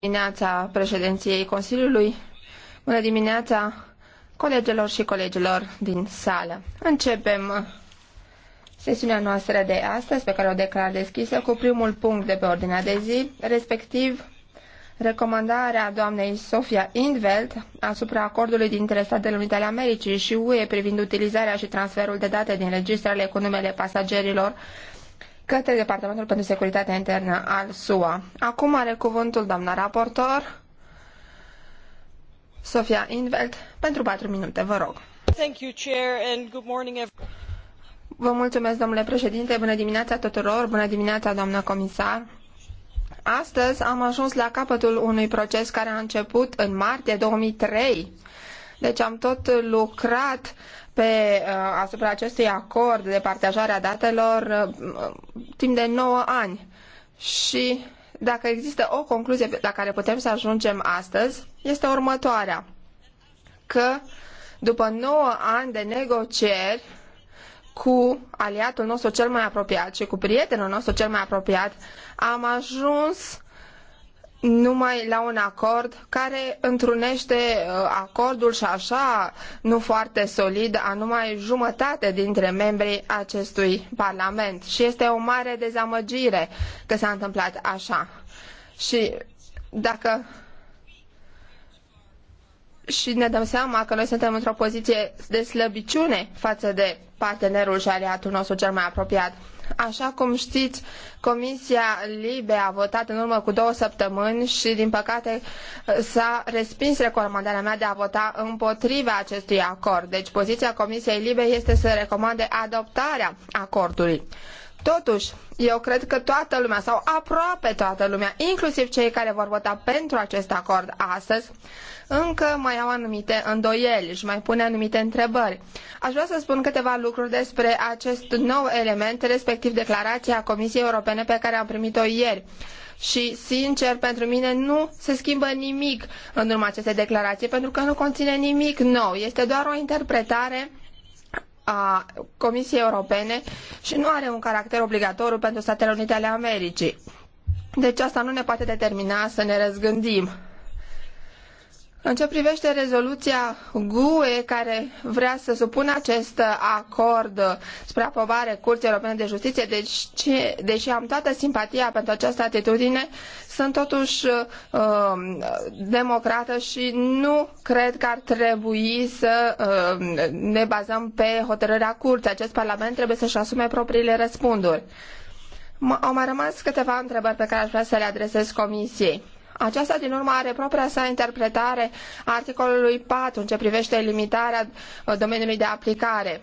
dimineața președinției Consiliului. Bună dimineața colegelor și colegilor din sală. Începem uh, sesiunea noastră de astăzi, pe care o declar deschisă, cu primul punct de pe ordinea de zi, respectiv recomandarea doamnei Sofia Indveld asupra acordului dintre Statele Unite ale Americii și UE privind utilizarea și transferul de date din registrele cu numele pasagerilor către Departamentul pentru Securitatea Internă al SUA. Acum are cuvântul doamna raportor, Sofia Invelt, pentru patru minute, vă rog. Thank you, Chair, and good morning, everyone. Vă mulțumesc, domnule președinte, bună dimineața tuturor, bună dimineața, doamnă comisar. Astăzi am ajuns la capătul unui proces care a început în martie 2003. Deci am tot lucrat pe uh, asupra acestui acord de partajare a datelor uh, uh, timp de 9 ani. Și dacă există o concluzie la care putem să ajungem astăzi, este următoarea. Că după 9 ani de negocieri cu aliatul nostru cel mai apropiat și cu prietenul nostru cel mai apropiat, am ajuns numai la un acord care întrunește uh, acordul și așa nu foarte solid a numai jumătate dintre membrii acestui Parlament. Și este o mare dezamăgire că s-a întâmplat așa. Și dacă și ne dăm seama că noi suntem într-o poziție de slăbiciune față de partenerul și aliatul nostru cel mai apropiat. Așa cum știți, Comisia Libe a votat în urmă cu două săptămâni și, din păcate, s-a respins recomandarea mea de a vota împotriva acestui acord. Deci, poziția Comisiei Libe este să recomande adoptarea acordului. Totuși, eu cred că toată lumea, sau aproape toată lumea, inclusiv cei care vor vota pentru acest acord astăzi, încă mai au anumite îndoieli și mai pune anumite întrebări. Aș vrea să spun câteva lucruri despre acest nou element, respectiv declarația Comisiei Europene pe care am primit-o ieri. Și, sincer, pentru mine nu se schimbă nimic în urma acestei declarații, pentru că nu conține nimic nou. Este doar o interpretare a Comisiei Europene și nu are un caracter obligatoriu pentru Statele Unite ale Americii. Deci asta nu ne poate determina să ne răzgândim în ce privește rezoluția GUE care vrea să supună acest acord spre aprobare Curții Europene de Justiție, deci, deși am toată simpatia pentru această atitudine, sunt totuși uh, democrată și nu cred că ar trebui să uh, ne bazăm pe hotărârea Curții. Acest Parlament trebuie să-și asume propriile răspunduri. M au mai rămas câteva întrebări pe care aș vrea să le adresez Comisiei. Aceasta, din urmă, are propria sa interpretare a articolului 4 în ce privește limitarea uh, domeniului de aplicare.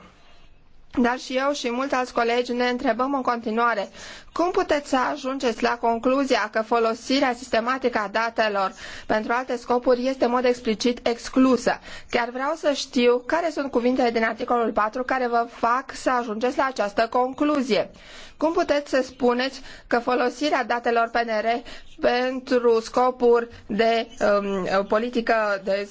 Dar și eu și mulți alți colegi ne întrebăm în continuare cum puteți să ajungeți la concluzia că folosirea sistematică a datelor pentru alte scopuri este în mod explicit exclusă? Chiar vreau să știu care sunt cuvintele din articolul 4 care vă fac să ajungeți la această concluzie. Cum puteți să spuneți că folosirea datelor PNR pentru scopuri de um, politică de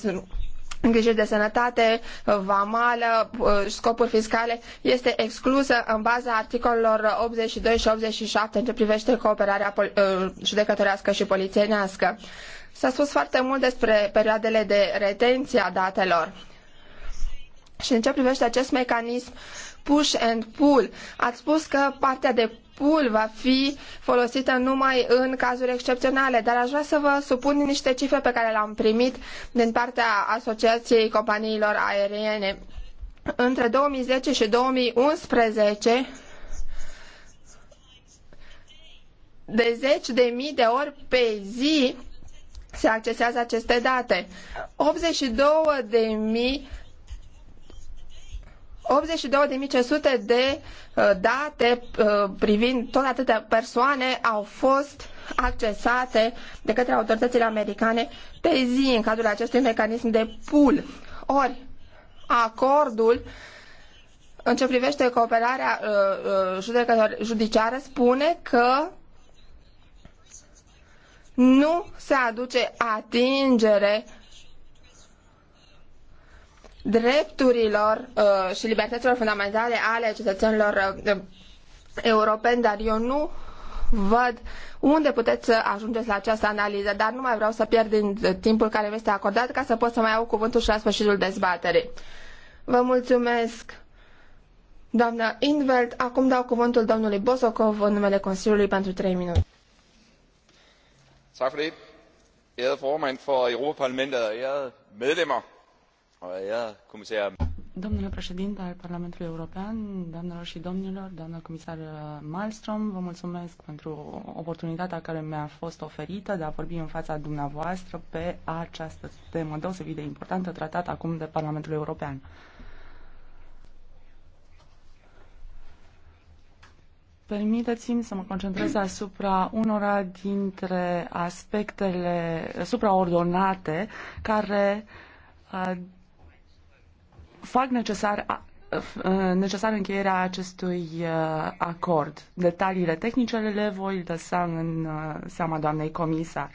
îngrijiri de sănătate, vamală, uh, scopuri fiscale, este exclusă în baza articolelor 82 și 87 în ce privește cooperarea uh, judecătorească și polițienească. S-a spus foarte mult despre perioadele de retenție a datelor. Și în ce privește acest mecanism push and pull, ați spus că partea de pool va fi folosită numai în cazuri excepționale, dar aș vrea să vă supun niște cifre pe care le-am primit din partea Asociației Companiilor Aeriene. Între 2010 și 2011, de zeci de mii de ori pe zi se accesează aceste date. 82 de mii 82.500 de uh, date uh, privind tot atâtea persoane au fost accesate de către autoritățile americane pe zi în cadrul acestui mecanism de pool. Ori, acordul în ce privește cooperarea uh, judiciară spune că nu se aduce atingere drepturilor uh, și libertăților fundamentale ale cetățenilor uh, europeni, dar eu nu văd unde puteți să ajungeți la această analiză, dar nu mai vreau să pierd din timpul care mi este acordat ca să pot să mai au cuvântul și la sfârșitul dezbaterii. Vă mulțumesc, doamna Invelt. Acum dau cuvântul domnului Bosokov în numele Consiliului pentru 3 minute. Tak for det. Ærede formand for Europaparlamentet og ærede medlemmer. Domnule președinte al Parlamentului European, doamnelor și domnilor, doamnă comisar Malmström, vă mulțumesc pentru oportunitatea care mi-a fost oferită de a vorbi în fața dumneavoastră pe această temă deosebit de importantă tratată acum de Parlamentul European. Permiteți-mi să mă concentrez asupra unora dintre aspectele supraordonate care fac necesar uh, necesar încheierea acestui uh, acord. Detaliile tehnice le voi lăsa în uh, seama doamnei comisar.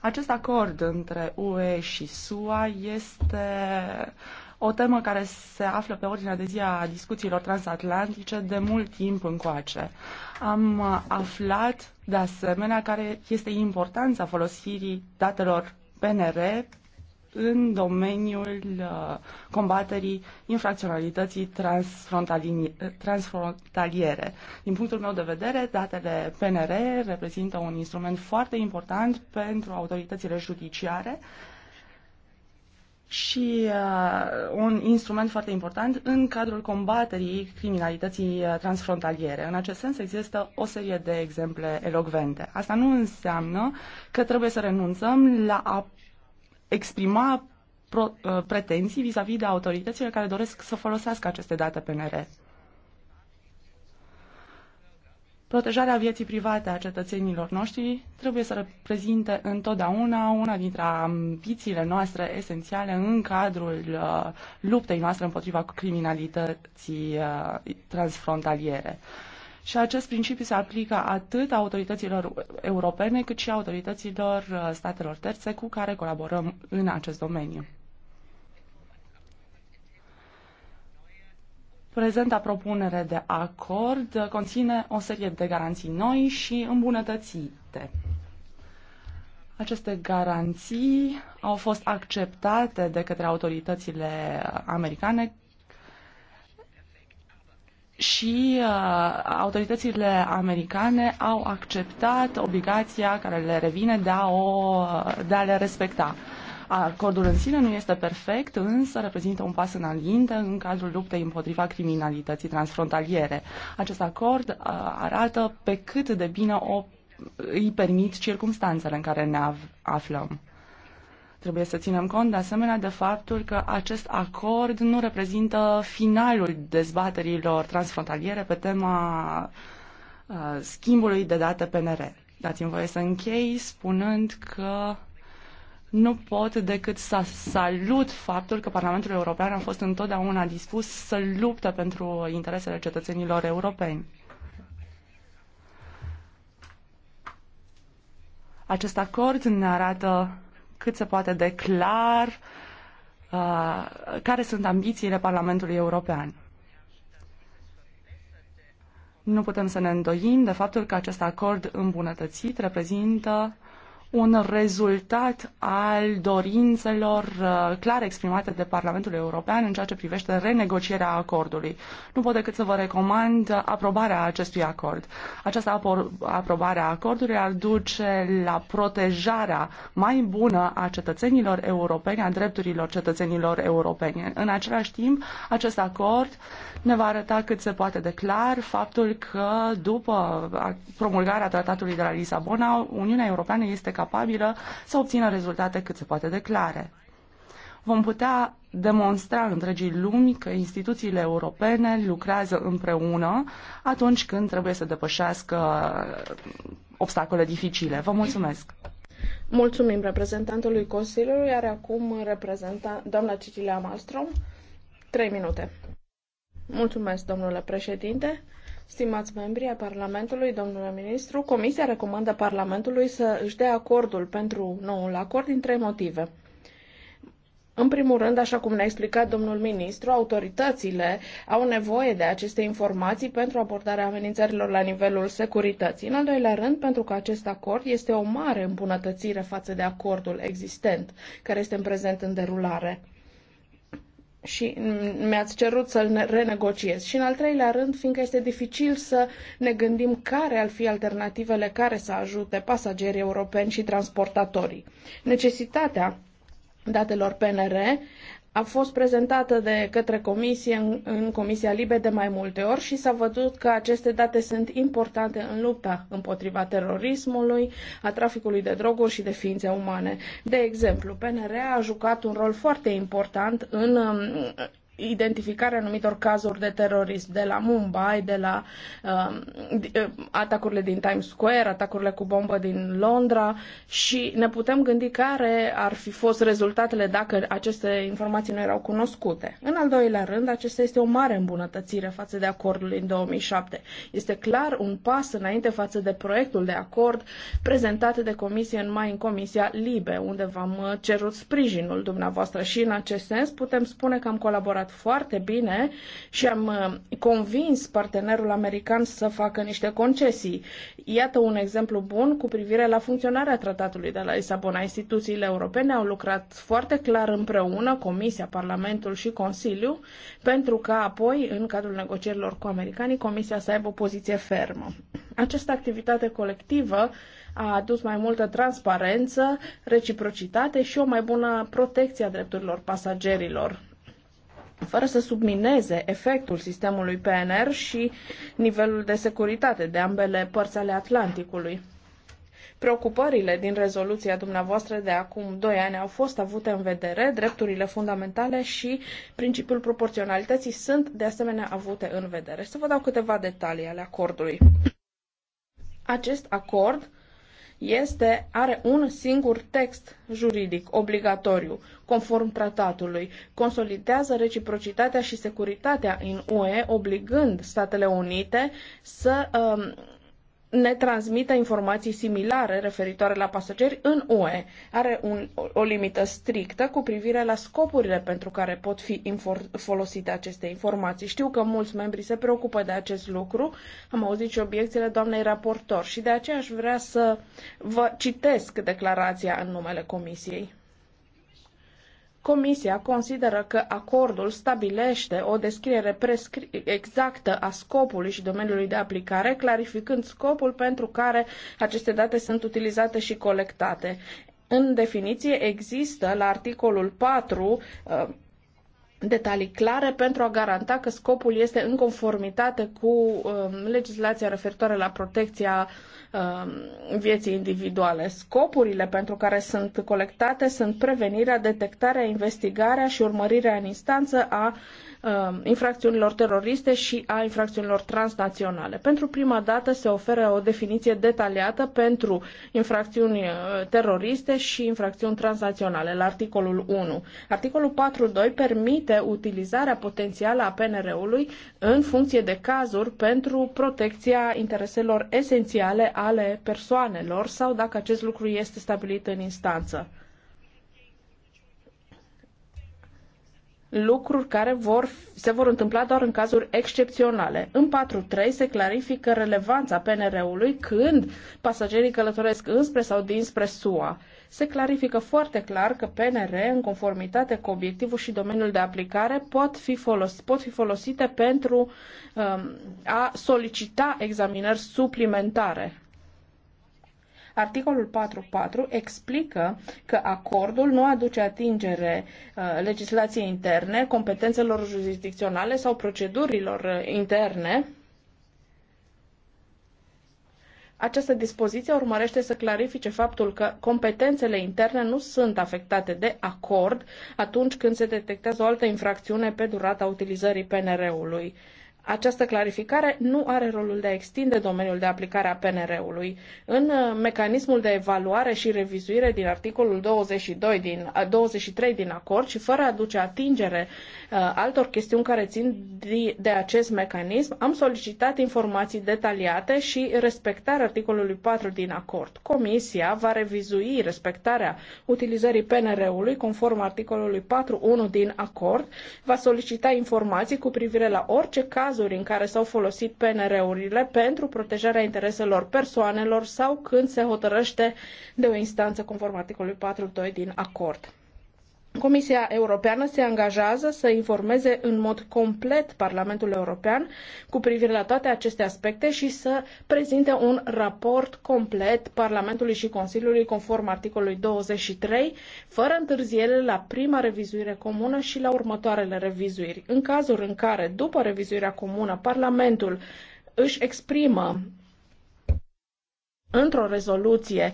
Acest acord între UE și SUA este o temă care se află pe ordinea de zi a discuțiilor transatlantice de mult timp încoace. Am aflat, de asemenea, care este importanța folosirii datelor PNR în domeniul uh, combaterii infracționalității transfrontaliere. Din punctul meu de vedere, datele PNR reprezintă un instrument foarte important pentru autoritățile judiciare și uh, un instrument foarte important în cadrul combaterii criminalității uh, transfrontaliere. În acest sens există o serie de exemple elogvente. Asta nu înseamnă că trebuie să renunțăm la a exprima pro, uh, pretenții vis-a-vis -vis de autoritățile care doresc să folosească aceste date PNR. Protejarea vieții private a cetățenilor noștri trebuie să reprezinte întotdeauna una dintre ambițiile noastre esențiale în cadrul uh, luptei noastre împotriva criminalității uh, transfrontaliere. Uh, și acest principiu se aplică atât autorităților europene cât și autorităților uh, statelor terțe cu care colaborăm în acest domeniu. Prezenta propunere de acord conține o serie de garanții noi și îmbunătățite. Aceste garanții au fost acceptate de către autoritățile americane și uh, autoritățile americane au acceptat obligația care le revine de a, o, de a le respecta. Acordul în sine nu este perfect, însă reprezintă un pas înainte în cadrul luptei împotriva criminalității transfrontaliere. Acest acord uh, arată pe cât de bine o, îi permit circumstanțele în care ne aflăm. Trebuie să ținem cont de asemenea de faptul că acest acord nu reprezintă finalul dezbaterilor transfrontaliere pe tema uh, schimbului de date PNR. Dați-mi voie să închei spunând că nu pot decât să salut faptul că Parlamentul European a fost întotdeauna dispus să lupte pentru interesele cetățenilor europeni. Acest acord ne arată cât se poate de clar uh, care sunt ambițiile Parlamentului European. Nu putem să ne îndoim de faptul că acest acord îmbunătățit reprezintă un rezultat al dorințelor uh, clar exprimate de Parlamentul European în ceea ce privește renegocierea acordului. Nu pot decât să vă recomand aprobarea acestui acord. Această aprobare a acordului ar duce la protejarea mai bună a cetățenilor europeni, a drepturilor cetățenilor europeni. În același timp, acest acord ne va arăta cât se poate de clar faptul că după promulgarea tratatului de la Lisabona, Uniunea Europeană este capabilă capabilă să obțină rezultate cât se poate de clare. Vom putea demonstra întregii lumi că instituțiile europene lucrează împreună atunci când trebuie să depășească uh, obstacole dificile. Vă mulțumesc! Mulțumim reprezentantului Consiliului, iar acum reprezenta doamna Cecilia Malmström, trei minute. Mulțumesc, domnule președinte. Stimați membri ai Parlamentului, domnule ministru, Comisia recomandă Parlamentului să își dea acordul pentru noul acord din trei motive. În primul rând, așa cum ne-a explicat domnul ministru, autoritățile au nevoie de aceste informații pentru abordarea amenințărilor la nivelul securității. În al doilea rând, pentru că acest acord este o mare îmbunătățire față de acordul existent, care este în prezent în derulare și mi-ați cerut să-l renegociez. Și în al treilea rând, fiindcă este dificil să ne gândim care ar fi alternativele care să ajute pasagerii europeni și transportatorii. Necesitatea datelor PNR a fost prezentată de către comisie în, în Comisia Libe de mai multe ori și s-a văzut că aceste date sunt importante în lupta împotriva terorismului, a traficului de droguri și de ființe umane. De exemplu, PNR a jucat un rol foarte important în um, identificarea anumitor cazuri de terorism de la Mumbai, de la um, uh, atacurile din Times Square, atacurile cu bombă din Londra și ne putem gândi care ar fi fost rezultatele dacă aceste informații nu erau cunoscute. În al doilea rând, acesta este o mare îmbunătățire față de acordul din 2007. Este clar un pas înainte față de proiectul de acord prezentat de comisie în mai în Comisia Libe, unde v-am cerut sprijinul dumneavoastră și în acest sens putem spune că am colaborat cooperat foarte bine și am uh, convins partenerul american să facă niște concesii. Iată un exemplu bun cu privire la funcționarea tratatului de la Lisabona. Instituțiile europene au lucrat foarte clar împreună, Comisia, Parlamentul și Consiliu, pentru ca apoi, în cadrul negocierilor cu americanii, Comisia să aibă o poziție fermă. Această activitate colectivă a adus mai multă transparență, reciprocitate și o mai bună protecție a drepturilor pasagerilor fără să submineze efectul sistemului PNR și nivelul de securitate de ambele părți ale Atlanticului. Preocupările din rezoluția dumneavoastră de acum doi ani au fost avute în vedere, drepturile fundamentale și principiul proporționalității sunt de asemenea avute în vedere. Să vă dau câteva detalii ale acordului. Acest acord este, are un singur text juridic obligatoriu, conform tratatului, consolidează reciprocitatea și securitatea în UE, obligând Statele Unite să uh, ne transmită informații similare referitoare la pasageri în UE. Are un, o limită strictă cu privire la scopurile pentru care pot fi folosite aceste informații. Știu că mulți membri se preocupă de acest lucru, am auzit și obiecțiile doamnei raportor și de aceea aș vrea să vă citesc declarația în numele Comisiei. Comisia consideră că acordul stabilește o descriere exactă a scopului și domeniului de aplicare, clarificând scopul pentru care aceste date sunt utilizate și colectate. În definiție există la articolul 4 uh, detalii clare pentru a garanta că scopul este în conformitate cu uh, legislația referitoare la protecția uh, Um, vieții individuale. Scopurile pentru care sunt colectate sunt prevenirea, detectarea, investigarea și urmărirea în instanță a Uh, infracțiunilor teroriste și a infracțiunilor transnaționale. Pentru prima dată se oferă o definiție detaliată pentru infracțiuni uh, teroriste și infracțiuni transnaționale la articolul 1. Articolul 4.2 permite utilizarea potențială a PNR-ului în funcție de cazuri pentru protecția intereselor esențiale ale persoanelor sau dacă acest lucru este stabilit în instanță. lucruri care vor, se vor întâmpla doar în cazuri excepționale. În 4.3 se clarifică relevanța PNR-ului când pasagerii călătoresc înspre sau dinspre SUA. Se clarifică foarte clar că PNR, în conformitate cu obiectivul și domeniul de aplicare, pot fi, folos, pot fi folosite pentru um, a solicita examinări suplimentare Articolul 4.4 explică că acordul nu aduce atingere uh, legislației interne, competențelor jurisdicționale sau procedurilor uh, interne această dispoziție urmărește să clarifice faptul că competențele interne nu sunt afectate de acord atunci când se detectează o altă infracțiune pe durata utilizării PNR-ului. Această clarificare nu are rolul de a extinde domeniul de aplicare a PNR-ului. În uh, mecanismul de evaluare și revizuire din articolul 22 din, 23 din acord și fără a duce atingere uh, altor chestiuni care țin de, de acest mecanism, am solicitat informații detaliate și respectarea articolului 4 din acord. Comisia va revizui respectarea utilizării PNR-ului conform articolului 4.1 din acord, va solicita informații cu privire la orice caz cazuri în care s-au folosit PNR-urile pentru protejarea intereselor persoanelor sau când se hotărăște de o instanță conform articolului 4.2 din acord. Comisia Europeană se angajează să informeze în mod complet Parlamentul European cu privire la toate aceste aspecte și să prezinte un raport complet Parlamentului și Consiliului conform articolului 23, fără întârziere la prima revizuire comună și la următoarele revizuiri. În cazul în care, după revizuirea comună, Parlamentul își exprimă într-o rezoluție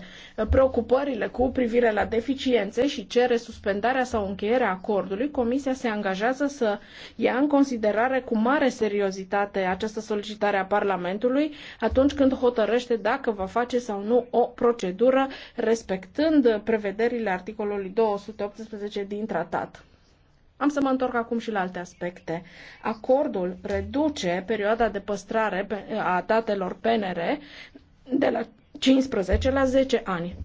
preocupările cu privire la deficiențe și cere suspendarea sau încheierea acordului, Comisia se angajează să ia în considerare cu mare seriozitate această solicitare a Parlamentului atunci când hotărăște dacă va face sau nu o procedură respectând prevederile articolului 218 din tratat. Am să mă întorc acum și la alte aspecte. Acordul reduce perioada de păstrare a datelor PNR de la 15 la 10 ani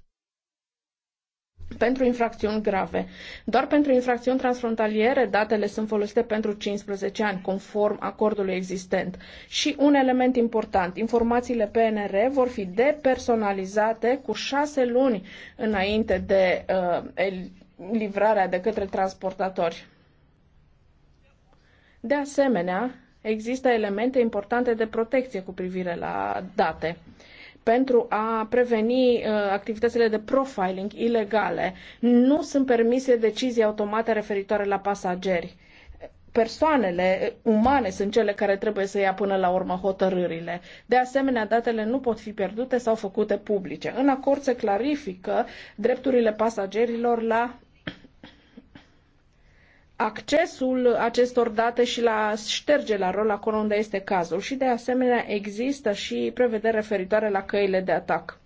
pentru infracțiuni grave. Doar pentru infracțiuni transfrontaliere, datele sunt folosite pentru 15 ani, conform acordului existent. Și un element important, informațiile PNR vor fi depersonalizate cu 6 luni înainte de uh, livrarea de către transportatori. De asemenea, există elemente importante de protecție cu privire la date pentru a preveni uh, activitățile de profiling ilegale. Nu sunt permise decizii automate referitoare la pasageri. Persoanele umane sunt cele care trebuie să ia până la urmă hotărârile. De asemenea, datele nu pot fi pierdute sau făcute publice. În acord se clarifică drepturile pasagerilor la accesul acestor date și la ștergerea lor acolo unde este cazul. Și de asemenea există și prevedere referitoare la căile de atac.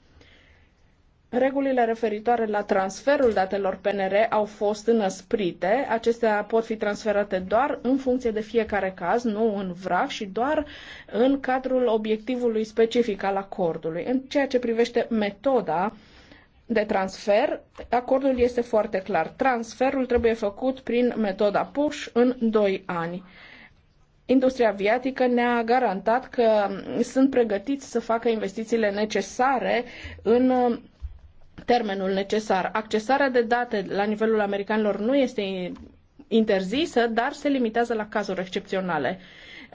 Regulile referitoare la transferul datelor PNR au fost înăsprite. Acestea pot fi transferate doar în funcție de fiecare caz, nu în vrac și doar în cadrul obiectivului specific al acordului. În ceea ce privește metoda de transfer, acordul este foarte clar. Transferul trebuie făcut prin metoda PUSH în 2 ani. Industria aviatică ne-a garantat că sunt pregătiți să facă investițiile necesare în uh, termenul necesar. Accesarea de date la nivelul americanilor nu este interzisă, dar se limitează la cazuri excepționale.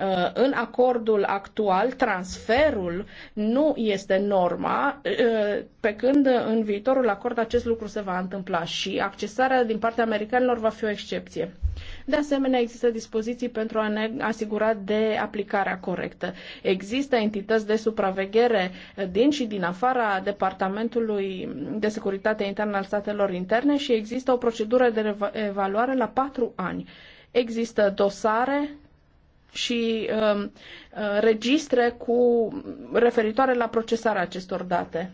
Uh, în acordul actual, transferul nu este norma, uh, pe când în viitorul acord acest lucru se va întâmpla și accesarea din partea americanilor va fi o excepție. De asemenea, există dispoziții pentru a ne asigura de aplicarea corectă. Există entități de supraveghere din și din afara Departamentului de Securitate Internă al Statelor Interne și există o procedură de evaluare la patru ani. Există dosare și um, uh, registre cu referitoare la procesarea acestor date.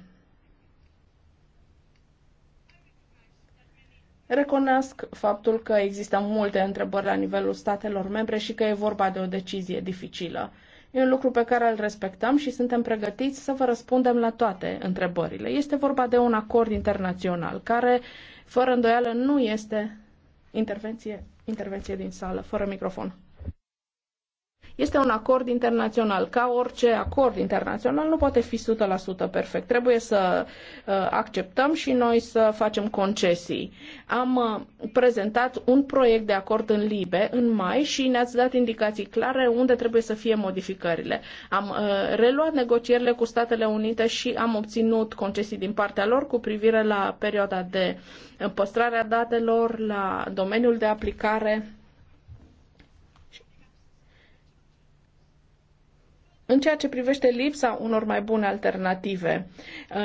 Recunosc faptul că există multe întrebări la nivelul statelor membre și că e vorba de o decizie dificilă. E un lucru pe care îl respectăm și suntem pregătiți să vă răspundem la toate întrebările. Este vorba de un acord internațional care, fără îndoială, nu este intervenție, intervenție din sală, fără microfon. Este un acord internațional. Ca orice acord internațional, nu poate fi 100% perfect. Trebuie să uh, acceptăm și noi să facem concesii. Am uh, prezentat un proiect de acord în Libe în mai și ne-ați dat indicații clare unde trebuie să fie modificările. Am uh, reluat negocierile cu Statele Unite și am obținut concesii din partea lor cu privire la perioada de păstrare a datelor, la domeniul de aplicare În ceea ce privește lipsa unor mai bune alternative,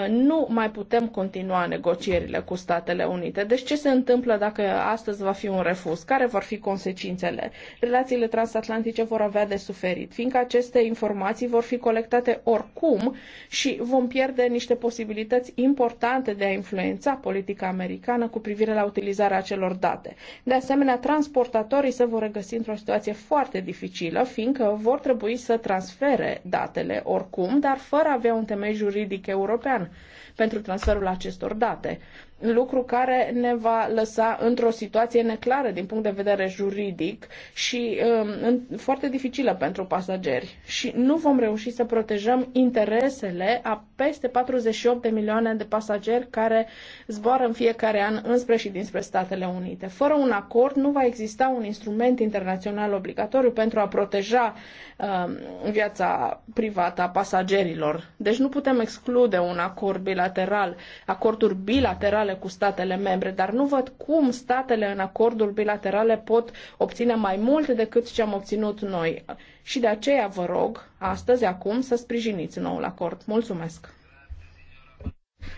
uh, nu mai putem continua negocierile cu Statele Unite. Deci ce se întâmplă dacă astăzi va fi un refuz? Care vor fi consecințele? Relațiile transatlantice vor avea de suferit, fiindcă aceste informații vor fi colectate oricum și vom pierde niște posibilități importante de a influența politica americană cu privire la utilizarea acelor date. De asemenea, transportatorii se vor regăsi într-o situație foarte dificilă, fiindcă vor trebui să transfere datele oricum, dar fără a avea un temei juridic european pentru transferul acestor date lucru care ne va lăsa într-o situație neclară din punct de vedere juridic și um, foarte dificilă pentru pasageri. Și nu vom reuși să protejăm interesele a peste 48 de milioane de pasageri care zboară în fiecare an înspre și dinspre Statele Unite. Fără un acord nu va exista un instrument internațional obligatoriu pentru a proteja um, viața privată a pasagerilor. Deci nu putem exclude un acord bilateral, acorduri bilaterale bilaterale cu statele membre, dar nu văd cum statele în acorduri bilaterale pot obține mai mult decât ce am obținut noi. Și de aceea vă rog, astăzi, acum, să sprijiniți noul acord. Mulțumesc!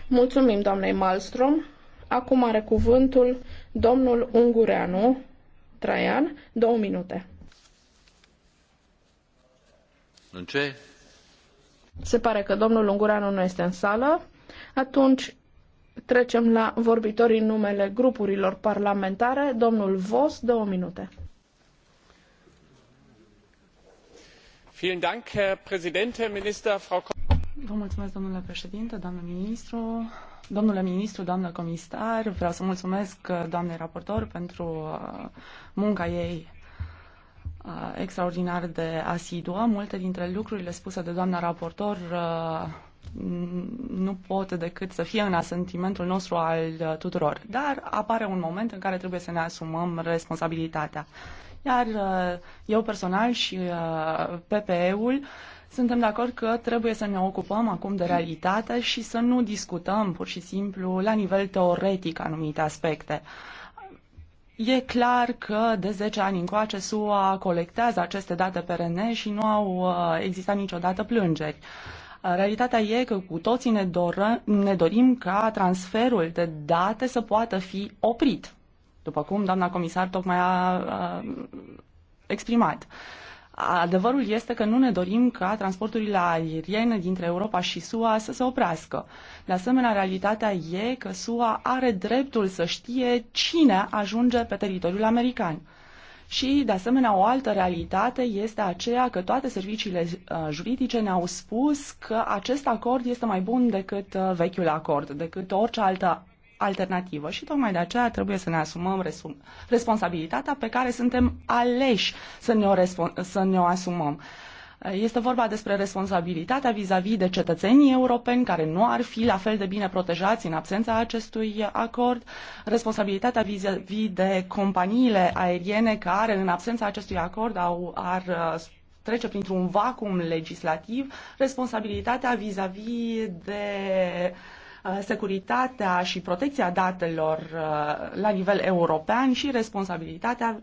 Mulțumim doamnei Malmström. Acum are cuvântul domnul Ungureanu Traian, două minute. În ce? Se pare că domnul Ungureanu nu este în sală. Atunci Trecem la vorbitorii numele grupurilor parlamentare. Domnul Vos, două minute. Vă mulțumesc, domnule președinte, domnule ministru, domnule ministru, doamnă comisar. Vreau să mulțumesc uh, doamnei raportor pentru uh, munca ei uh, extraordinar de asiduă. Multe dintre lucrurile spuse de doamna raportor nu pot decât să fie în asentimentul nostru al uh, tuturor. Dar apare un moment în care trebuie să ne asumăm responsabilitatea. Iar uh, eu personal și uh, PPE-ul suntem de acord că trebuie să ne ocupăm acum de realitate și să nu discutăm pur și simplu la nivel teoretic anumite aspecte. E clar că de 10 ani încoace SUA colectează aceste date PRN și nu au existat niciodată plângeri. Realitatea e că cu toții ne, doră, ne dorim ca transferul de date să poată fi oprit, după cum doamna comisar tocmai a, a exprimat. Adevărul este că nu ne dorim ca transporturile aeriene dintre Europa și SUA să se oprească. De asemenea, realitatea e că SUA are dreptul să știe cine ajunge pe teritoriul american. Și, de asemenea, o altă realitate este aceea că toate serviciile uh, juridice ne-au spus că acest acord este mai bun decât uh, vechiul acord, decât orice altă alternativă și tocmai de aceea trebuie să ne asumăm responsabilitatea pe care suntem aleși să ne-o, să ne-o asumăm. Este vorba despre responsabilitatea vis-a-vis de cetățenii europeni care nu ar fi la fel de bine protejați în absența acestui acord, responsabilitatea vis-a-vis de companiile aeriene care în absența acestui acord au, ar uh, trece printr-un vacuum legislativ, responsabilitatea vis-a-vis de uh, securitatea și protecția datelor uh, la nivel european și responsabilitatea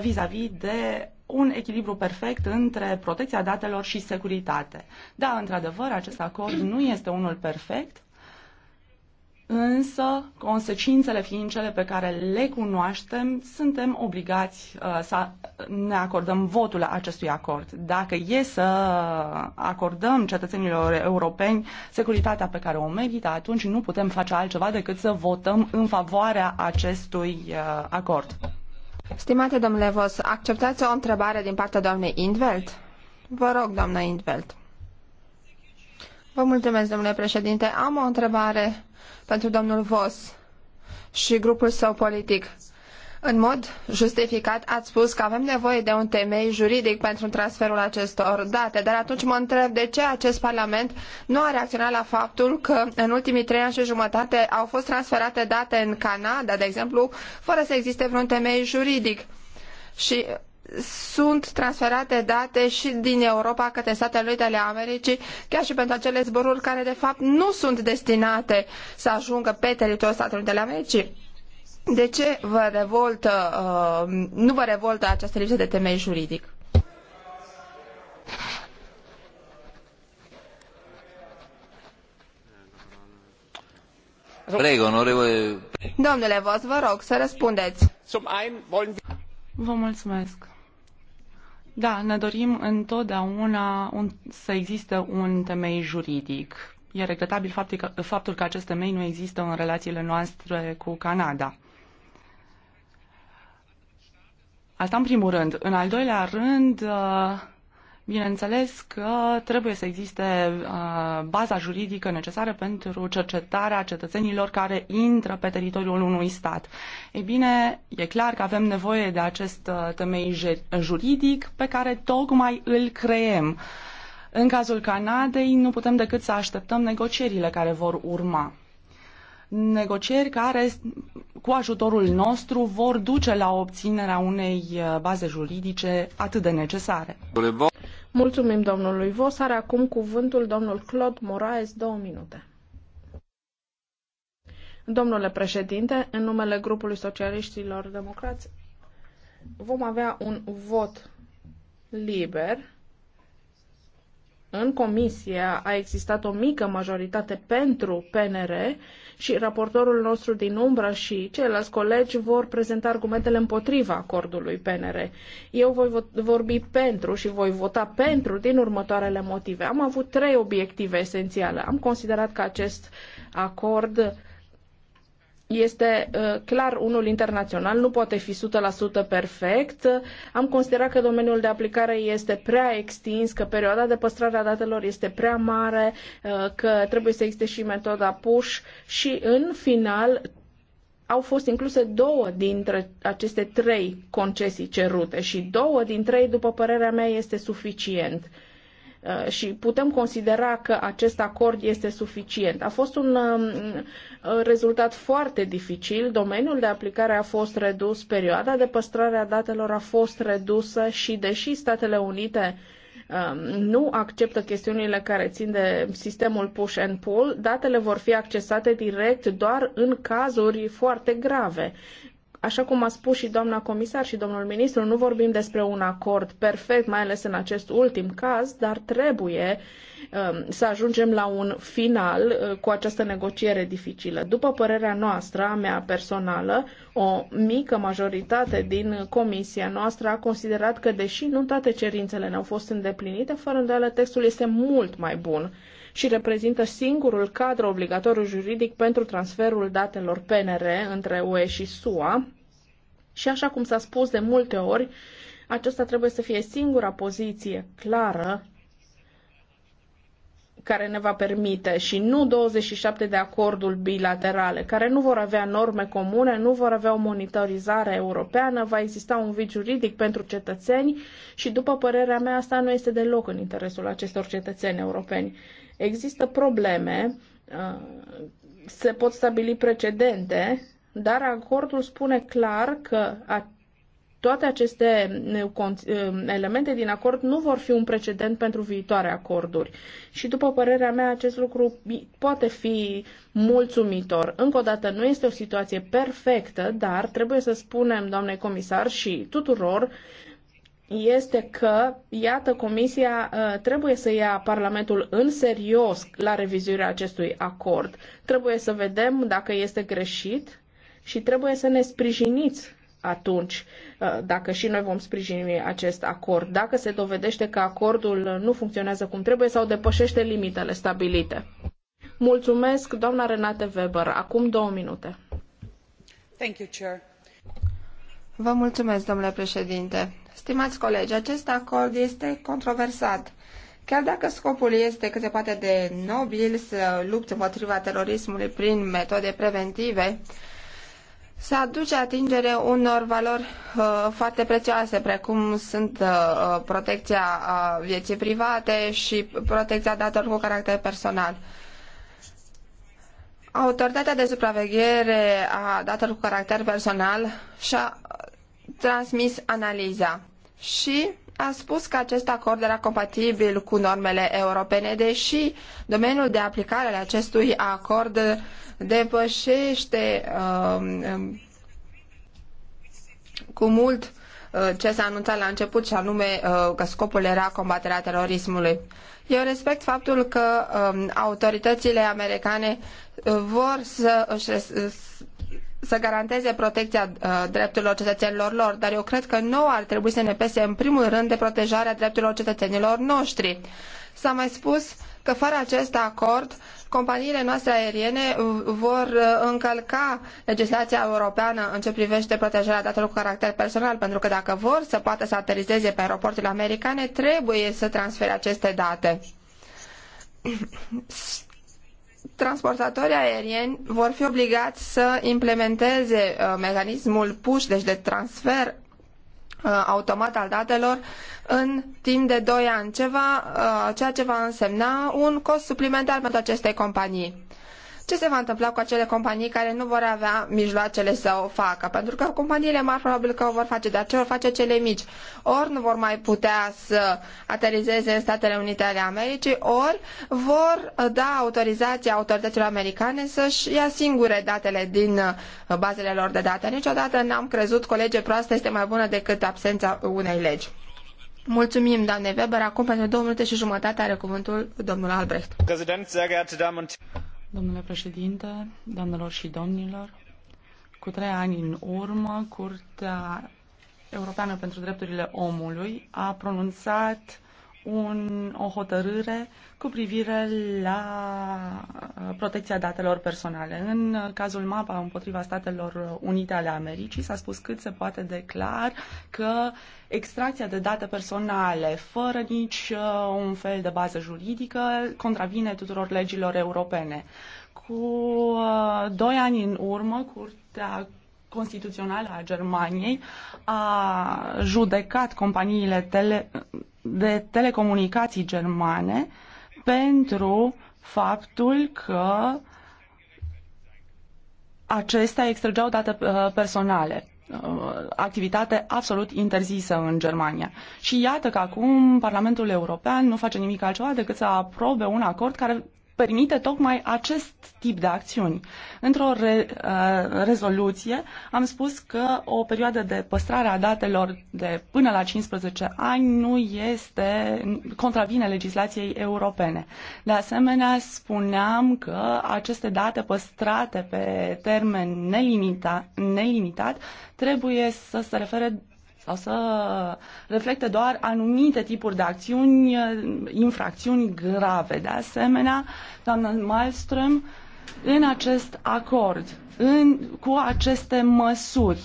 vis-a-vis -vis de un echilibru perfect între protecția datelor și securitate. Da, într-adevăr, acest acord nu este unul perfect, însă consecințele fiind cele pe care le cunoaștem, suntem obligați uh, să ne acordăm votul acestui acord. Dacă e să acordăm cetățenilor europeni securitatea pe care o merită, atunci nu putem face altceva decât să votăm în favoarea acestui uh, acord. Stimate domnule Vos, acceptați o întrebare din partea doamnei Indveld? Vă rog, doamna Indveld. Vă mulțumesc, domnule președinte. Am o întrebare pentru domnul Vos și grupul său politic. În mod justificat ați spus că avem nevoie de un temei juridic pentru transferul acestor date, dar atunci mă întreb de ce acest Parlament nu a reacționat la faptul că în ultimii trei ani și jumătate au fost transferate date în Canada, de exemplu, fără să existe vreun temei juridic. Și sunt transferate date și din Europa către Statele Unite ale Americii, chiar și pentru acele zboruri care de fapt nu sunt destinate să ajungă pe teritoriul Statelor Unite ale Americii de ce vă revoltă, uh, nu vă revoltă această lipsă de temei juridic? Prego, Domnule Vos, vă rog să răspundeți. Vă mulțumesc. Da, ne dorim întotdeauna un, să existe un temei juridic. E regretabil faptul că, faptul că acest temei nu există în relațiile noastre cu Canada. Asta în primul rând. În al doilea rând, uh, bineînțeles că trebuie să existe uh, baza juridică necesară pentru cercetarea cetățenilor care intră pe teritoriul unui stat. Ei bine, e clar că avem nevoie de acest uh, temei juridic pe care tocmai îl creem. În cazul Canadei, nu putem decât să așteptăm negocierile care vor urma negocieri care, cu ajutorul nostru, vor duce la obținerea unei uh, baze juridice atât de necesare. Mulțumim domnului Vos. Are acum cuvântul domnul Claude Moraes, două minute. Domnule președinte, în numele grupului socialiștilor democrați, vom avea un vot liber. În comisie a existat o mică majoritate pentru PNR și raportorul nostru din umbră și ceilalți colegi vor prezenta argumentele împotriva acordului PNR. Eu voi vorbi pentru și voi vota pentru din următoarele motive. Am avut trei obiective esențiale. Am considerat că acest acord este uh, clar unul internațional, nu poate fi 100% perfect. Am considerat că domeniul de aplicare este prea extins, că perioada de păstrare a datelor este prea mare, uh, că trebuie să existe și metoda push și în final au fost incluse două dintre aceste trei concesii cerute și două din trei, după părerea mea, este suficient Uh, și putem considera că acest acord este suficient. A fost un um, uh, rezultat foarte dificil, domeniul de aplicare a fost redus, perioada de păstrare a datelor a fost redusă și deși Statele Unite um, nu acceptă chestiunile care țin de sistemul push and pull, datele vor fi accesate direct doar în cazuri foarte grave. Așa cum a spus și doamna comisar și domnul ministru, nu vorbim despre un acord perfect, mai ales în acest ultim caz, dar trebuie um, să ajungem la un final uh, cu această negociere dificilă. După părerea noastră, a mea personală, o mică majoritate din comisia noastră a considerat că, deși nu toate cerințele ne-au fost îndeplinite, fără îndoială textul este mult mai bun și reprezintă singurul cadru obligatoriu juridic pentru transferul datelor PNR între UE și SUA. Și așa cum s-a spus de multe ori, aceasta trebuie să fie singura poziție clară care ne va permite și nu 27 de acorduri bilaterale care nu vor avea norme comune, nu vor avea o monitorizare europeană, va exista un vid juridic pentru cetățeni și după părerea mea asta nu este deloc în interesul acestor cetățeni europeni. Există probleme, uh, se pot stabili precedente, dar acordul spune clar că toate aceste uh, uh, elemente din acord nu vor fi un precedent pentru viitoare acorduri. Și după părerea mea, acest lucru poate fi mulțumitor. Încă o dată, nu este o situație perfectă, dar trebuie să spunem, doamne comisar, și tuturor este că, iată, Comisia uh, trebuie să ia Parlamentul în serios la revizuirea acestui acord. Trebuie să vedem dacă este greșit și trebuie să ne sprijiniți atunci, uh, dacă și noi vom sprijini acest acord, dacă se dovedește că acordul nu funcționează cum trebuie sau depășește limitele stabilite. Mulțumesc, doamna Renate Weber. Acum două minute. Thank you, Chair. Vă mulțumesc, domnule președinte. Stimați colegi, acest acord este controversat. Chiar dacă scopul este cât se poate de nobil să lupte împotriva terorismului prin metode preventive, să aduce atingere unor valori uh, foarte prețioase, precum sunt uh, protecția uh, vieții private și protecția datelor cu caracter personal. Autoritatea de supraveghere a datelor cu caracter personal și-a transmis analiza și a spus că acest acord era compatibil cu normele europene, deși domeniul de aplicare al acestui acord depășește um, um, cu mult uh, ce s-a anunțat la început și anume uh, că scopul era combaterea terorismului. Eu respect faptul că um, autoritățile americane uh, vor să își să garanteze protecția uh, drepturilor cetățenilor lor, dar eu cred că nouă ar trebui să ne pese în primul rând de protejarea drepturilor cetățenilor noștri. S-a mai spus că fără acest acord, companiile noastre aeriene vor uh, încălca legislația europeană în ceea ce privește protejarea datelor cu caracter personal, pentru că dacă vor să poată să aterizeze pe aeroporturile americane, trebuie să transfere aceste date transportatorii aerieni vor fi obligați să implementeze uh, mecanismul push, deci de transfer uh, automat al datelor în timp de 2 ani, ceva, uh, ceea ce va însemna un cost suplimentar pentru aceste companii ce se va întâmpla cu acele companii care nu vor avea mijloacele să o facă? Pentru că companiile mari probabil că o vor face, dar ce vor face cele mici? Ori nu vor mai putea să aterizeze în Statele Unite ale Americii, ori vor da autorizația autorităților americane să-și ia singure datele din uh, bazele lor de date. Niciodată n-am crezut că o lege proastă este mai bună decât absența unei legi. Mulțumim, doamne Weber. Acum, pentru două minute și jumătate, are cuvântul domnul Albrecht. Domnule președinte, doamnelor și domnilor, cu trei ani în urmă, Curtea Europeană pentru Drepturile Omului a pronunțat un, o hotărâre cu privire la uh, protecția datelor personale. În cazul MAPA împotriva Statelor Unite ale Americii s-a spus cât se poate de clar că extracția de date personale fără nici uh, un fel de bază juridică contravine tuturor legilor europene. Cu uh, doi ani în urmă, Curtea Constituțională a Germaniei a judecat companiile tele de telecomunicații germane pentru faptul că acestea extrageau date uh, personale uh, activitate absolut interzisă în Germania. Și iată că acum Parlamentul European nu face nimic altceva decât să aprobe un acord care permite tocmai acest tip de acțiuni. Într-o re, uh, rezoluție am spus că o perioadă de păstrare a datelor de până la 15 ani nu este contravine legislației europene. De asemenea, spuneam că aceste date păstrate pe termen nelimita, nelimitat trebuie să se refere sau să reflecte doar anumite tipuri de acțiuni, infracțiuni grave. De asemenea, doamna Malmström, în acest acord, în, cu aceste măsuri,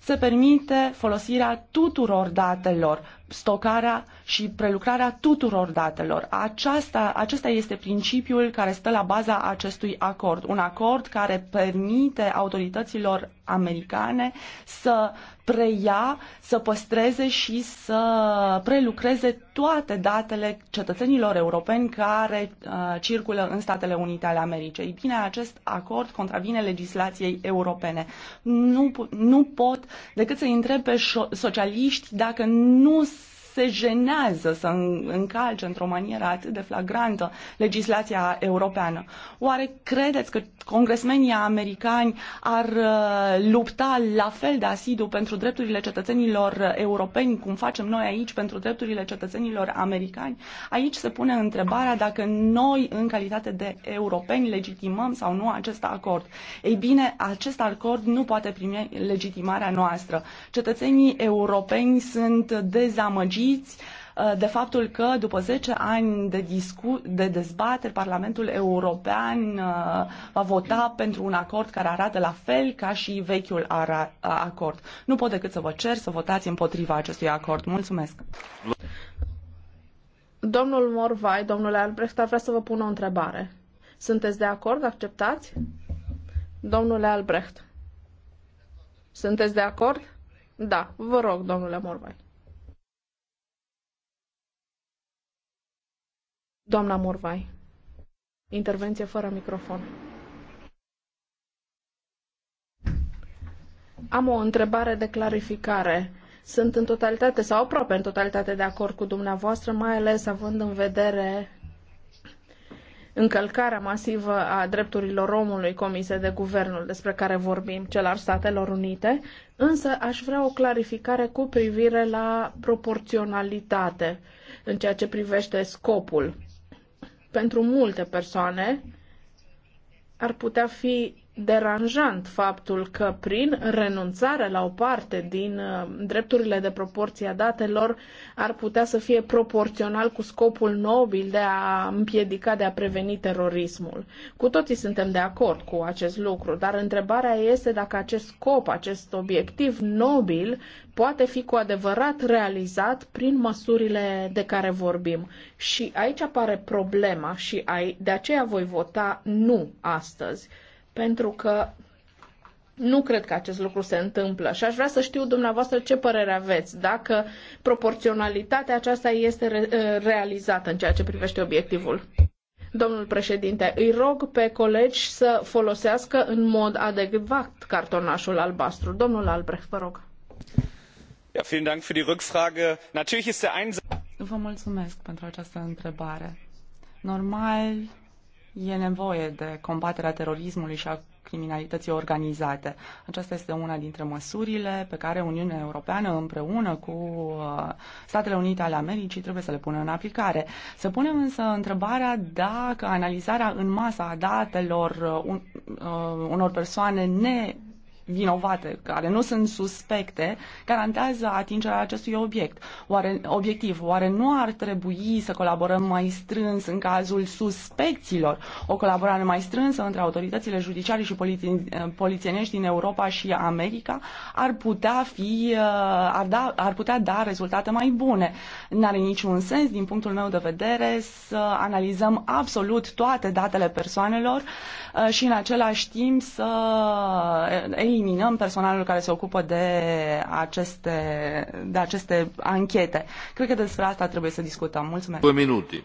se permite folosirea tuturor datelor, stocarea și prelucrarea tuturor datelor. Aceasta, acesta este principiul care stă la baza acestui acord. Un acord care permite autorităților americane să preia, să păstreze și să prelucreze toate datele cetățenilor europeni care uh, circulă în Statele Unite ale Americii. Bine, acest acord contravine legislației europene. Nu, nu pot decât să întreb pe socialiști dacă nu se jenează să încalce într-o manieră atât de flagrantă legislația europeană. Oare credeți că congresmenii americani ar uh, lupta la fel de asidu pentru drepturile cetățenilor europeni, cum facem noi aici pentru drepturile cetățenilor americani? Aici se pune întrebarea dacă noi, în calitate de europeni, legitimăm sau nu acest acord. Ei bine, acest acord nu poate primi legitimarea noastră. Cetățenii europeni sunt dezamăgiți amintiți uh, de faptul că după 10 ani de, discu- de dezbateri, Parlamentul European uh, va vota pentru un acord care arată la fel ca și vechiul acord. Nu pot decât să vă cer să votați împotriva acestui acord. Mulțumesc! Domnul Morvai, domnule Albrecht, ar vrea să vă pun o întrebare. Sunteți de acord? Acceptați? Domnule Albrecht, sunteți de acord? Da, vă rog, domnule Morvai. Doamna Morvai. Intervenție fără microfon. Am o întrebare de clarificare. Sunt în totalitate sau aproape în totalitate de acord cu dumneavoastră, mai ales având în vedere încălcarea masivă a drepturilor omului comise de guvernul despre care vorbim, cel al Statelor Unite, însă aș vrea o clarificare cu privire la proporționalitate în ceea ce privește scopul pentru multe persoane ar putea fi deranjant faptul că prin renunțarea la o parte din uh, drepturile de proporție a datelor ar putea să fie proporțional cu scopul nobil de a împiedica, de a preveni terorismul. Cu toții suntem de acord cu acest lucru, dar întrebarea este dacă acest scop, acest obiectiv nobil poate fi cu adevărat realizat prin măsurile de care vorbim. Și aici apare problema și de aceea voi vota nu astăzi pentru că nu cred că acest lucru se întâmplă și aș vrea să știu dumneavoastră ce părere aveți, dacă proporționalitatea aceasta este re- eh, realizată în ceea ce privește obiectivul. Domnul președinte, îi rog pe colegi să folosească în mod adecvat cartonașul albastru. Domnul Albrecht, vă rog. Ja, vielen Dank für die Rückfrage. Natürlich ist der Einsatz. Vă mulțumesc pentru această întrebare. Normal, E nevoie de combaterea terorismului și a criminalității organizate. Aceasta este una dintre măsurile pe care Uniunea Europeană împreună cu uh, Statele Unite ale Americii trebuie să le pună în aplicare. Să punem însă întrebarea dacă analizarea în masă a datelor uh, un, uh, unor persoane ne vinovate, care nu sunt suspecte, garantează atingerea acestui obiect. Oare, obiectiv. Oare nu ar trebui să colaborăm mai strâns în cazul suspecțiilor? O colaborare mai strânsă între autoritățile judiciare și poliți, polițienești din Europa și America ar putea fi, uh, ar, da, ar putea da rezultate mai bune. N-are niciun sens, din punctul meu de vedere, să analizăm absolut toate datele persoanelor uh, și în același timp să uh, eliminăm personalul care se ocupă de aceste, de aceste anchete. Cred că despre asta trebuie să discutăm. Mulțumesc. Două minute.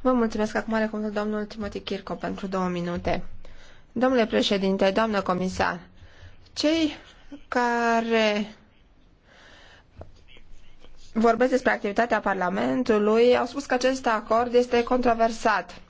Vă mulțumesc. Acum are cuvântul domnul Timothy Kirko pentru două minute. Domnule președinte, doamnă comisar, cei care vorbesc despre activitatea Parlamentului au spus că acest acord este controversat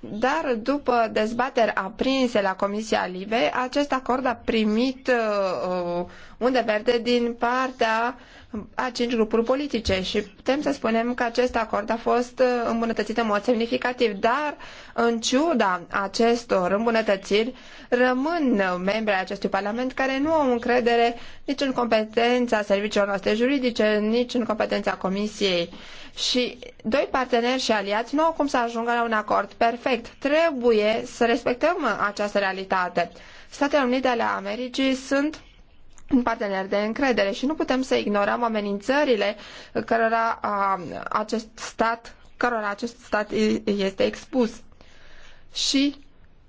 dar după dezbateri aprinse la Comisia Libe, acest acord a primit uh, uh unde verde din partea uh, a cinci grupuri politice și putem să spunem că acest acord a fost uh, îmbunătățit în mod semnificativ, dar în ciuda acestor îmbunătățiri rămân membri ai acestui Parlament care nu au încredere nici în competența serviciilor noastre juridice, nici în competența Comisiei. Și doi parteneri și aliați nu au cum să ajungă la un acord perfect. Trebuie să respectăm această realitate. Statele Unite ale Americii sunt un partener de încredere și nu putem să ignorăm amenințările cărora a, acest stat, cărora acest stat este expus. Și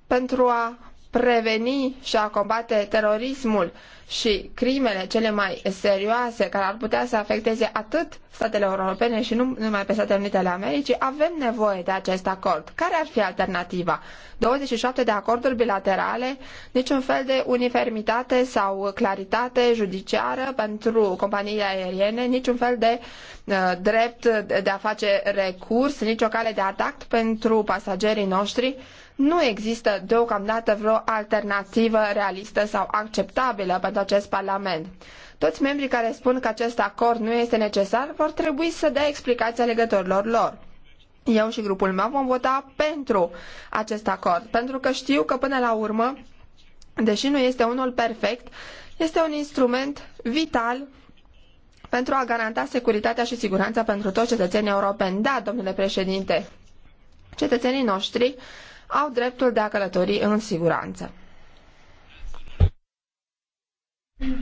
pentru a preveni și a combate terorismul și crimele cele mai serioase care ar putea să afecteze atât statele europene și nu numai pe Statele Unite ale Americii, avem nevoie de acest acord. Care ar fi alternativa? 27 de acorduri bilaterale, niciun fel de uniformitate sau claritate judiciară pentru companiile aeriene, niciun fel de uh, drept de a face recurs, nicio cale de atac pentru pasagerii noștri. Uh, nu există deocamdată vreo alternativă realistă sau acceptabilă pentru acest Parlament. Toți membrii care spun că acest acord nu este necesar vor trebui să dea explicații alegătorilor lor. Eu și grupul meu vom vota pentru acest acord, pentru că știu că până la urmă, deși nu este unul perfect, este un instrument vital pentru a garanta securitatea și siguranța pentru toți cetățenii europeni. Da, domnule președinte, cetățenii noștri au dreptul de a călători în siguranță.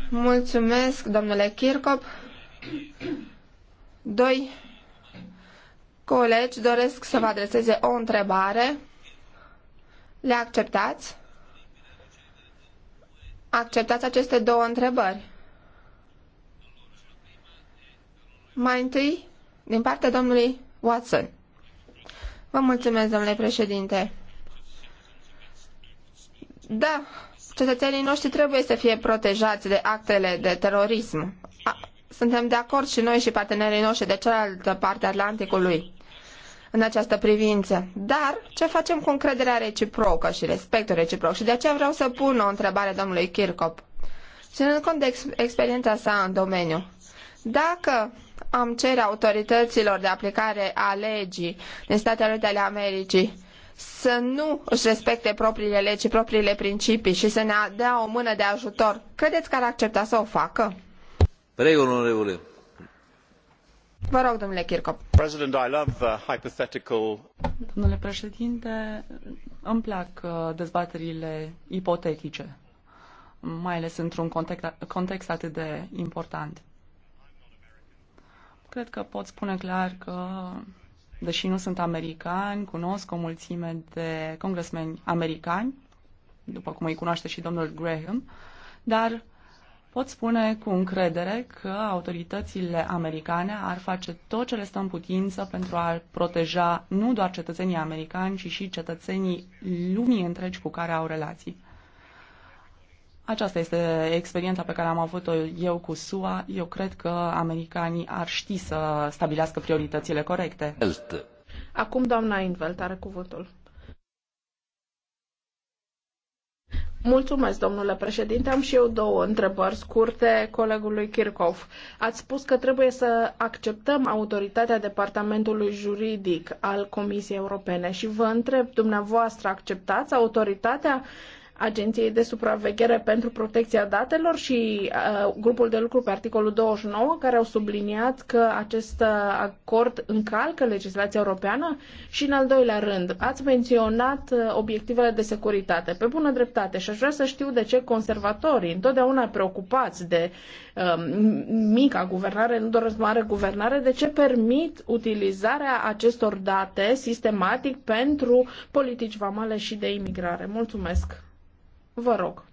Mulțumesc, domnule Kirkop. Doi colegi doresc să vă adreseze o întrebare. Le acceptați? Acceptați aceste două întrebări? Mai întâi, din partea domnului Watson. Vă mulțumesc, domnule președinte. Da, cetățenii noștri trebuie să fie protejați de actele de terorism. Suntem de acord și noi și partenerii noștri de cealaltă parte a Atlanticului în această privință. Dar ce facem cu încrederea reciprocă și respectul reciproc? Și de aceea vreau să pun o întrebare domnului Kirkop. Ținând cont de ex- experiența sa în domeniu, dacă am cere autorităților de aplicare a legii din Statele Unite ale Americii să nu își respecte propriile legi și propriile principii și să ne dea o mână de ajutor, credeți că ar accepta să o facă? Vă rog, domnule Kirkop. President, I love hypothetical... Domnule președinte, îmi plac uh, dezbaterile ipotetice, mai ales într-un context, context atât de important. Cred că pot spune clar că Deși nu sunt americani, cunosc o mulțime de congresmeni americani, după cum îi cunoaște și domnul Graham, dar pot spune cu încredere că autoritățile americane ar face tot ce le stă în putință pentru a proteja nu doar cetățenii americani, ci și cetățenii lumii întregi cu care au relații. Aceasta este experiența pe care am avut-o eu cu SUA. Eu cred că americanii ar ști să stabilească prioritățile corecte. Acum doamna Invelt are cuvântul. Mulțumesc, domnule președinte. Am și eu două întrebări scurte colegului Kirchhoff. Ați spus că trebuie să acceptăm autoritatea Departamentului Juridic al Comisiei Europene și vă întreb, dumneavoastră acceptați autoritatea Agenției de Supraveghere pentru Protecția Datelor și uh, grupul de lucru pe articolul 29, care au subliniat că acest uh, acord încalcă legislația europeană și, în al doilea rând, ați menționat uh, obiectivele de securitate. Pe bună dreptate și aș vrea să știu de ce conservatorii, întotdeauna preocupați de uh, mica guvernare, nu doresc mare guvernare, de ce permit utilizarea acestor date sistematic pentru politici vamale și de imigrare. Mulțumesc! Vă rog.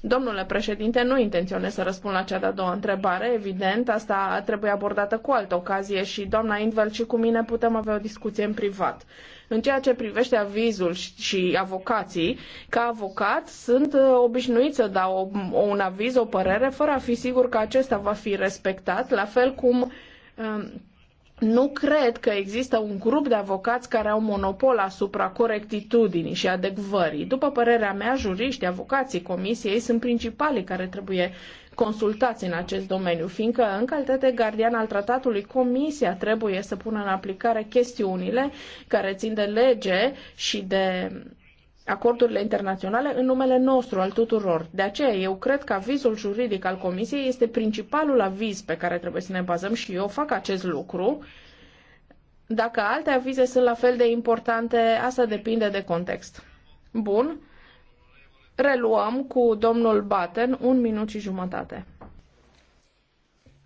Domnule președinte, nu intenționez să răspund la cea de-a doua întrebare, evident, asta trebuie abordată cu altă ocazie și doamna Indvel și cu mine putem avea o discuție în privat. În ceea ce privește avizul și avocații, ca avocat sunt uh, obișnuit să dau un aviz, o părere, fără a fi sigur că acesta va fi respectat, la fel cum um, nu cred că există un grup de avocați care au monopol asupra corectitudinii și adecvării. După părerea mea, juriștii, avocații comisiei sunt principalii care trebuie consultați în acest domeniu, fiindcă, în calitate de gardian al tratatului, comisia trebuie să pună în aplicare chestiunile care țin de lege și de acordurile internaționale în numele nostru, al tuturor. De aceea, eu cred că avizul juridic al Comisiei este principalul aviz pe care trebuie să ne bazăm și eu fac acest lucru. Dacă alte avize sunt la fel de importante, asta depinde de context. Bun. Reluăm cu domnul Batten un minut și jumătate.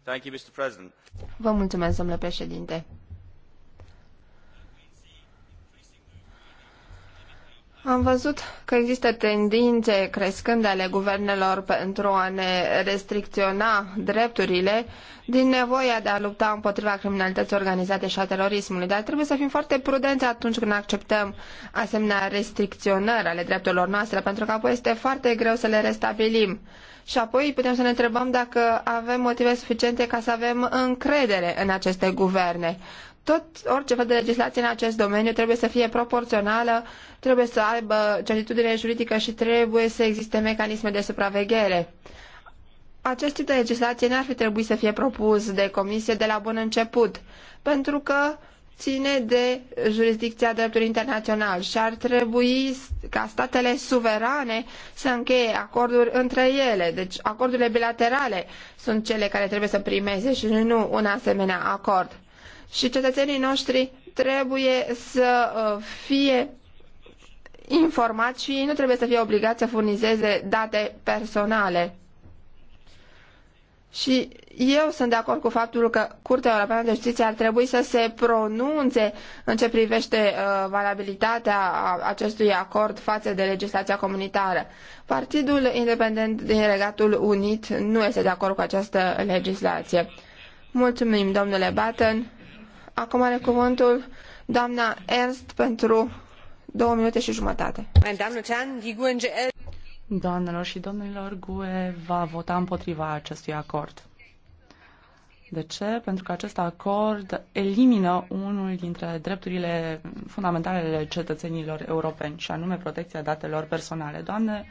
Thank you, Mr. President. Vă mulțumesc, domnule președinte. Am văzut că există tendințe crescând ale guvernelor pentru a ne restricționa drepturile din nevoia de a lupta împotriva criminalității organizate și a terorismului, dar trebuie să fim foarte prudenți atunci când acceptăm asemenea restricționări ale drepturilor noastre, pentru că apoi este foarte greu să le restabilim. Și apoi putem să ne întrebăm dacă avem motive suficiente ca să avem încredere în aceste guverne tot orice fel de legislație în acest domeniu trebuie să fie proporțională, trebuie să aibă certitudine juridică și trebuie să existe mecanisme de supraveghere. Acest tip de legislație n-ar fi trebuit să fie propus de comisie de la bun început, pentru că ține de jurisdicția dreptului internațional și ar trebui ca statele suverane să încheie acorduri între ele. Deci acordurile bilaterale sunt cele care trebuie să primeze și nu un asemenea acord și cetățenii noștri trebuie să uh, fie informați și ei nu trebuie să fie obligați să furnizeze date personale. Și eu sunt de acord cu faptul că Curtea Europeană de Justiție ar trebui să se pronunțe în ce privește uh, valabilitatea acestui acord față de legislația comunitară. Partidul Independent din Regatul Unit nu este de acord cu această legislație. Mulțumim, domnule Batten. Acum are cuvântul doamna Ernst pentru două minute și jumătate. Doamnelor și domnilor, GUE va vota împotriva acestui acord. De ce? Pentru că acest acord elimină unul dintre drepturile fundamentale ale cetățenilor europeni, și anume protecția datelor personale. Doamne,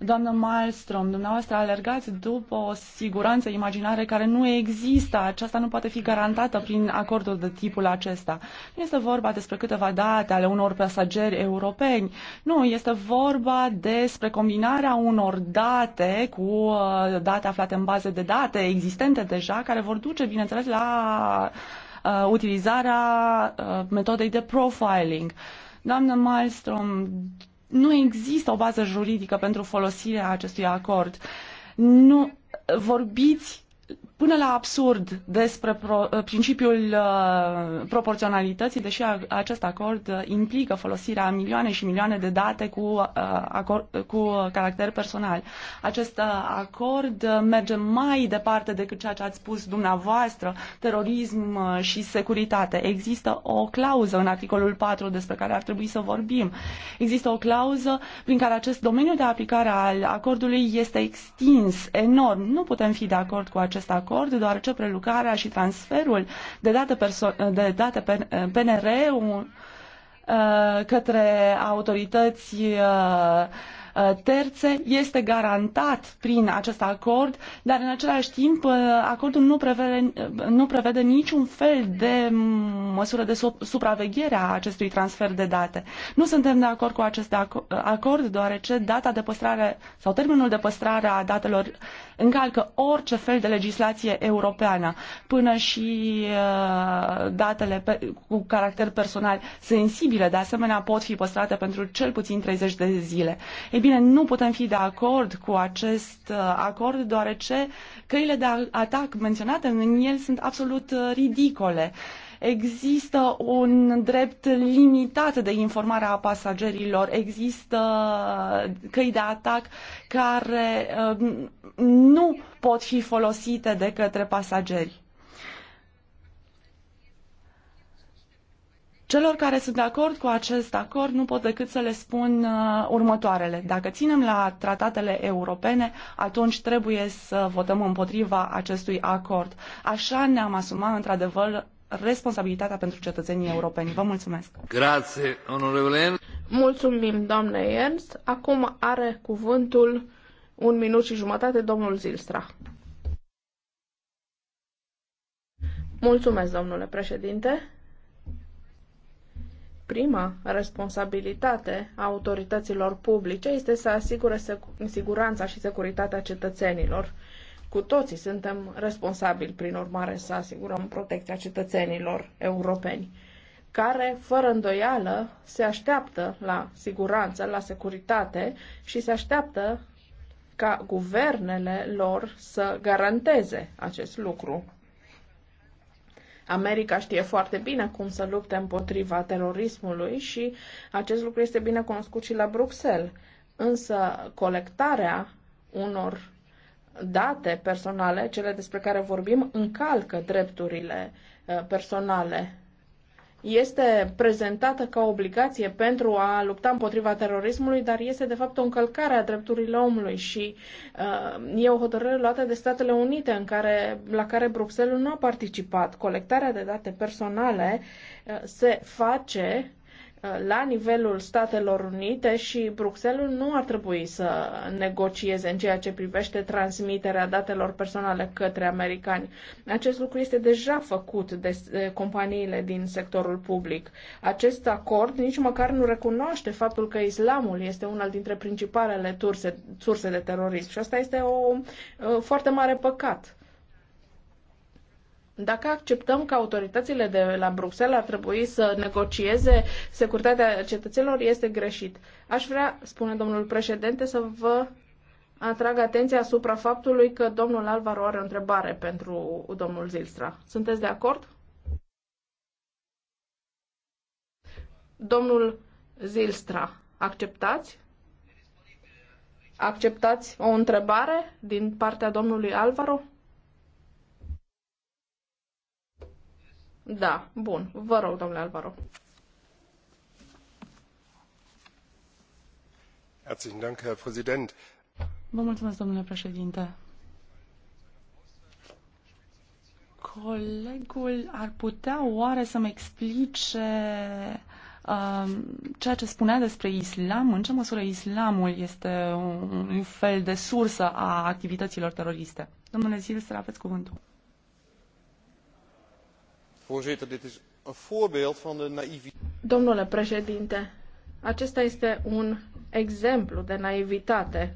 Doamnă Malmström, dumneavoastră alergați după o siguranță imaginare care nu există. Aceasta nu poate fi garantată prin acordul de tipul acesta. Nu este vorba despre câteva date ale unor pasageri europeni. Nu, este vorba despre combinarea unor date cu uh, date aflate în baze de date existente deja, care vor duce, bineînțeles, la uh, utilizarea uh, metodei de profiling. Doamnă Malmström, nu există o bază juridică pentru folosirea acestui acord. Nu vorbiți până la absurd despre pro, eh, principiul uh, proporționalității, deși a, acest acord uh, implică folosirea a milioane și milioane de date cu, uh, acord, cu caracter personal. Acest uh, acord uh, merge mai departe decât ceea ce ați spus dumneavoastră, terorism uh, și securitate. Există o clauză în articolul 4 despre care ar trebui să vorbim. Există o clauză prin care acest domeniu de aplicare al acordului este extins enorm. Nu putem fi de acord cu acest acord acord, deoarece prelucarea și transferul de date, de date PNR uh, către autorități uh, uh, terțe este garantat prin acest acord, dar în același timp acordul nu prevede, nu prevede niciun fel de măsură de supraveghere a acestui transfer de date. Nu suntem de acord cu acest acord, deoarece data de păstrare sau termenul de păstrare a datelor încalcă orice fel de legislație europeană. Până și uh, datele cu caracter personal sensibile, de asemenea, pot fi păstrate pentru cel puțin 30 de zile. Ei bine, nu putem fi de acord cu acest uh, acord, deoarece căile de atac menționate în el sunt absolut uh, ridicole. Există un drept limitat de informare a pasagerilor, există căi de atac care um, nu pot fi folosite de către pasageri. Celor care sunt de acord cu acest acord nu pot decât să le spun uh, următoarele. Dacă ținem la tratatele europene, atunci trebuie să votăm împotriva acestui acord. Așa ne-am asumat într-adevăr responsabilitatea pentru cetățenii europeni. Vă mulțumesc! Grazie, onorevole Mulțumim, doamne Ernst. Acum are cuvântul un minut și jumătate domnul Zilstra. Mulțumesc, domnule președinte. Prima responsabilitate a autorităților publice este să asigure siguranța și securitatea cetățenilor. Cu toții suntem responsabili, prin urmare, să asigurăm protecția cetățenilor europeni, care, fără îndoială, se așteaptă la siguranță, la securitate și se așteaptă ca guvernele lor să garanteze acest lucru. America știe foarte bine cum să lupte împotriva terorismului și acest lucru este bine cunoscut și la Bruxelles. Însă colectarea unor date personale, cele despre care vorbim, încalcă drepturile uh, personale. Este prezentată ca obligație pentru a lupta împotriva terorismului, dar este de fapt o încălcare a drepturilor omului și uh, e o hotărâre luată de Statele Unite în care, la care Bruxelles nu a participat. Colectarea de date personale uh, se face la nivelul Statelor Unite și Bruxelles nu ar trebui să negocieze în ceea ce privește transmiterea datelor personale către americani. Acest lucru este deja făcut de companiile din sectorul public. Acest acord nici măcar nu recunoaște faptul că islamul este una dintre principalele surse de terorism și asta este o foarte mare păcat. Dacă acceptăm că autoritățile de la Bruxelles ar trebui să negocieze securitatea cetățenilor, este greșit. Aș vrea, spune domnul președinte, să vă atrag atenția asupra faptului că domnul Alvaro are o întrebare pentru domnul Zilstra. Sunteți de acord? Domnul Zilstra, acceptați? Acceptați o întrebare din partea domnului Alvaro? Da, bun. Vă rog, domnule Alvaro. Herzlichen Dank, Herr Präsident. Vă mulțumesc, domnule președinte. Colegul ar putea oare să-mi explice uh, ceea ce spunea despre islam, în ce măsură islamul este un, un fel de sursă a activităților teroriste? Domnule Zilster, să aveți cuvântul. Domnule președinte, acesta este un exemplu de naivitate.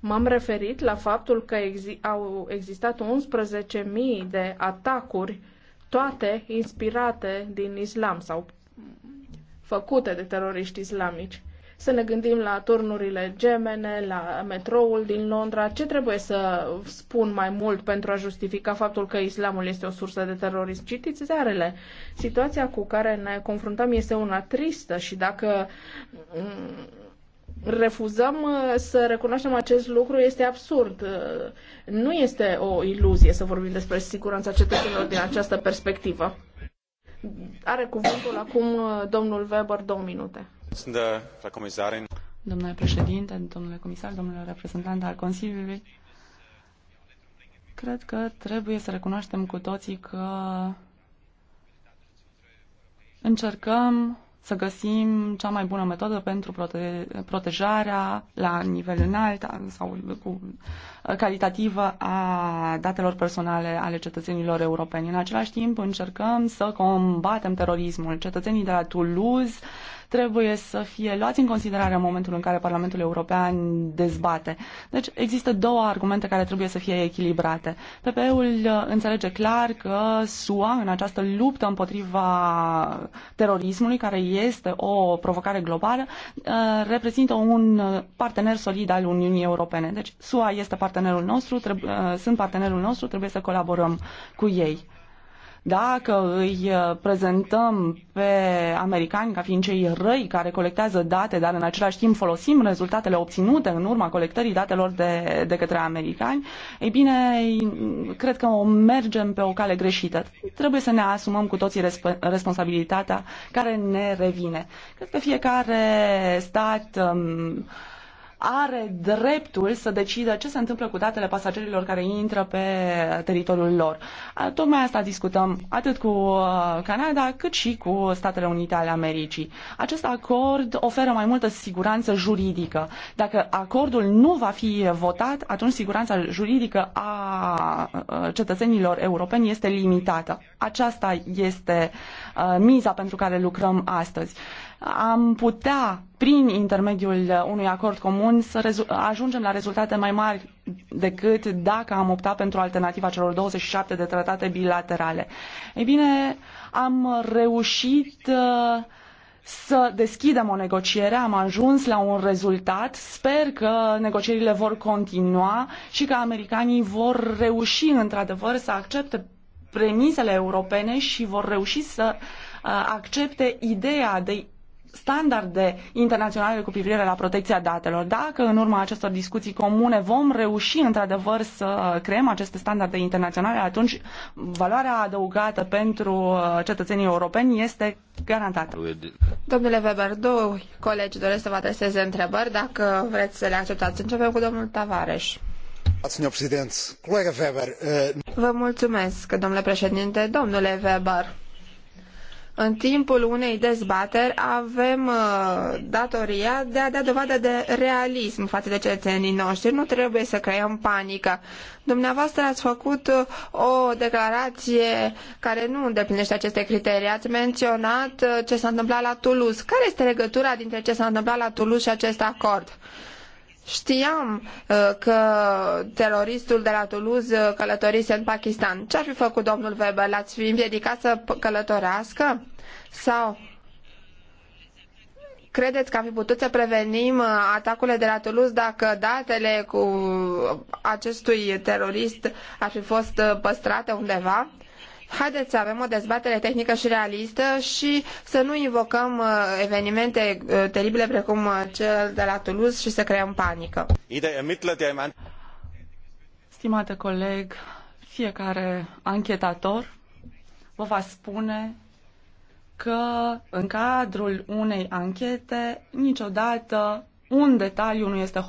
M-am referit la faptul că exi- au existat 11.000 de atacuri, toate inspirate din islam sau făcute de teroriști islamici să ne gândim la turnurile gemene, la metroul din Londra. Ce trebuie să spun mai mult pentru a justifica faptul că islamul este o sursă de terorism? Citiți zarele. Situația cu care ne confruntăm este una tristă și dacă mm, refuzăm uh, să recunoaștem acest lucru este absurd. Uh, nu este o iluzie să vorbim despre siguranța cetățenilor din această perspectivă. Are cuvântul acum uh, domnul Weber două minute. Uh, domnule președinte, domnule comisar, domnule reprezentant al Consiliului, cred că trebuie să recunoaștem cu toții că încercăm să găsim cea mai bună metodă pentru protejarea la nivel înalt sau cu calitativă a datelor personale ale cetățenilor europeni. În același timp încercăm să combatem terorismul. Cetățenii de la Toulouse trebuie să fie luați în considerare în momentul în care Parlamentul European dezbate. Deci există două argumente care trebuie să fie echilibrate. PPE-ul uh, înțelege clar că SUA în această luptă împotriva terorismului, care este o provocare globală, uh, reprezintă un uh, partener solid al Uniunii Europene. Deci SUA este partener partenerul nostru, trebuie, uh, sunt partenerul nostru, trebuie să colaborăm cu ei. Dacă îi uh, prezentăm pe americani ca fiind cei răi care colectează date, dar în același timp folosim rezultatele obținute în urma colectării datelor de, de către americani, ei bine, cred că o mergem pe o cale greșită. Trebuie să ne asumăm cu toții resp- responsabilitatea care ne revine. Cred că fiecare stat. Um, are dreptul să decidă ce se întâmplă cu datele pasagerilor care intră pe teritoriul lor. Tocmai asta discutăm atât cu uh, Canada cât și cu Statele Unite ale Americii. Acest acord oferă mai multă siguranță juridică. Dacă acordul nu va fi votat, atunci siguranța juridică a uh, cetățenilor europeni este limitată. Aceasta este uh, miza pentru care lucrăm astăzi am putea, prin intermediul unui acord comun, să ajungem la rezultate mai mari decât dacă am optat pentru alternativa celor 27 de tratate bilaterale. Ei bine, am reușit uh, să deschidem o negociere, am ajuns la un rezultat, sper că negocierile vor continua și că americanii vor reuși într-adevăr să accepte premisele europene și vor reuși să uh, accepte ideea de standarde internaționale cu privire la protecția datelor. Dacă în urma acestor discuții comune vom reuși într-adevăr să creăm aceste standarde internaționale, atunci valoarea adăugată pentru uh, cetățenii europeni este garantată. Domnule Weber, două colegi doresc să vă adreseze întrebări. Dacă vreți să le acceptați, începem cu domnul Tavares. Uh, vă mulțumesc, domnule președinte. Domnule Weber, în timpul unei dezbateri avem uh, datoria de a da dovadă de realism față de cetățenii noștri. Nu trebuie să creăm panică. Dumneavoastră ați făcut uh, o declarație care nu îndeplinește aceste criterii. Ați menționat uh, ce s-a întâmplat la Toulouse. Care este legătura dintre ce s-a întâmplat la Toulouse și acest acord? Știam uh, că teroristul de la Toulouse uh, călătorise în Pakistan. Ce ar fi făcut domnul Weber? L-ați fi împiedicat să călătorească? Sau credeți că am fi putut să prevenim uh, atacurile de la Toulouse dacă datele cu acestui terorist ar fi fost păstrate undeva? haideți să avem o dezbatere tehnică și realistă și să nu invocăm uh, evenimente uh, teribile precum uh, cel de la Toulouse și să creăm panică. Stimate coleg, fiecare anchetator vă va spune că în cadrul unei anchete niciodată un detaliu nu este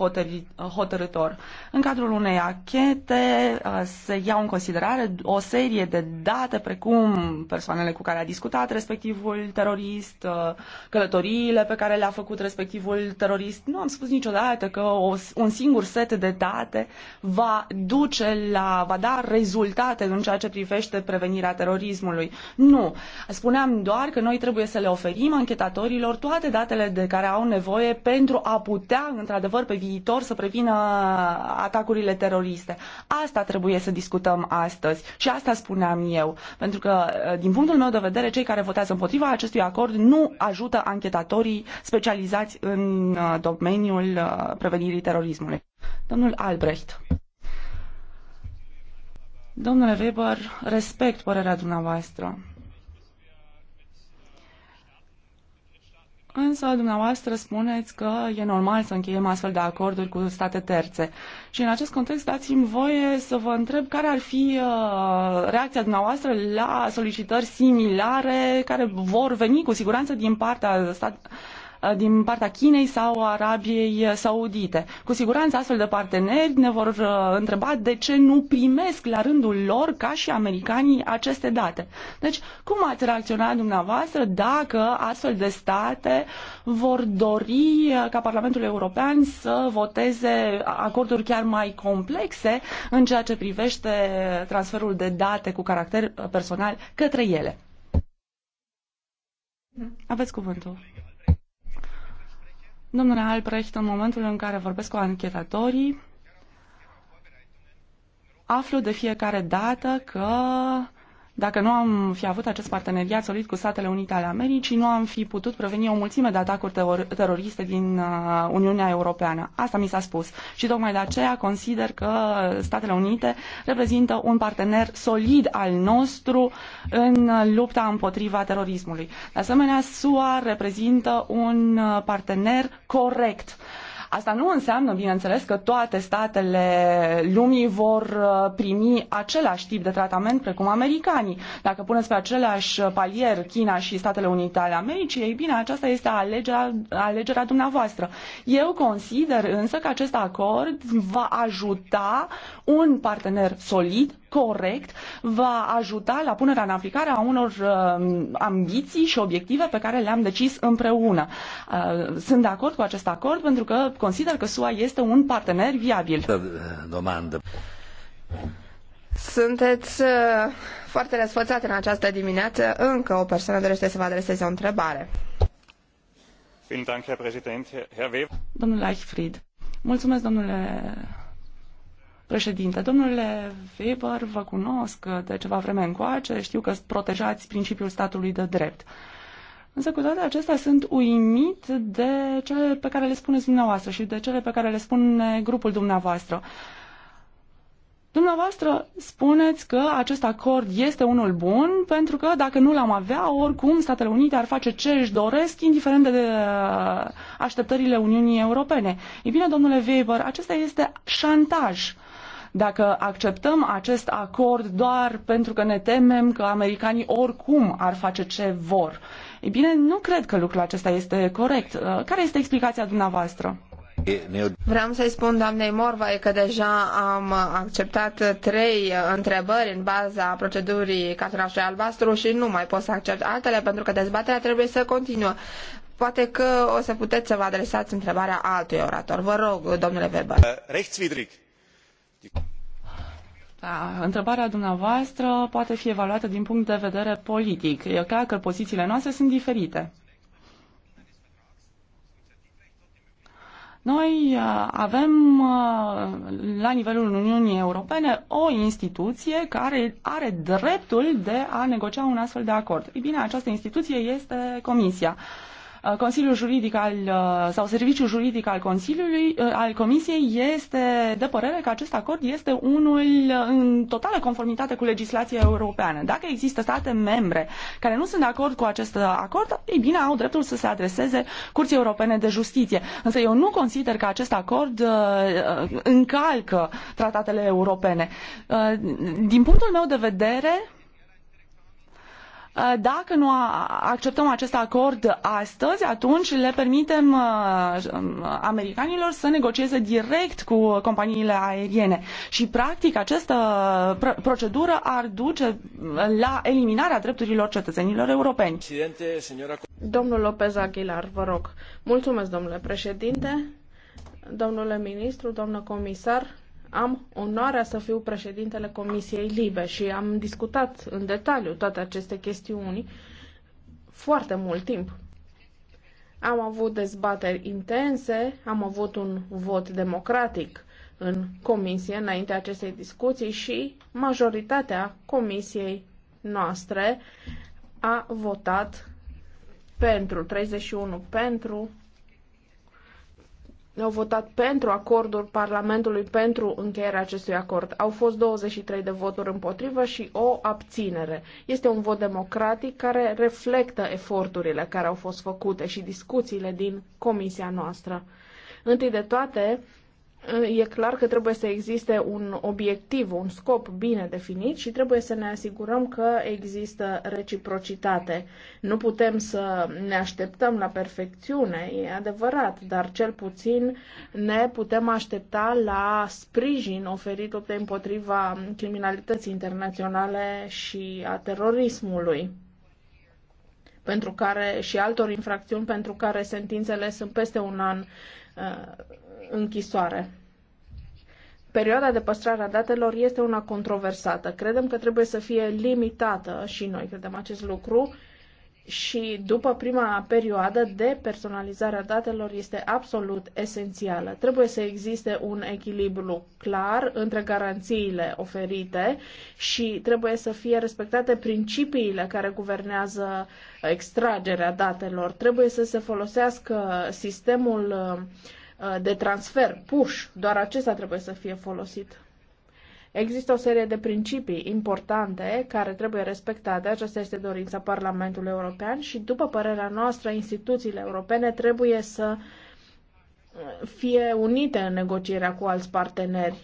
hotărător. În cadrul unei achete uh, se iau în considerare o serie de date, precum persoanele cu care a discutat respectivul terorist, uh, călătoriile pe care le-a făcut respectivul terorist. Nu am spus niciodată că o, un singur set de date va duce la, va da rezultate în ceea ce privește prevenirea terorismului. Nu. Spuneam doar că noi trebuie să le oferim anchetatorilor toate datele de care au nevoie pentru a putea, într-adevăr, pe viitor să prevină atacurile teroriste. Asta trebuie să discutăm astăzi și asta spuneam eu, pentru că, uh, din punctul meu de vedere, cei care votează împotriva acestui acord nu ajută anchetatorii specializați în uh, domeniul uh, prevenirii terorismului. Domnul Albrecht. Domnule Weber, respect părerea dumneavoastră. Însă, dumneavoastră spuneți că e normal să încheiem astfel de acorduri cu state terțe. Și în acest context dați-mi voie să vă întreb care ar fi uh, reacția dumneavoastră la solicitări similare care vor veni cu siguranță din partea statelor. Uh, din partea Chinei sau Arabiei Saudite. Cu siguranță astfel de parteneri ne vor uh, întreba de ce nu primesc la rândul lor, ca și americanii, aceste date. Deci, cum ați reacționat dumneavoastră dacă astfel de state vor dori uh, ca Parlamentul European să voteze acorduri chiar mai complexe în ceea ce privește transferul de date cu caracter personal către ele? Aveți cuvântul. Domnule Albrecht, în momentul în care vorbesc cu anchetatorii, aflu de fiecare dată că dacă nu am fi avut acest parteneriat solid cu Statele Unite ale Americii, nu am fi putut preveni o mulțime de atacuri teror- teroriste din uh, Uniunea Europeană. Asta mi s-a spus. Și tocmai de aceea consider că Statele Unite reprezintă un partener solid al nostru în lupta împotriva terorismului. De asemenea, SUA reprezintă un uh, partener corect. Uh, Asta nu înseamnă, bineînțeles, că toate statele lumii vor uh, primi același tip de tratament precum americanii. Dacă puneți pe același palier China și Statele Unite ale Americii, ei bine, aceasta este alegerea, alegerea dumneavoastră. Eu consider însă că acest acord va ajuta un partener solid, corect, va ajuta la punerea în aplicare a unor uh, ambiții și obiective pe care le-am decis împreună. Uh, sunt de acord cu acest acord pentru că consider că SUA este un partener viabil. Uh, domandă. Sunteți uh, foarte răsfățat în această dimineață. Încă o persoană dorește să vă adreseze o întrebare. domnule Eichfried. Mulțumesc, domnule președinte. Domnule Weber, vă cunosc de ceva vreme încoace, știu că protejați principiul statului de drept. Însă cu toate acestea sunt uimit de cele pe care le spuneți dumneavoastră și de cele pe care le spune grupul dumneavoastră. Dumneavoastră spuneți că acest acord este unul bun pentru că dacă nu l-am avea, oricum Statele Unite ar face ce își doresc, indiferent de uh, așteptările Uniunii Europene. Ei bine, domnule Weber, acesta este șantaj. Dacă acceptăm acest acord doar pentru că ne temem că americanii oricum ar face ce vor, ei bine, nu cred că lucrul acesta este corect. Uh, care este explicația dumneavoastră? Vreau să-i spun doamnei Morvai că deja am acceptat trei întrebări în baza procedurii cartonașului albastru și nu mai pot să accept altele pentru că dezbaterea trebuie să continuă. Poate că o să puteți să vă adresați întrebarea altui orator. Vă rog, domnule Weber. Uh, rechtswidrig. Da, întrebarea dumneavoastră poate fi evaluată din punct de vedere politic. E clar că pozițiile noastre sunt diferite. Noi uh, avem uh, la nivelul Uniunii Europene o instituție care are dreptul de a negocia un astfel de acord. Ei bine, această instituție este Comisia. Uh, Consiliul Juridic al, uh, sau Serviciul Juridic al Consiliului, uh, al Comisiei este de părere că acest acord este unul în totală conformitate cu legislația europeană. Dacă există state membre care nu sunt de acord cu acest acord, ei bine, au dreptul să se adreseze Curții Europene de Justiție. Însă eu nu consider că acest acord încalcă tratatele europene. Din punctul meu de vedere, Uh, dacă nu acceptăm acest acord astăzi, atunci le permitem uh, um, americanilor să negocieze direct cu companiile aeriene. Și, practic, această uh, procedură ar duce la eliminarea drepturilor cetățenilor europeni. Domnul Lopez Aguilar, vă rog. Mulțumesc, domnule președinte, domnule ministru, doamnă comisar. Am onoarea să fiu președintele Comisiei Libe și am discutat în detaliu toate aceste chestiuni foarte mult timp. Am avut dezbateri intense, am avut un vot democratic în comisie înaintea acestei discuții și majoritatea comisiei noastre a votat pentru 31 pentru au votat pentru acordul Parlamentului pentru încheierea acestui acord. Au fost 23 de voturi împotrivă și o abținere. Este un vot democratic care reflectă eforturile care au fost făcute și discuțiile din comisia noastră. Întâi de toate, e clar că trebuie să existe un obiectiv, un scop bine definit și trebuie să ne asigurăm că există reciprocitate. Nu putem să ne așteptăm la perfecțiune, e adevărat, dar cel puțin ne putem aștepta la sprijin oferit luptei împotriva criminalității internaționale și a terorismului pentru care și altor infracțiuni pentru care sentințele sunt peste un an uh, închisoare. Perioada de păstrare a datelor este una controversată. Credem că trebuie să fie limitată și noi credem acest lucru și după prima perioadă de personalizare a datelor este absolut esențială. Trebuie să existe un echilibru clar între garanțiile oferite și trebuie să fie respectate principiile care guvernează extragerea datelor. Trebuie să se folosească sistemul uh, Uh, de transfer, push, doar acesta trebuie să fie folosit. Există o serie de principii importante care trebuie respectate, aceasta este dorința Parlamentului European și, după părerea noastră, instituțiile europene trebuie să fie unite în negocierea cu alți parteneri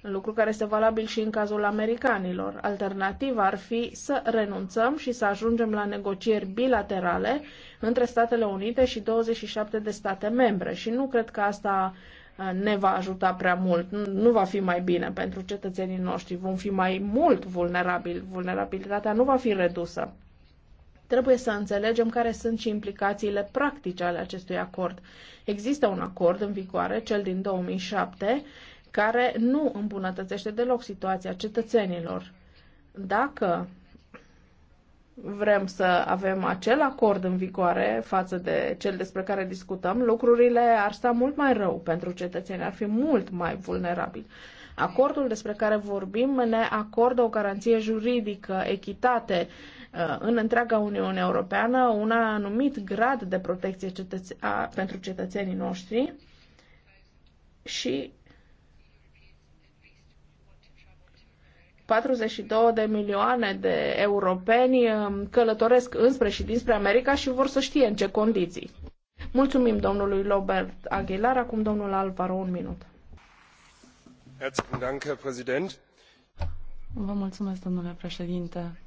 lucru care este valabil și în cazul americanilor. Alternativa ar fi să renunțăm și să ajungem la negocieri bilaterale între Statele Unite și 27 de state membre și nu cred că asta uh, ne va ajuta prea mult. Nu va fi mai bine pentru cetățenii noștri. Vom fi mai mult vulnerabili. Vulnerabilitatea nu va fi redusă. Trebuie să înțelegem care sunt și implicațiile practice ale acestui acord. Există un acord în vigoare, cel din 2007, care nu îmbunătățește deloc situația cetățenilor. Dacă vrem să avem acel acord în vigoare față de cel despre care discutăm, lucrurile ar sta mult mai rău pentru cetățeni, ar fi mult mai vulnerabili. Acordul despre care vorbim ne acordă o garanție juridică, echitate uh, în întreaga Uniune Europeană, un anumit grad de protecție cetăț- a, pentru cetățenii noștri și 42 de milioane de europeni um, călătoresc înspre și dinspre America și vor să știe în ce condiții. Mulțumim domnului Robert Aguilar, acum domnul Alvaro, un minut. Vă mulțumesc, domnule președinte.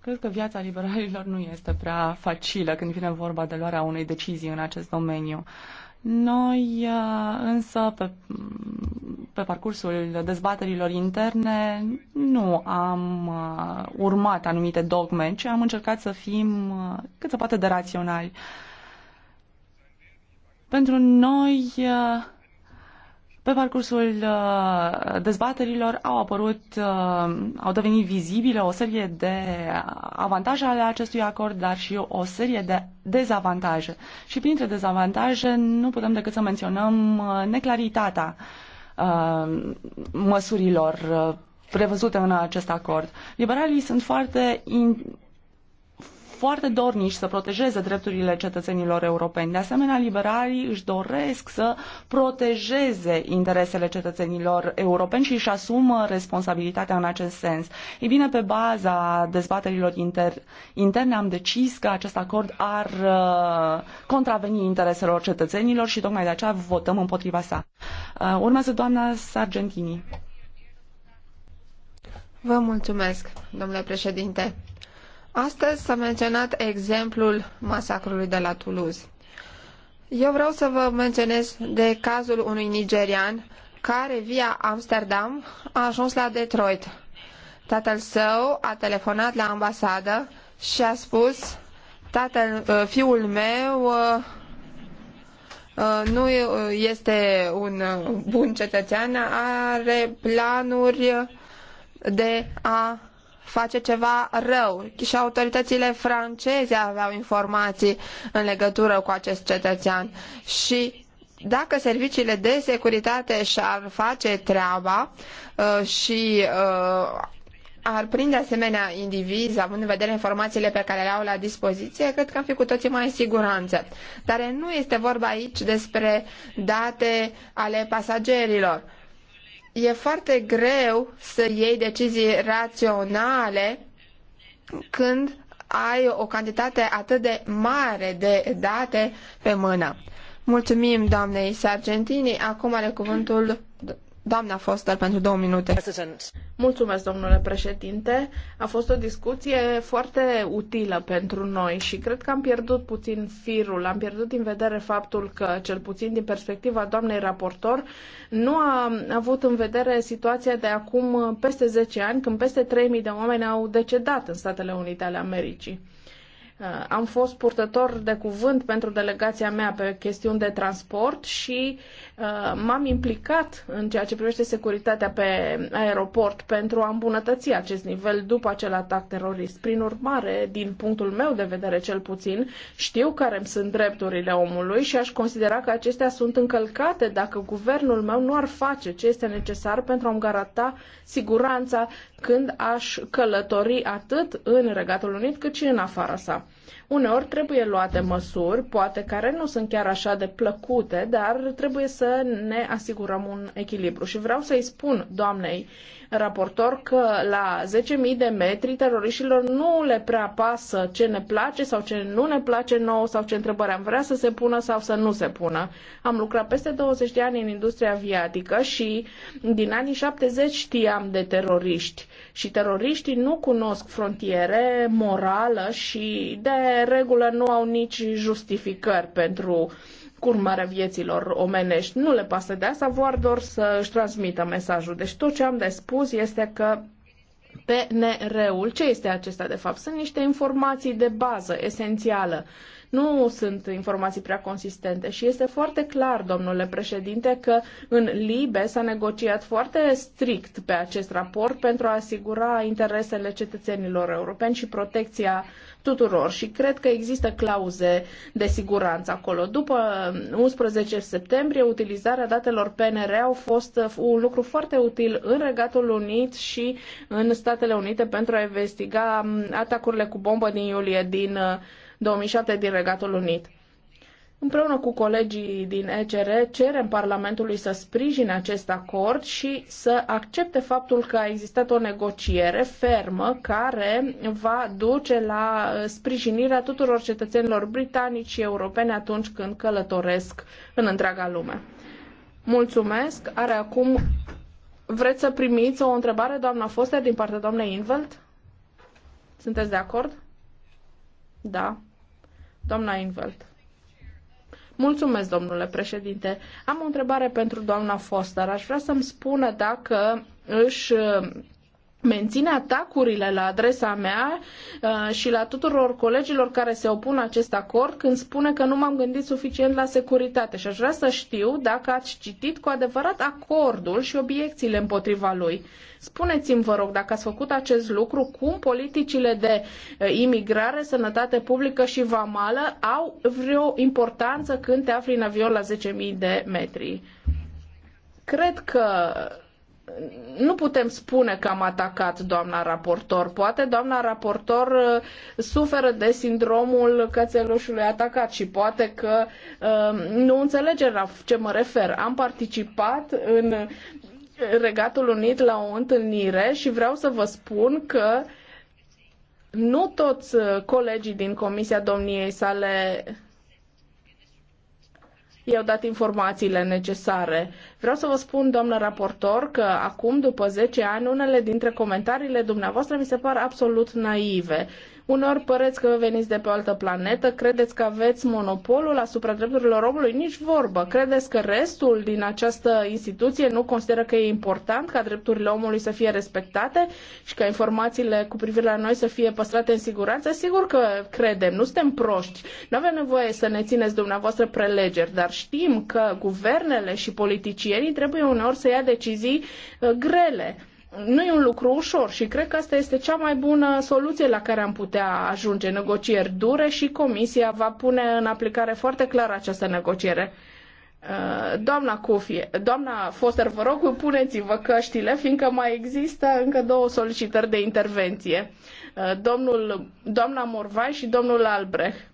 Cred că viața liberalilor nu este prea facilă când vine vorba de luarea unei decizii în acest domeniu. Uh, noi uh, însă pe, pe parcursul dezbaterilor interne nu am uh, urmat anumite dogme, ci am încercat să fim uh, cât se poate de raționali. Pentru noi pe parcursul uh, dezbaterilor au apărut, uh, au devenit vizibile o serie de avantaje ale acestui acord, dar și o serie de dezavantaje. Și printre dezavantaje nu putem decât să menționăm uh, neclaritatea măsurilor prevăzute în acest acord. Liberalii sunt foarte foarte dornici să protejeze drepturile cetățenilor europeni. De asemenea, liberalii își doresc să protejeze interesele cetățenilor europeni și își asumă responsabilitatea în acest sens. Ei bine, pe baza dezbaterilor inter- interne am decis că acest acord ar uh, contraveni intereselor cetățenilor și tocmai de aceea votăm împotriva sa. Uh, urmează doamna Sargentini. Vă mulțumesc, domnule președinte. Astăzi s-a menționat exemplul masacrului de la Toulouse. Eu vreau să vă menționez de cazul unui nigerian care via Amsterdam a ajuns la Detroit. Tatăl său a telefonat la ambasadă și a spus tatăl, uh, fiul meu uh, uh, nu este un bun cetățean, are planuri de a face ceva rău. Și autoritățile franceze aveau informații în legătură cu acest cetățean. Și dacă serviciile de securitate și-ar face treaba uh, și uh, ar prinde asemenea indivizi, având în vedere informațiile pe care le au la dispoziție, cred că am fi cu toții mai în siguranță. Dar nu este vorba aici despre date ale pasagerilor e foarte greu să iei decizii raționale când ai o cantitate atât de mare de date pe mână. Mulțumim doamnei Sargentini. Acum are cuvântul Doamna Foster, pentru două minute. Mulțumesc, domnule președinte. A fost o discuție foarte utilă pentru noi și cred că am pierdut puțin firul, am pierdut din vedere faptul că, cel puțin din perspectiva doamnei raportor, nu a avut în vedere situația de acum peste zece ani, când peste 3.000 de oameni au decedat în Statele Unite ale Americii. Uh, am fost purtător de cuvânt pentru delegația mea pe chestiuni de transport și uh, m-am implicat în ceea ce privește securitatea pe aeroport pentru a îmbunătăți acest nivel după acel atac terorist. Prin urmare, din punctul meu de vedere cel puțin, știu care îmi sunt drepturile omului și aș considera că acestea sunt încălcate dacă guvernul meu nu ar face ce este necesar pentru a-mi garanta siguranța când aș călători atât în Regatul Unit cât și în afara sa. Uneori trebuie luate măsuri, poate care nu sunt chiar așa de plăcute, dar trebuie să ne asigurăm un echilibru. Și vreau să-i spun doamnei raportor că la 10.000 de metri teroriștilor nu le prea pasă ce ne place sau ce nu ne place nou sau ce întrebări am vrea să se pună sau să nu se pună. Am lucrat peste 20 de ani în industria aviatică și din anii 70 știam de teroriști și teroriștii nu cunosc frontiere morală și de regulă nu au nici justificări pentru curmarea vieților omenești. Nu le pasă de asta, vor doar să își transmită mesajul. Deci tot ce am de spus este că PNR-ul, ce este acesta de fapt? Sunt niște informații de bază, esențială. Nu sunt informații prea consistente și este foarte clar, domnule președinte, că în Libe s-a negociat foarte strict pe acest raport pentru a asigura interesele cetățenilor europeni și protecția tuturor și cred că există clauze de siguranță acolo. După 11 septembrie, utilizarea datelor PNR au fost un lucru foarte util în Regatul Unit și în Statele Unite pentru a investiga atacurile cu bombă din iulie din 2007 uh, din Regatul Unit. Împreună cu colegii din ECR cerem Parlamentului să sprijine acest acord și să accepte faptul că a existat o negociere fermă care va duce la uh, sprijinirea tuturor cetățenilor britanici și europeni atunci când călătoresc în întreaga lume. Mulțumesc. Are acum... Vreți să primiți o întrebare, doamna Foster, din partea doamnei Invelt? Sunteți de acord? Da. Doamna Invelt. Mulțumesc, domnule președinte. Am o întrebare pentru doamna Foster. Aș vrea să-mi spună dacă își menține atacurile la adresa mea uh, și la tuturor colegilor care se opun acest acord când spune că nu m-am gândit suficient la securitate și aș vrea să știu dacă ați citit cu adevărat acordul și obiecțiile împotriva lui. Spuneți-mi, vă rog, dacă ați făcut acest lucru, cum politicile de uh, imigrare, sănătate publică și vamală au vreo importanță când te afli în avion la 10.000 de metri. Cred că nu putem spune că am atacat doamna raportor. Poate doamna raportor uh, suferă de sindromul cățelușului atacat și poate că uh, nu înțelege la ce mă refer. Am participat în Regatul Unit la o întâlnire și vreau să vă spun că nu toți uh, colegii din comisia domniei sale i-au dat informațiile necesare. Vreau să vă spun, doamnă raportor, că acum, după 10 ani, unele dintre comentariile dumneavoastră mi se par absolut naive. Uneori păreți că veniți de pe o altă planetă, credeți că aveți monopolul asupra drepturilor omului, nici vorbă. Credeți că restul din această instituție nu consideră că e important ca drepturile omului să fie respectate și ca informațiile cu privire la noi să fie păstrate în siguranță? Sigur că credem, nu suntem proști. Nu avem nevoie să ne țineți dumneavoastră prelegeri, dar știm că guvernele și politicienii politicienii trebuie uneori să ia decizii uh, grele. Nu e un lucru ușor și cred că asta este cea mai bună soluție la care am putea ajunge. Negocieri dure și Comisia va pune în aplicare foarte clar această negociere. Uh, doamna Cufie, doamna Foster, vă rog, puneți-vă căștile, fiindcă mai există încă două solicitări de intervenție. Uh, domnul, doamna Morvai și domnul Albrecht.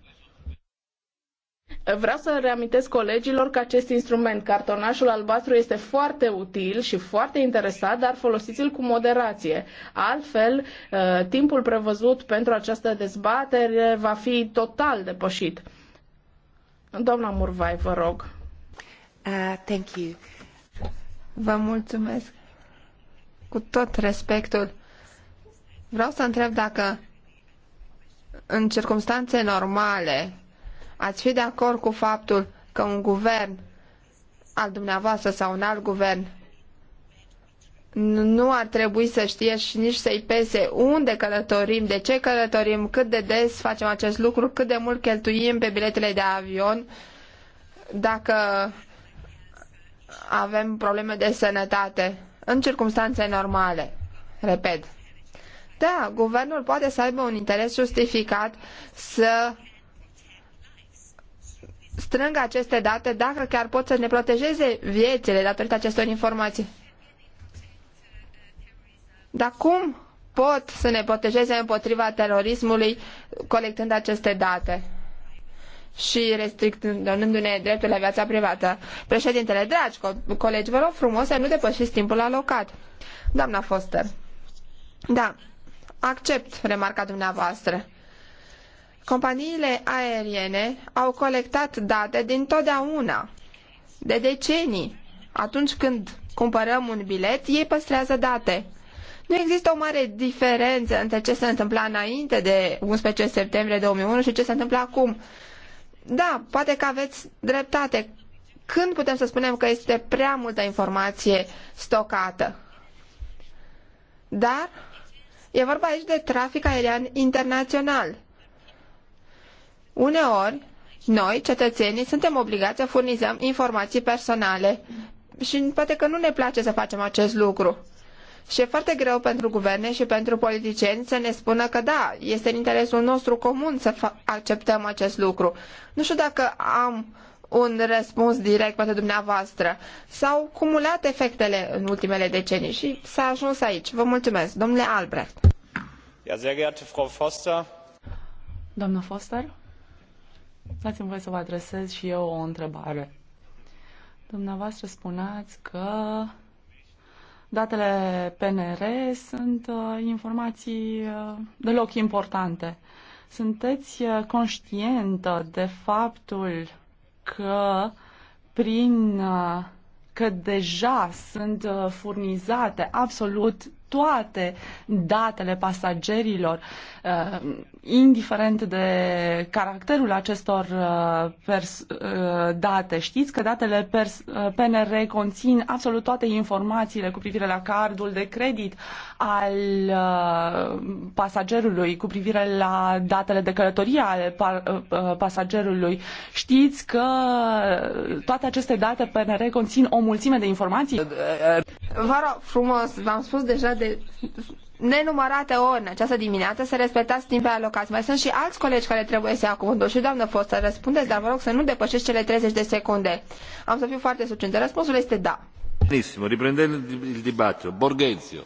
Vreau să reamintesc colegilor că acest instrument, cartonașul albastru, este foarte util și foarte interesat, dar folosiți-l cu moderație. Altfel, uh, timpul prevăzut pentru această dezbatere va fi total depășit. Doamna Murvai, vă rog. Uh, thank you. Vă mulțumesc. Cu tot respectul, vreau să întreb dacă în circunstanțe normale ați fi de acord cu faptul că un guvern al dumneavoastră sau un alt guvern nu ar trebui să știe și nici să-i pese unde călătorim, de ce călătorim, cât de des facem acest lucru, cât de mult cheltuim pe biletele de avion, dacă avem probleme de sănătate, în circunstanțe normale. Repet. Da, guvernul poate să aibă un interes justificat să strâng aceste date, dacă chiar pot să ne protejeze viețile datorită acestor informații. Dar cum pot să ne protejeze împotriva terorismului colectând aceste date? și restricționându-ne dreptul la viața privată. Președintele, dragi co colegi, vă rog frumos să nu depășiți timpul alocat. Doamna Foster, da, accept remarca dumneavoastră. Companiile aeriene au colectat date din totdeauna, de decenii. Atunci când cumpărăm un bilet, ei păstrează date. Nu există o mare diferență între ce se întâmpla înainte de 11 septembrie 2001 și ce se întâmplă acum. Da, poate că aveți dreptate. Când putem să spunem că este prea multă informație stocată? Dar e vorba aici de trafic aerian internațional. Uneori, noi, cetățenii, suntem obligați să furnizăm informații personale și poate că nu ne place să facem acest lucru. Și e foarte greu pentru guverne și pentru politicieni să ne spună că da, este în interesul nostru comun să acceptăm acest lucru. Nu știu dacă am un răspuns direct pentru dumneavoastră. S-au cumulat efectele în ultimele decenii și s-a ajuns aici. Vă mulțumesc. Domnule Albrecht. Ja, sehr geehrte Frau Foster. Foster. Dați-mi voi să vă adresez și eu o întrebare. Dumneavoastră spuneați că datele PNR sunt uh, informații uh, deloc importante. Sunteți uh, conștientă de faptul că prin uh, că deja sunt uh, furnizate absolut toate datele pasagerilor, uh, indiferent de caracterul acestor uh, uh, date. Știți că datele PNR conțin absolut toate informațiile cu privire la cardul de credit al pasagerului, cu privire la datele de călătorie ale pasagerului. Știți că toate aceste date PNR conțin o mulțime de informații. Vara, frumos, v-am spus deja de de nenumărate ori în această dimineață să respectați timpul alocat. Mai sunt și alți colegi care trebuie să ia cuvântul și doamnă fost să răspundeți, dar vă rog să nu depășești cele 30 de secunde. Am să fiu foarte succintă. Răspunsul este da. Benissimo, riprendem il dibattito. Borghezio.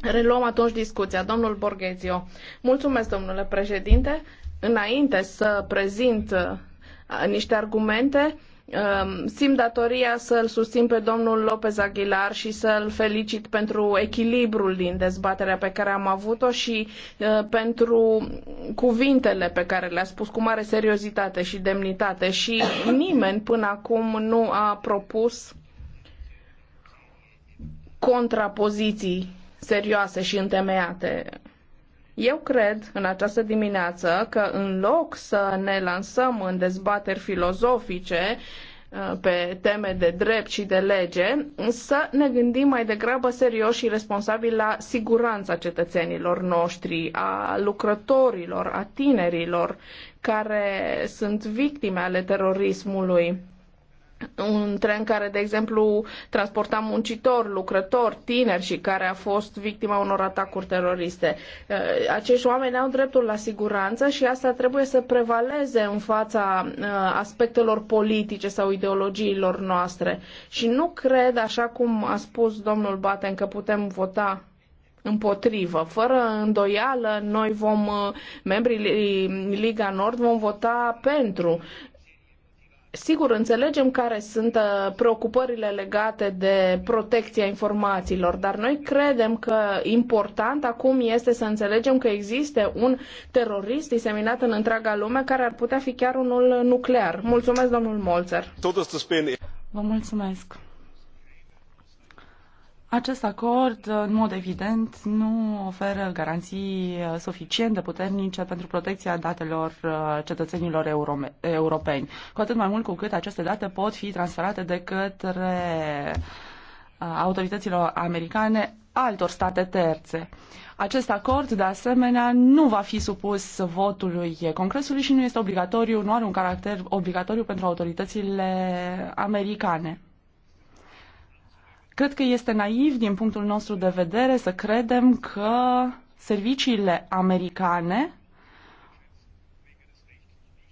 Reluăm atunci discuția. Domnul Borghezio. Mulțumesc, domnule președinte. Înainte să prezint uh, niște argumente, Ehm, simt datoria să-l susțin pe domnul Lopez Aguilar și să-l felicit pentru echilibrul din dezbaterea pe care am avut-o și pentru cuvintele pe care le-a spus cu mare seriozitate și demnitate și nimeni până acum nu a propus contrapoziții serioase și întemeiate eu cred în această dimineață că în loc să ne lansăm în dezbateri filozofice, uh, pe teme de drept și de lege, să ne gândim mai degrabă serios și responsabil la siguranța cetățenilor noștri, a lucrătorilor, a tinerilor care sunt victime ale terorismului un tren care, de exemplu, transporta muncitori, lucrători, tineri și care a fost victima unor atacuri teroriste. Uh, acești oameni au dreptul la siguranță și asta trebuie să prevaleze în fața uh, aspectelor politice sau ideologiilor noastre. Și nu cred, așa cum a spus domnul Baten, că putem vota împotrivă. Fără îndoială, noi vom, uh, membrii Liga Nord, vom vota pentru Sigur, înțelegem care sunt uh, preocupările legate de protecția informațiilor, dar noi credem că important acum este să înțelegem că există un terorist diseminat în întreaga lume care ar putea fi chiar unul nuclear. Mulțumesc, domnul Molzer. Vă mulțumesc. Acest acord, în mod evident, nu oferă garanții suficient de puternice pentru protecția datelor uh, cetățenilor europeni, cu atât mai mult cu cât aceste date pot fi transferate de către uh, autorităților americane altor state terțe. Acest acord, de asemenea, nu va fi supus votului Congresului și nu este obligatoriu, nu are un caracter obligatoriu pentru autoritățile americane. Cred că este naiv din punctul nostru de vedere să credem că serviciile americane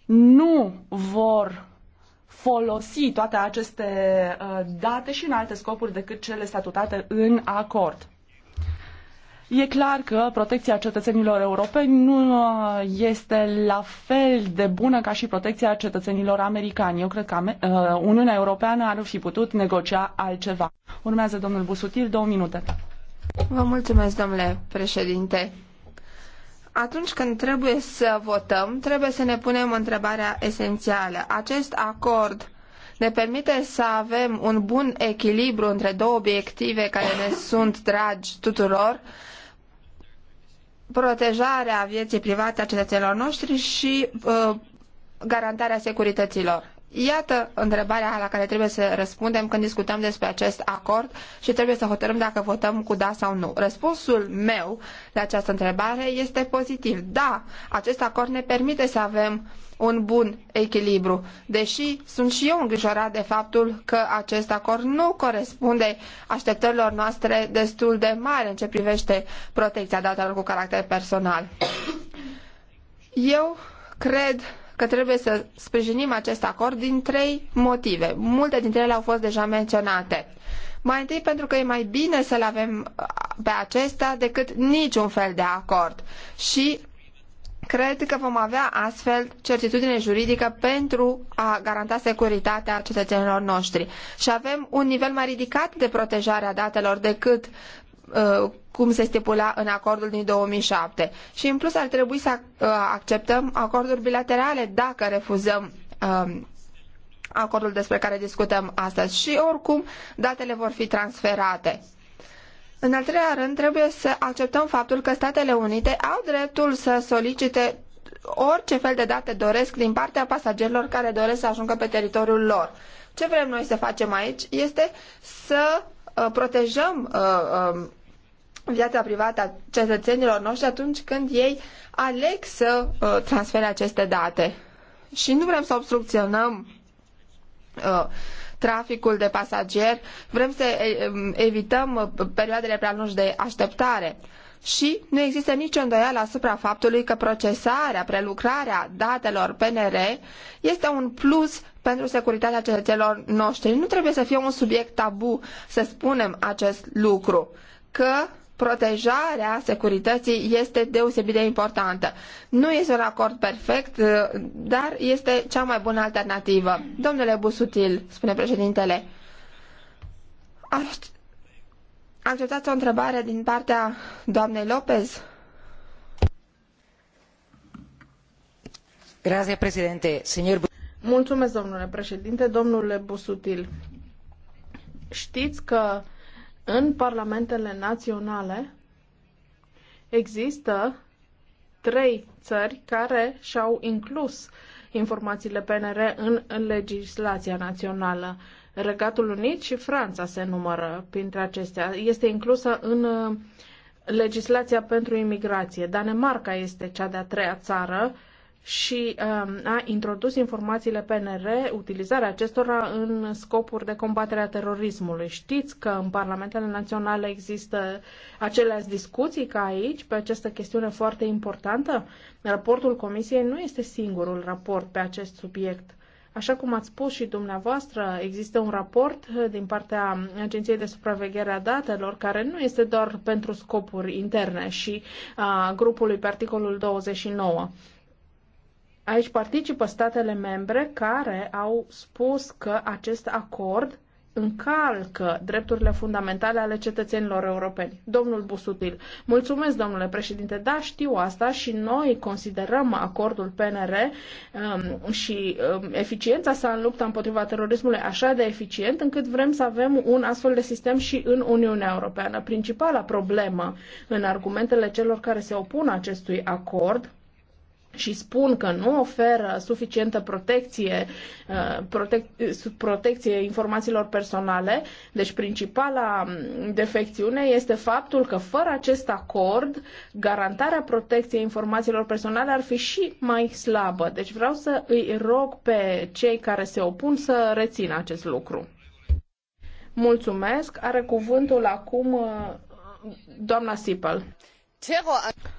nu vor folosi toate aceste uh, date și în alte scopuri decât cele statutate în acord. E clar că protecția cetățenilor europeni nu uh, este la fel de bună ca și protecția cetățenilor americani. Eu cred că uh, Uniunea Europeană ar fi putut negocia altceva. Urmează domnul Busutil, două minute. Vă mulțumesc, domnule președinte. Atunci când trebuie să votăm, trebuie să ne punem întrebarea esențială. Acest acord ne permite să avem un bun echilibru între două obiective care ne sunt dragi tuturor protejarea vieții private a cetățenilor noștri și uh, garantarea securităților. Iată întrebarea la care trebuie să răspundem când discutăm despre acest acord și trebuie să hotărâm dacă votăm cu da sau nu. Răspunsul meu la această întrebare este pozitiv. Da, acest acord ne permite să avem un bun echilibru, deși sunt și eu îngrijorat de faptul că acest acord nu corespunde așteptărilor noastre destul de mari în ce privește protecția datelor cu caracter personal. Eu cred că trebuie să sprijinim acest acord din trei motive. Multe dintre ele au fost deja menționate. Mai întâi pentru că e mai bine să-l avem pe acesta decât niciun fel de acord. Și Cred că vom avea astfel certitudine juridică pentru a garanta securitatea cetățenilor noștri și avem un nivel mai ridicat de protejare a datelor decât uh, cum se stipula în acordul din 2007. Și în plus ar trebui să uh, acceptăm acorduri bilaterale dacă refuzăm um, acordul despre care discutăm astăzi și oricum datele vor fi transferate. În al treilea rând, trebuie să acceptăm faptul că Statele Unite au dreptul să solicite orice fel de date doresc din partea pasagerilor care doresc să ajungă pe teritoriul lor. Ce vrem noi să facem aici este să uh, protejăm uh, um, viața privată a cetățenilor noștri atunci când ei aleg să uh, transfere aceste date. Și nu vrem să obstrucționăm traficul de pasageri, vrem să evităm uh, perioadele prea lungi de așteptare. Și nu există nicio îndoială asupra faptului că procesarea, prelucrarea datelor PNR este un plus pentru securitatea cetățenilor noștri. Nu trebuie să fie un subiect tabu să spunem acest lucru, că protejarea securității este deosebit de importantă. Nu este un acord perfect, uh, dar este cea mai bună alternativă. Domnule Busutil, spune președintele, acceptați o întrebare din partea doamnei Lopez? Grazie, președinte. Senior... Mulțumesc, domnule președinte. Domnule Busutil, știți că în parlamentele naționale există trei țări care și-au inclus informațiile PNR în legislația națională. Regatul Unit și Franța se numără printre acestea. Este inclusă în uh, legislația pentru imigrație. Danemarca este cea de-a treia țară și um, a introdus informațiile PNR, utilizarea acestora în scopuri de combatere a terorismului. Știți că în parlamentele naționale există aceleași discuții ca aici pe această chestiune foarte importantă? Raportul Comisiei nu este singurul raport pe acest subiect. Așa cum ați spus și dumneavoastră, există un raport din partea Agenției de Supraveghere a Datelor, care nu este doar pentru scopuri interne și a grupului pe articolul 29. Aici participă statele membre care au spus că acest acord încalcă drepturile fundamentale ale cetățenilor europeni. Domnul Busutil, mulțumesc, domnule președinte, da, știu asta și noi considerăm acordul PNR um, și um, eficiența sa în lupta împotriva terorismului așa de eficient încât vrem să avem un astfel de sistem și în Uniunea Europeană. Principala problemă în argumentele celor care se opun acestui acord și spun că nu oferă suficientă protecție, uh, protec, protecție informațiilor personale. Deci principala mm, defecțiune este faptul că fără acest acord, garantarea protecției informațiilor personale ar fi și mai slabă. Deci vreau să îi rog pe cei care se opun să rețină acest lucru. Mulțumesc. Are cuvântul acum uh, doamna Sipel.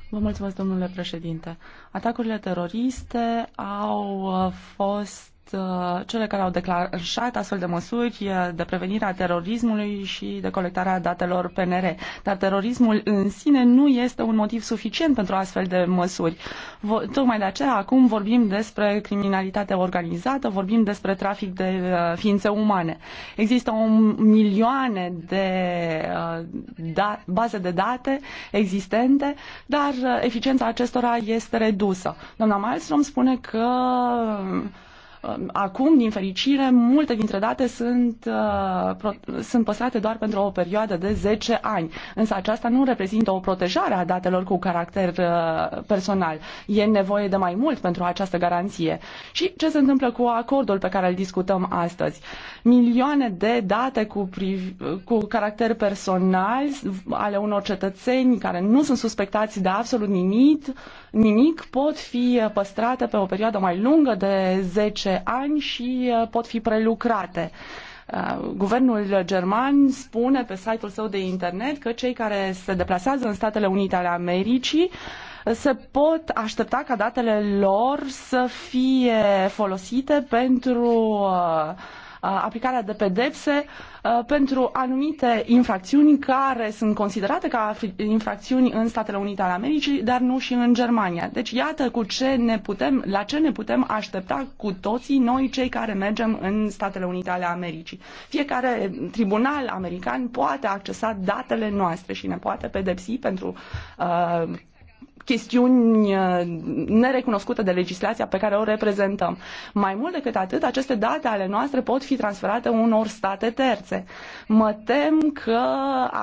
Vă mulțumesc, domnule președinte. Atacurile teroriste au uh, fost Uh, cele care au declarat astfel de măsuri uh, de prevenire a terorismului și de colectarea datelor PNR. Dar terorismul în sine nu este un motiv suficient pentru astfel de măsuri. Tocmai de aceea acum vorbim despre criminalitate organizată, vorbim despre trafic de uh, ființe umane. Există o milioane de da, baze de date existente, dar eficiența acestora este redusă. Doamna Malmström spune că Ehm, acum, din fericire, multe dintre date sunt, uh, sunt păstrate doar pentru o perioadă de 10 ani, însă aceasta nu reprezintă o protejare a datelor cu caracter uh, personal. E nevoie de mai mult pentru această garanție. Și ce se întâmplă cu acordul pe care îl discutăm astăzi? Milioane de date cu, priv- cu caracter personal ale unor cetățeni care nu sunt suspectați de absolut nimic, nimic pot fi păstrate pe o perioadă mai lungă de 10 ani și uh, pot fi prelucrate. Uh, guvernul german spune pe site-ul său de internet că cei care se deplasează în Statele Unite ale Americii uh, se pot aștepta ca datele lor să fie folosite pentru uh, Uh, aplicarea de pedepse uh, pentru anumite infracțiuni care sunt considerate ca infracțiuni în Statele Unite ale Americii, dar nu și în Germania. Deci iată cu ce ne putem, la ce ne putem aștepta cu toții noi cei care mergem în Statele Unite ale Americii. Fiecare tribunal american poate accesa datele noastre și ne poate pedepsi pentru uh, chestiuni uh, nerecunoscute de legislația pe care o reprezentăm. Mai mult decât atât, aceste date ale noastre pot fi transferate unor state terțe. Mă tem că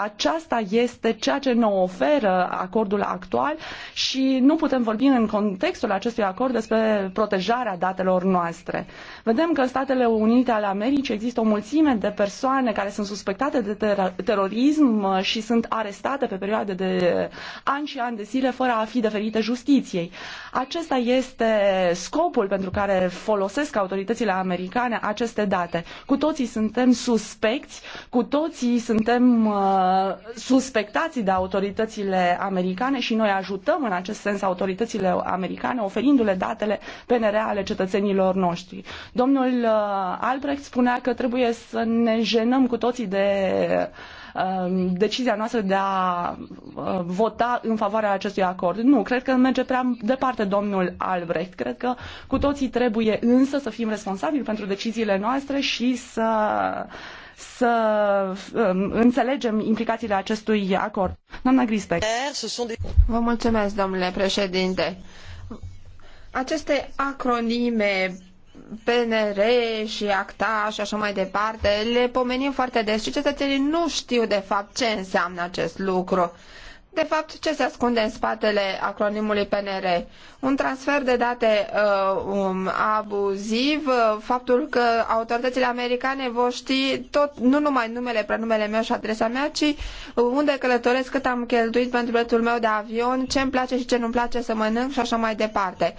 aceasta este ceea ce ne oferă acordul actual și nu putem vorbi în contextul acestui acord despre protejarea datelor noastre. Vedem că în Statele Unite ale Americii există o mulțime de persoane care sunt suspectate de ter- terorism și sunt arestate pe perioade de ani și ani de zile fără a fi fi deferite justiției. Acesta este scopul pentru care folosesc autoritățile americane aceste date. Cu toții suntem suspecți, cu toții suntem uh, suspectați de autoritățile americane și noi ajutăm în acest sens autoritățile americane oferindu-le datele PNR ale cetățenilor noștri. Domnul uh, Albrecht spunea că trebuie să ne jenăm cu toții de uh, Um, decizia noastră de a uh, vota în favoarea acestui acord. Nu, cred că merge prea departe domnul Albrecht. Cred că cu toții trebuie însă să fim responsabili pentru deciziile noastre și să să um, înțelegem implicațiile acestui acord. Doamna Grispec. Vă mulțumesc, domnule președinte. Aceste acronime PNR și ACTA și așa mai departe, le pomenim foarte des și cetățenii nu știu de fapt ce înseamnă acest lucru. De fapt, ce se ascunde în spatele acronimului PNR? Un transfer de date uh, um, abuziv, uh, faptul că autoritățile americane vor ști tot, nu numai numele, prenumele meu și adresa mea, ci unde călătoresc, cât am cheltuit pentru biletul meu de avion, ce îmi place și ce nu-mi place să mănânc și așa mai departe.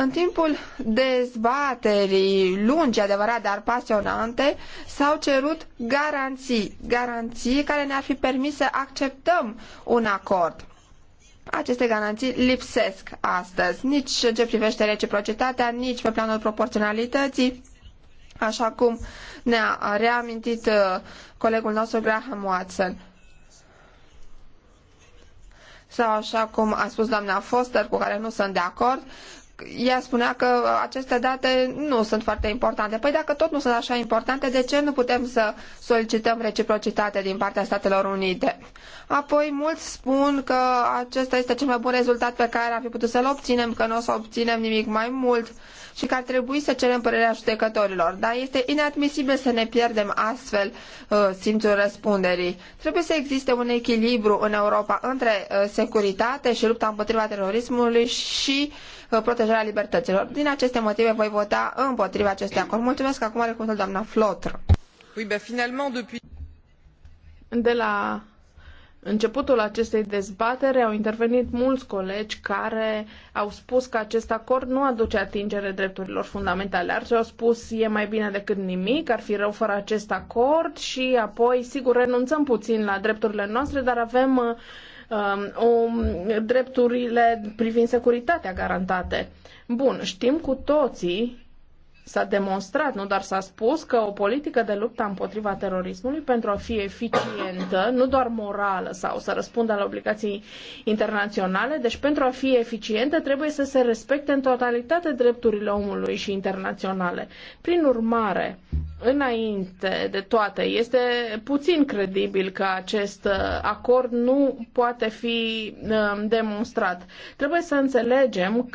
În timpul dezbaterii lungi, adevărat, dar pasionante, s-au cerut garanții, garanții care ne-ar fi permis să acceptăm un acord. Aceste garanții lipsesc astăzi, nici în ce privește reciprocitatea, nici pe planul proporționalității, așa cum ne-a reamintit uh, colegul nostru Graham Watson sau așa cum a spus doamna Foster, cu care nu sunt de acord, ea spunea că aceste date nu sunt foarte importante. Păi dacă tot nu sunt așa importante, de ce nu putem să solicităm reciprocitate din partea Statelor Unite? Apoi mulți spun că acesta este cel mai bun rezultat pe care am fi putut să-l obținem, că nu o să obținem nimic mai mult și că ar trebui să cerem părerea judecătorilor, dar este inadmisibil să ne pierdem astfel uh, simțul răspunderii. Trebuie să existe un echilibru în Europa între uh, securitate și lupta împotriva terorismului și uh, protejarea libertăților. Din aceste motive voi vota împotriva acestui acord. Mulțumesc, acum are cuvântul doamna Flotr. De la începutul acestei dezbateri au intervenit mulți colegi care au spus că acest acord nu aduce atingere drepturilor fundamentale. Ar au spus e mai bine decât nimic, ar fi rău fără acest acord și apoi, sigur, renunțăm puțin la drepturile noastre, dar avem uh, um, drepturile privind securitatea garantate. Bun, știm cu toții S-a demonstrat, nu doar s-a spus, că o politică de luptă împotriva terorismului pentru a fi eficientă, nu doar morală sau să răspundă la obligații internaționale, deci pentru a fi eficientă trebuie să se respecte în totalitate drepturile omului și internaționale. Prin urmare, înainte de toate, este puțin credibil că acest uh, acord nu poate fi uh, demonstrat. Trebuie să înțelegem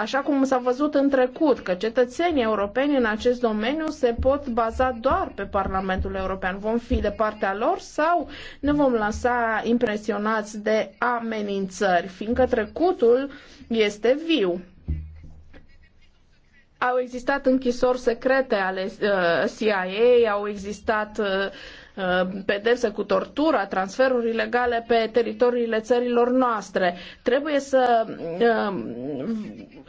Așa cum s-a văzut în trecut, că cetățenii europeni în acest domeniu se pot baza doar pe Parlamentul European. Vom fi de partea lor sau ne vom lăsa impresionați de amenințări, fiindcă trecutul este viu au existat închisori secrete ale uh, CIA, au existat uh, Uh, pedepse cu tortura, transferuri ilegale pe teritoriile țărilor noastre. Trebuie să uh,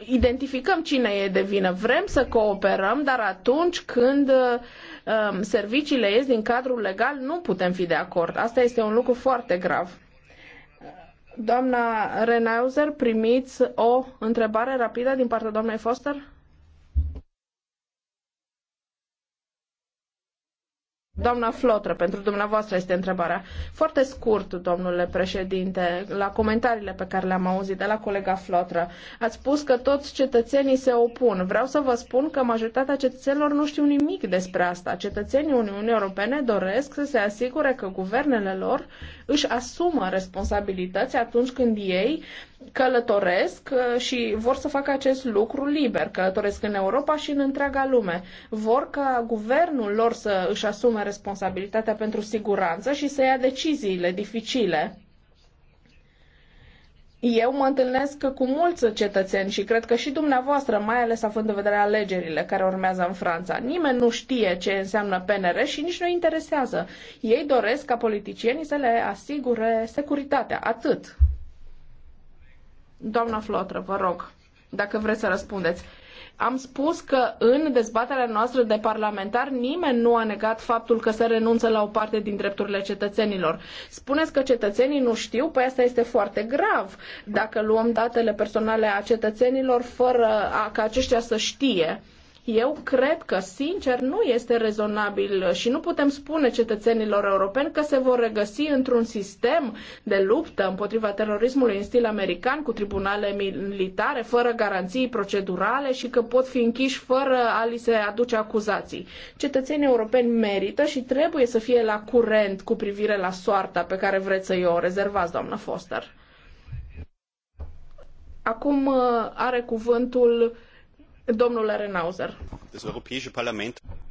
identificăm cine e de vină. Vrem să cooperăm, dar atunci când uh, serviciile ies din cadrul legal, nu putem fi de acord. Asta este un lucru foarte grav. Doamna Renauzer, primiți o întrebare rapidă din partea doamnei Foster? Doamna Flotră, pentru dumneavoastră este întrebarea. Foarte scurt, domnule președinte, la comentariile pe care le-am auzit de la colega Flotră, ați spus că toți cetățenii se opun. Vreau să vă spun că majoritatea cetățenilor nu știu nimic despre asta. Cetățenii Uniunii Europene doresc să se asigure că guvernele lor își asumă responsabilități atunci când ei călătoresc uh, și vor să facă acest lucru liber, călătoresc în Europa și în întreaga lume. Vor ca guvernul lor să își asume responsabilitatea pentru siguranță și să ia deciziile dificile. Eu mă întâlnesc cu mulți cetățeni și cred că și dumneavoastră, mai ales având în vedere alegerile care urmează în Franța. Nimeni nu știe ce înseamnă PNR și nici nu interesează. Ei doresc ca politicienii să le asigure securitatea. Atât. Doamna Flotră, vă rog, dacă vreți să răspundeți. Am spus că în dezbaterea noastră de parlamentar nimeni nu a negat faptul că se renunță la o parte din drepturile cetățenilor. Spuneți că cetățenii nu știu, păi asta este foarte grav. Dacă luăm datele personale a cetățenilor fără a, ca aceștia să știe, eu cred că, sincer, nu este rezonabil și nu putem spune cetățenilor europeni că se vor regăsi într-un sistem de luptă împotriva terorismului în stil american, cu tribunale militare, fără garanții procedurale și că pot fi închiși fără a li se aduce acuzații. Cetățenii europeni merită și trebuie să fie la curent cu privire la soarta pe care vreți să o rezervați, doamnă Foster. Acum uh, are cuvântul Domnule Renauzer.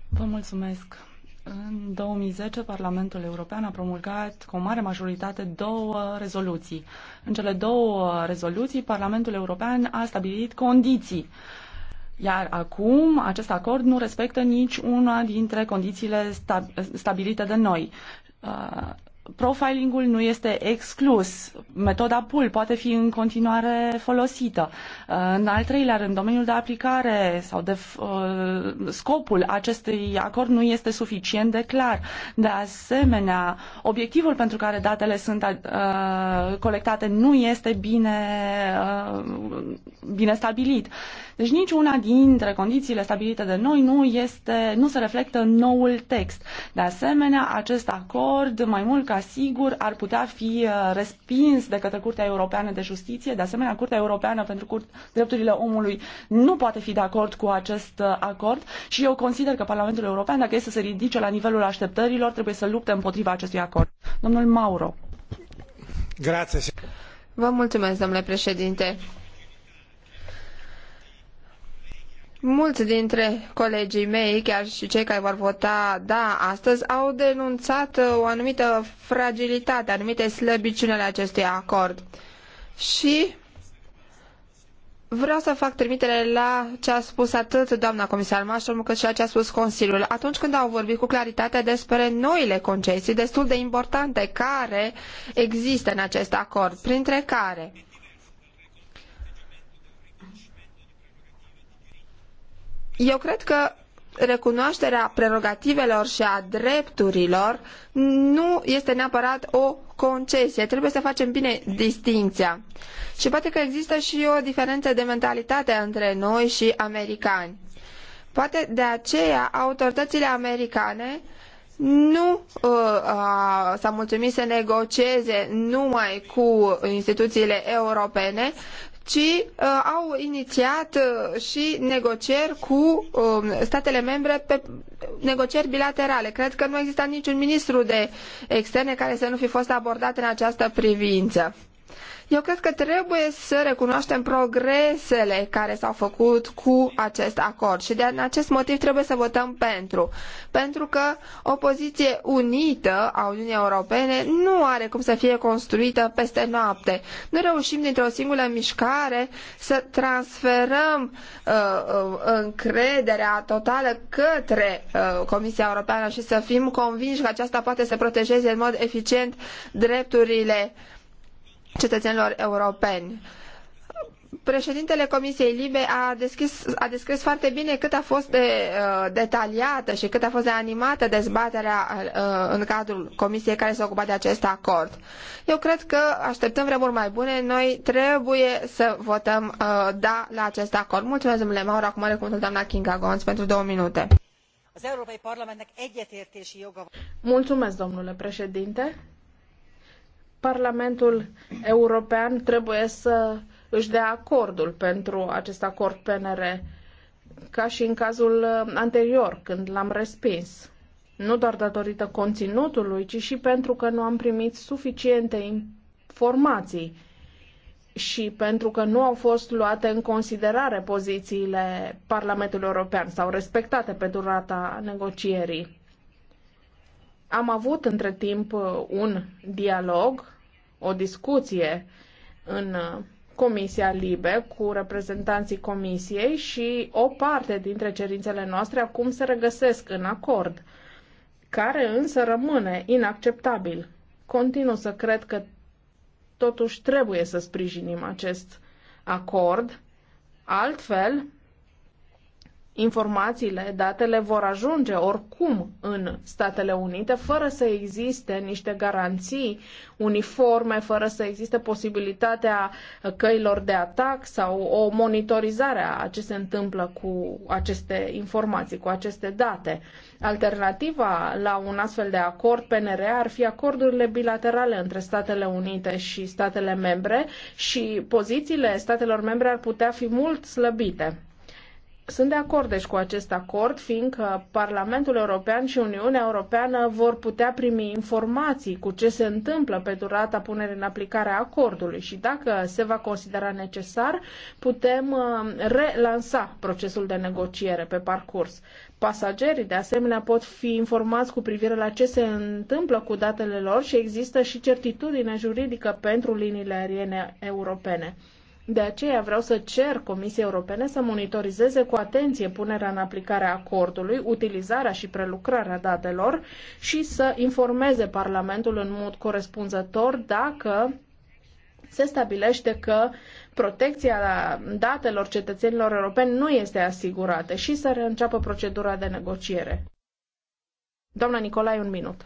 Vă mulțumesc. În 2010, Parlamentul European a promulgat cu o mare majoritate două rezoluții. În cele două rezoluții, Parlamentul European a stabilit condiții. Iar acum acest acord nu respectă nici una dintre condițiile stabilite de noi uh, profilingul nu este exclus. Metoda pull poate fi în continuare folosită. Uh, în al treilea rând, domeniul de aplicare sau de uh, scopul acestui acord nu este suficient de clar. De asemenea, obiectivul pentru care datele sunt uh, colectate nu este bine, bine stabilit. Deci nici una dintre condițiile stabilite de noi nu, este, nu se reflectă în noul text. De asemenea, acest acord, mai mult ca sigur, ar putea fi uh, respins de către Curtea Europeană de Justiție. De asemenea, Curtea Europeană pentru Curt- Drepturile Omului nu poate fi de acord cu acest uh, acord și eu consider că Parlamentul European, dacă este să se ridice la nivelul așteptărilor, trebuie să lupte împotriva acestui acord. Domnul Mauro. Grazie. Vă mulțumesc, domnule președinte. Mulți dintre colegii mei, chiar și cei care vor vota da astăzi, au denunțat uh, o anumită fragilitate, anumite slăbiciuni ale acestui acord. Și vreau să fac trimitere la ce a spus atât doamna comisar Mașom, cât și la ce a spus Consiliul. Atunci când au vorbit cu claritate despre noile concesii destul de importante care există în acest acord, printre care Eu cred că recunoașterea prerogativelor și a drepturilor nu este neapărat o concesie. Trebuie să facem bine distinția. Și poate că există și o diferență de mentalitate între noi și americani. Poate de aceea autoritățile americane nu uh, uh, s-a mulțumit să negocieze numai cu instituțiile europene, ci uh, au inițiat uh, și negocieri cu uh, statele membre pe negocieri bilaterale. Cred că nu există niciun ministru de externe care să nu fi fost abordat în această privință. Eu cred că trebuie să recunoaștem progresele care s-au făcut cu acest acord și de acest motiv trebuie să votăm pentru. Pentru că o poziție unită a Uniunii Europene nu are cum să fie construită peste noapte. Nu reușim dintr-o singură mișcare să transferăm uh, uh încrederea totală către uh, Comisia Europeană și să fim convinși că aceasta poate să protejeze în mod eficient drepturile uh, cetățenilor europeni. Președintele Comisiei Libe a, deschis, a descris foarte bine cât a fost de uh, detaliată și cât a fost de animată dezbaterea uh, în cadrul Comisiei care s-a ocupat de acest acord. Eu cred că așteptăm vremuri mai bune, noi trebuie să votăm uh, da la acest acord. Mulțumesc, domnule Maur, acum are cuvântul doamna Kinga Gons pentru două minute. Mulțumesc, domnule președinte. Parlamentul European trebuie să își dea acordul pentru acest acord PNR, ca și în cazul uh, anterior, când l-am respins. Nu doar datorită conținutului, ci și pentru că nu am primit suficiente informații și pentru că nu au fost luate în considerare pozițiile Parlamentului European sau respectate pe durata negocierii. Am avut între timp uh, un dialog, o discuție în uh, Comisia Libe cu reprezentanții Comisiei și o parte dintre cerințele noastre acum se regăsesc în acord, care însă rămâne inacceptabil. Continu să cred că totuși trebuie să sprijinim acest acord, altfel informațiile, datele vor ajunge oricum în Statele Unite, fără să existe niște garanții uniforme, fără să existe posibilitatea căilor de atac sau o monitorizare a ce se întâmplă cu aceste informații, cu aceste date. Alternativa la un astfel de acord PNR ar fi acordurile bilaterale între Statele Unite și statele membre și pozițiile statelor membre ar putea fi mult slăbite. Sunt de acord deci cu acest acord, fiindcă Parlamentul European și Uniunea Europeană vor putea primi informații cu ce se întâmplă pe durata punerii în aplicare a acordului și dacă se va considera necesar, putem uh, relansa procesul de negociere pe parcurs. Pasagerii, de asemenea, pot fi informați cu privire la ce se întâmplă cu datele lor și există și certitudine juridică pentru liniile aeriene europene. De aceea vreau să cer Comisiei Europene să monitorizeze cu atenție punerea în aplicare a acordului, utilizarea și prelucrarea datelor și să informeze Parlamentul în mod corespunzător dacă se stabilește că protecția datelor cetățenilor europeni nu este asigurată și să reînceapă procedura de negociere. Doamna Nicolae, un minut.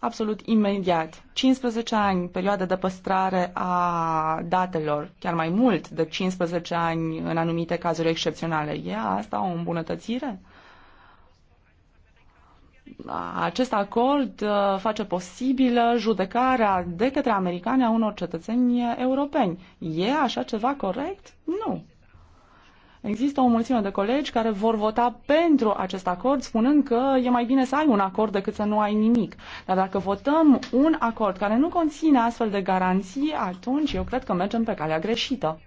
absolut imediat. 15 ani perioada de păstrare a datelor, chiar mai mult de 15 ani în anumite cazuri excepționale. E asta o îmbunătățire? Acest acord uh, face posibilă judecarea de către americani a unor cetățeni europeni. E așa ceva corect? Nu. Există o mulțime de colegi care vor vota pentru acest acord, spunând că e mai bine să ai un acord decât să nu ai nimic. Dar dacă votăm un acord care nu conține astfel de garanții, atunci eu cred că mergem pe calea greșită.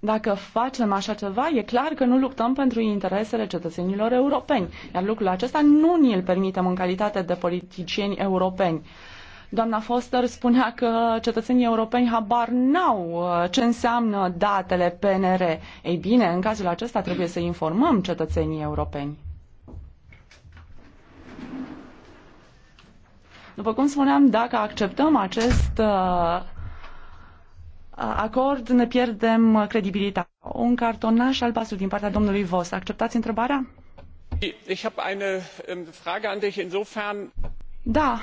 Dacă facem așa ceva, e clar că nu luptăm pentru interesele cetățenilor europeni, iar lucrul acesta nu ni-l permitem în calitate de politicieni europeni. Doamna Foster spunea că cetățenii europeni habar n-au uh, ce înseamnă datele PNR. Ei bine, în cazul acesta trebuie să informăm cetățenii europeni. După cum spuneam, dacă acceptăm acest uh, acord, ne pierdem credibilitatea. Un cartonaș albastru din partea domnului Vos. Acceptați întrebarea? Ähm, da,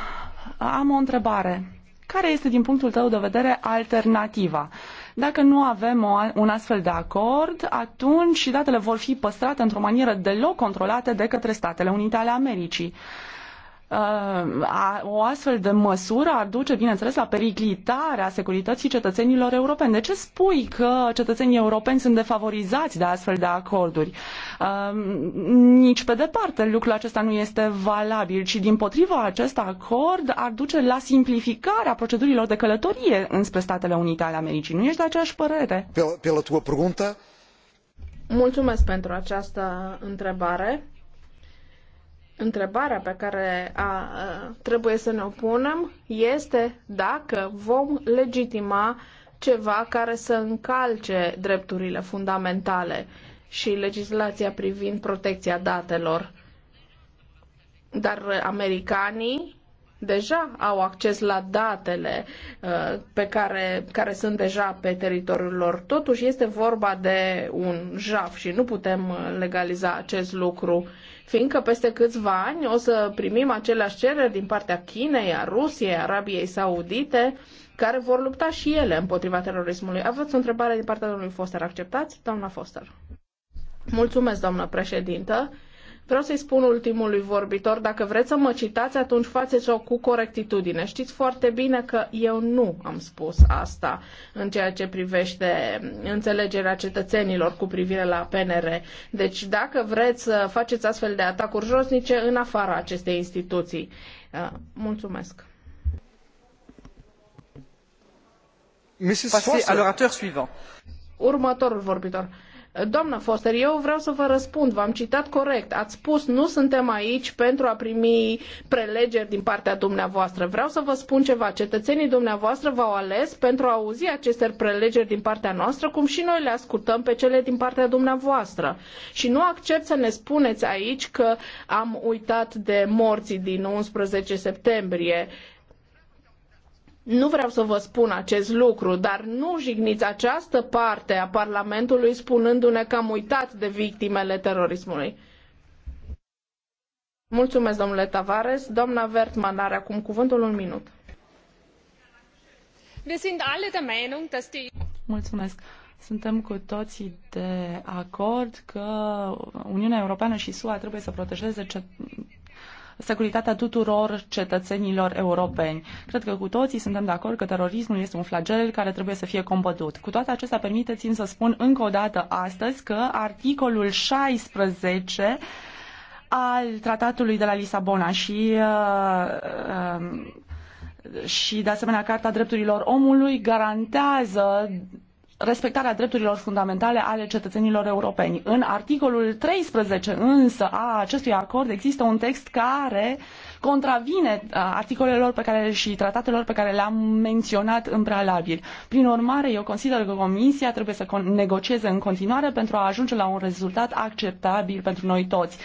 am o întrebare. Care este, din punctul tău de vedere, alternativa? Dacă nu avem o, un astfel de acord, atunci datele vor fi păstrate într-o manieră deloc controlată de către Statele Unite ale Americii. Uh, Uh, o astfel de măsură ar duce, bineînțeles, la periclitarea securității cetățenilor europeni. De ce spui că cetățenii europeni sunt defavorizați de astfel de acorduri? Uh, nici pe departe lucrul acesta nu este valabil, ci din potriva acest acord ar duce la simplificarea procedurilor de călătorie înspre Statele Unite ale Americii. Nu ești de aceeași părere? Pela, pela tua Mulțumesc pentru această întrebare. Întrebarea pe care a, trebuie să ne opunem este dacă vom legitima ceva care să încalce drepturile fundamentale și legislația privind protecția datelor. Dar americanii deja au acces la datele pe care, care sunt deja pe teritoriul lor. Totuși este vorba de un jaf și nu putem legaliza acest lucru fiindcă peste câțiva ani o să primim aceleași cereri din partea Chinei, a Rusiei, a Arabiei Saudite, care vor lupta și ele împotriva terorismului. Aveți o întrebare din partea domnului Foster. Acceptați, doamna Foster? Mulțumesc, doamnă președintă. Vreau să-i spun ultimului vorbitor, dacă vreți să mă citați, atunci faceți-o cu corectitudine. Știți foarte bine că eu nu am spus asta în ceea ce privește înțelegerea cetățenilor cu privire la PNR. Deci dacă vreți să faceți astfel de atacuri josnice în afara acestei instituții. Uh, mulțumesc. Mrs. Passer à l'orateur suivant. Următorul vorbitor. Doamna Foster, eu vreau să vă răspund, v-am citat corect. Ați spus nu suntem aici pentru a primi prelegeri din partea dumneavoastră. Vreau să vă spun ceva. Cetățenii dumneavoastră v-au ales pentru a auzi aceste prelegeri din partea noastră, cum și noi le ascultăm pe cele din partea dumneavoastră. Și nu accept să ne spuneți aici că am uitat de morții din 11 septembrie. Uh, nu vreau să vă spun acest lucru, dar nu jigniți această parte a Parlamentului spunându-ne că am uitat de victimele terorismului. Mulțumesc, domnule Tavares. Doamna Vertman are acum cuvântul un minut. Mulțumesc. Suntem cu toții de acord că Uniunea Europeană și SUA trebuie să protejeze securitatea tuturor cetățenilor europeni. Cred că cu toții suntem de acord că terorismul este un flagel care trebuie să fie combătut. Cu toate acestea, permiteți-mi să spun încă o dată astăzi că articolul 16 al tratatului de la Lisabona și uh, uh, și, de asemenea, Carta Drepturilor Omului garantează respectarea drepturilor fundamentale ale cetățenilor europeni. În articolul 13 însă a acestui acord există un text care contravine uh, articolelor pe care și tratatelor pe care le-am menționat în prealabil. Prin urmare, eu consider că Comisia trebuie să negocieze în continuare pentru a ajunge la un rezultat acceptabil pentru noi toți.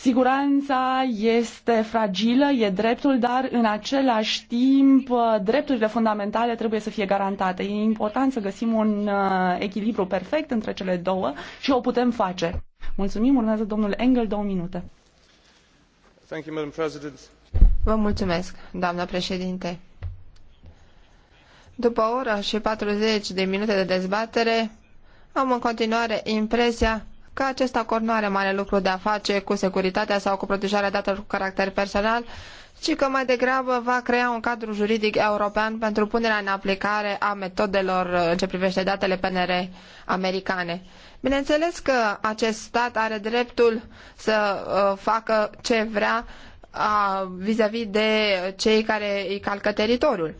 Siguranța este fragilă, e dreptul, dar în același timp uh, drepturile fundamentale trebuie să fie garantate. E important să găsim un uh, echilibru perfect între cele două și o putem face. Mulțumim, urmează domnul Engel, două minute. Thank you, Madam President. Vă mulțumesc, doamna președinte. După o oră și 40 de minute de dezbatere, am în continuare impresia că acest acord nu are mare lucru de a face cu securitatea sau cu protejarea datelor cu caracter personal, ci că mai degrabă va crea un cadru juridic european pentru punerea în aplicare a metodelor uh, în ce privește datele PNR americane. Bineînțeles că acest stat are dreptul să uh, facă ce vrea uh, vis-a-vis -vis de cei care îi calcă teritoriul.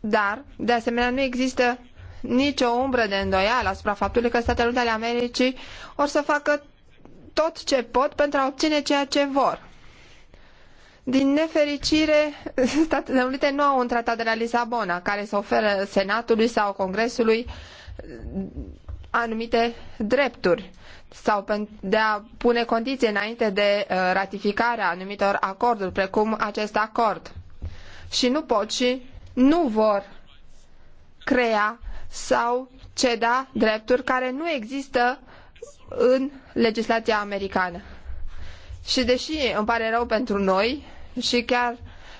Dar, de asemenea, nu există nicio umbră de îndoială asupra faptului că Statele Unite ale Americii or să facă tot ce pot pentru a obține ceea ce vor. Din nefericire, Statele Unite nu au un tratat de la Lisabona care să oferă Senatului sau Congresului anumite drepturi sau de a pune condiții înainte de uh, ratificarea anumitor acorduri, precum acest acord. Și nu pot și nu vor crea sau ceda drepturi care nu există în legislația americană. Și deși îmi pare rău pentru noi și chiar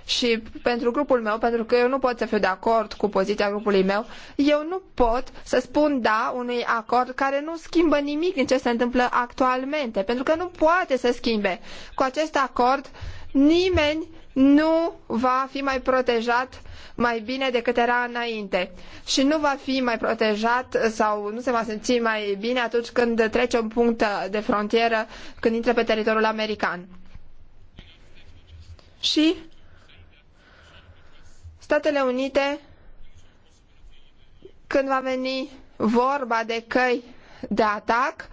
și pentru grupul meu, pentru că eu nu pot să fiu de acord cu poziția grupului meu, eu nu pot să spun da unui acord care nu schimbă nimic din ce se întâmplă actualmente, pentru că nu poate să schimbe. Cu acest acord nimeni nu va fi mai protejat mai bine decât era înainte și nu va fi mai protejat sau nu se va simți mai bine atunci când trece un punct de frontieră, când intră pe teritoriul american. Și Statele Unite, când va veni vorba de căi de atac,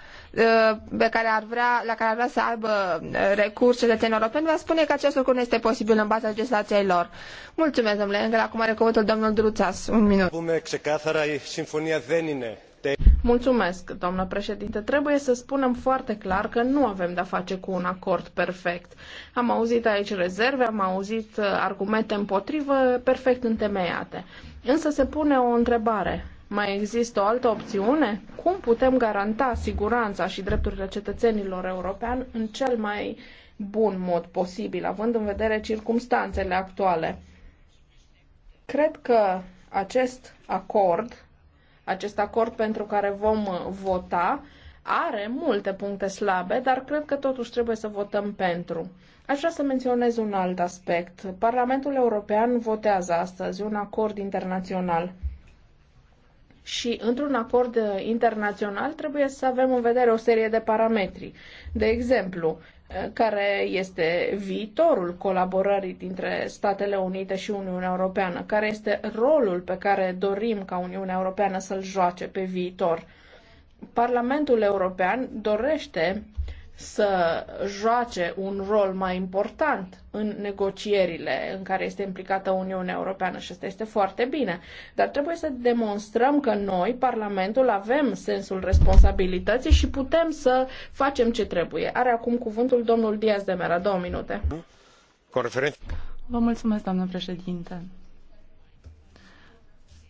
pe care ar vrea, la care ar vrea să aibă uh, recurs cetățenii europeni, va spune că acest lucru nu este posibil în baza legislației lor. Mulțumesc, domnule Engel. Acum are cuvântul domnul Druțas. Un minut. Mulțumesc, doamnă președinte. Trebuie să spunem foarte clar că nu avem de-a face cu un acord perfect. Am auzit aici rezerve, am auzit uh, argumente împotrivă perfect întemeiate. Însă se pune o întrebare mai există o altă opțiune? Cum putem garanta siguranța și drepturile cetățenilor europeni în cel mai bun mod posibil, având în vedere circumstanțele actuale? Cred că acest acord, acest acord pentru care vom vota, are multe puncte slabe, dar cred că totuși trebuie să votăm pentru. Aș vrea să menționez un alt aspect. Parlamentul European votează astăzi un acord internațional și într-un acord internațional trebuie să avem în vedere o serie de parametri. De exemplu, care este viitorul colaborării dintre Statele Unite și Uniunea Europeană, care este rolul pe care dorim ca Uniunea Europeană să-l joace pe viitor. Parlamentul European dorește să joace un rol mai important în negocierile în care este implicată Uniunea Europeană și asta este foarte bine. Dar trebuie să demonstrăm că noi, Parlamentul, avem sensul responsabilității și putem să facem ce trebuie. Are acum cuvântul domnul Diaz de Mera. Două minute. Vă mulțumesc, doamnă președinte.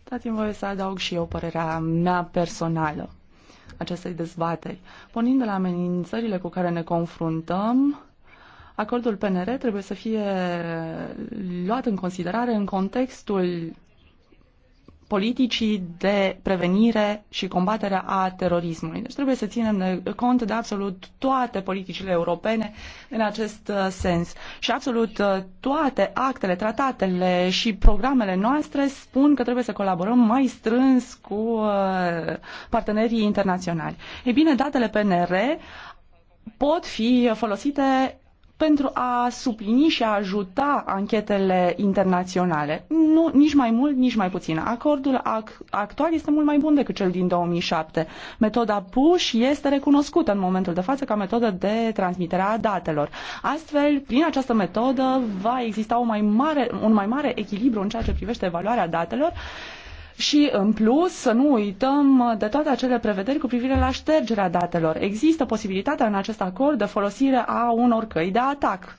Dați-mi voie să adaug și eu părerea mea personală acestei dezbateri. Pornind de la amenințările cu care ne confruntăm, acordul PNR trebuie să fie luat în considerare în contextul politicii de prevenire și combatere a terorismului. Deci trebuie să ținem cont de absolut toate politicile europene în acest uh, sens. Și absolut uh, toate actele, tratatele și programele noastre spun că trebuie să colaborăm mai strâns cu uh, partenerii internaționali. Ei bine, datele PNR pot fi folosite pentru a suplini și a ajuta anchetele internaționale. Nu, nici mai mult, nici mai puțin. Acordul ac- actual este mult mai bun decât cel din 2007. Metoda PUSH este recunoscută în momentul de față ca metodă de transmitere a datelor. Astfel, prin această metodă va exista o mai mare, un mai mare echilibru în ceea ce privește evaluarea datelor și, în plus, să nu uităm de toate acele prevederi cu privire la ștergerea datelor. Există posibilitatea în acest acord de folosire a unor căi de atac.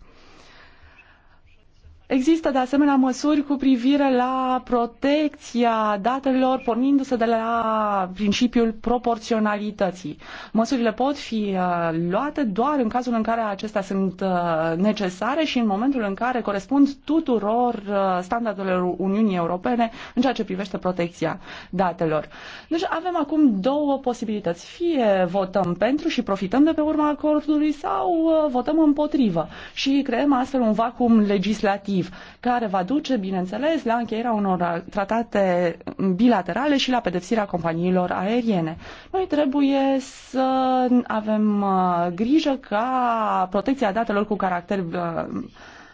Există de asemenea măsuri cu privire la protecția datelor pornindu-se de la principiul proporționalității. Măsurile pot fi uh, luate doar în cazul în care acestea sunt uh, necesare și în momentul în care corespund tuturor uh, standardelor Uniunii Europene în ceea ce privește protecția datelor. Deci avem acum două posibilități. Fie votăm pentru și profităm de pe urma acordului sau votăm împotrivă și creăm astfel un vacuum legislativ pozitiv, care va duce, bineînțeles, la încheierea unor tratate bilaterale și la pedepsirea companiilor aeriene. Noi trebuie să avem uh, grijă ca protecția datelor cu caracter uh,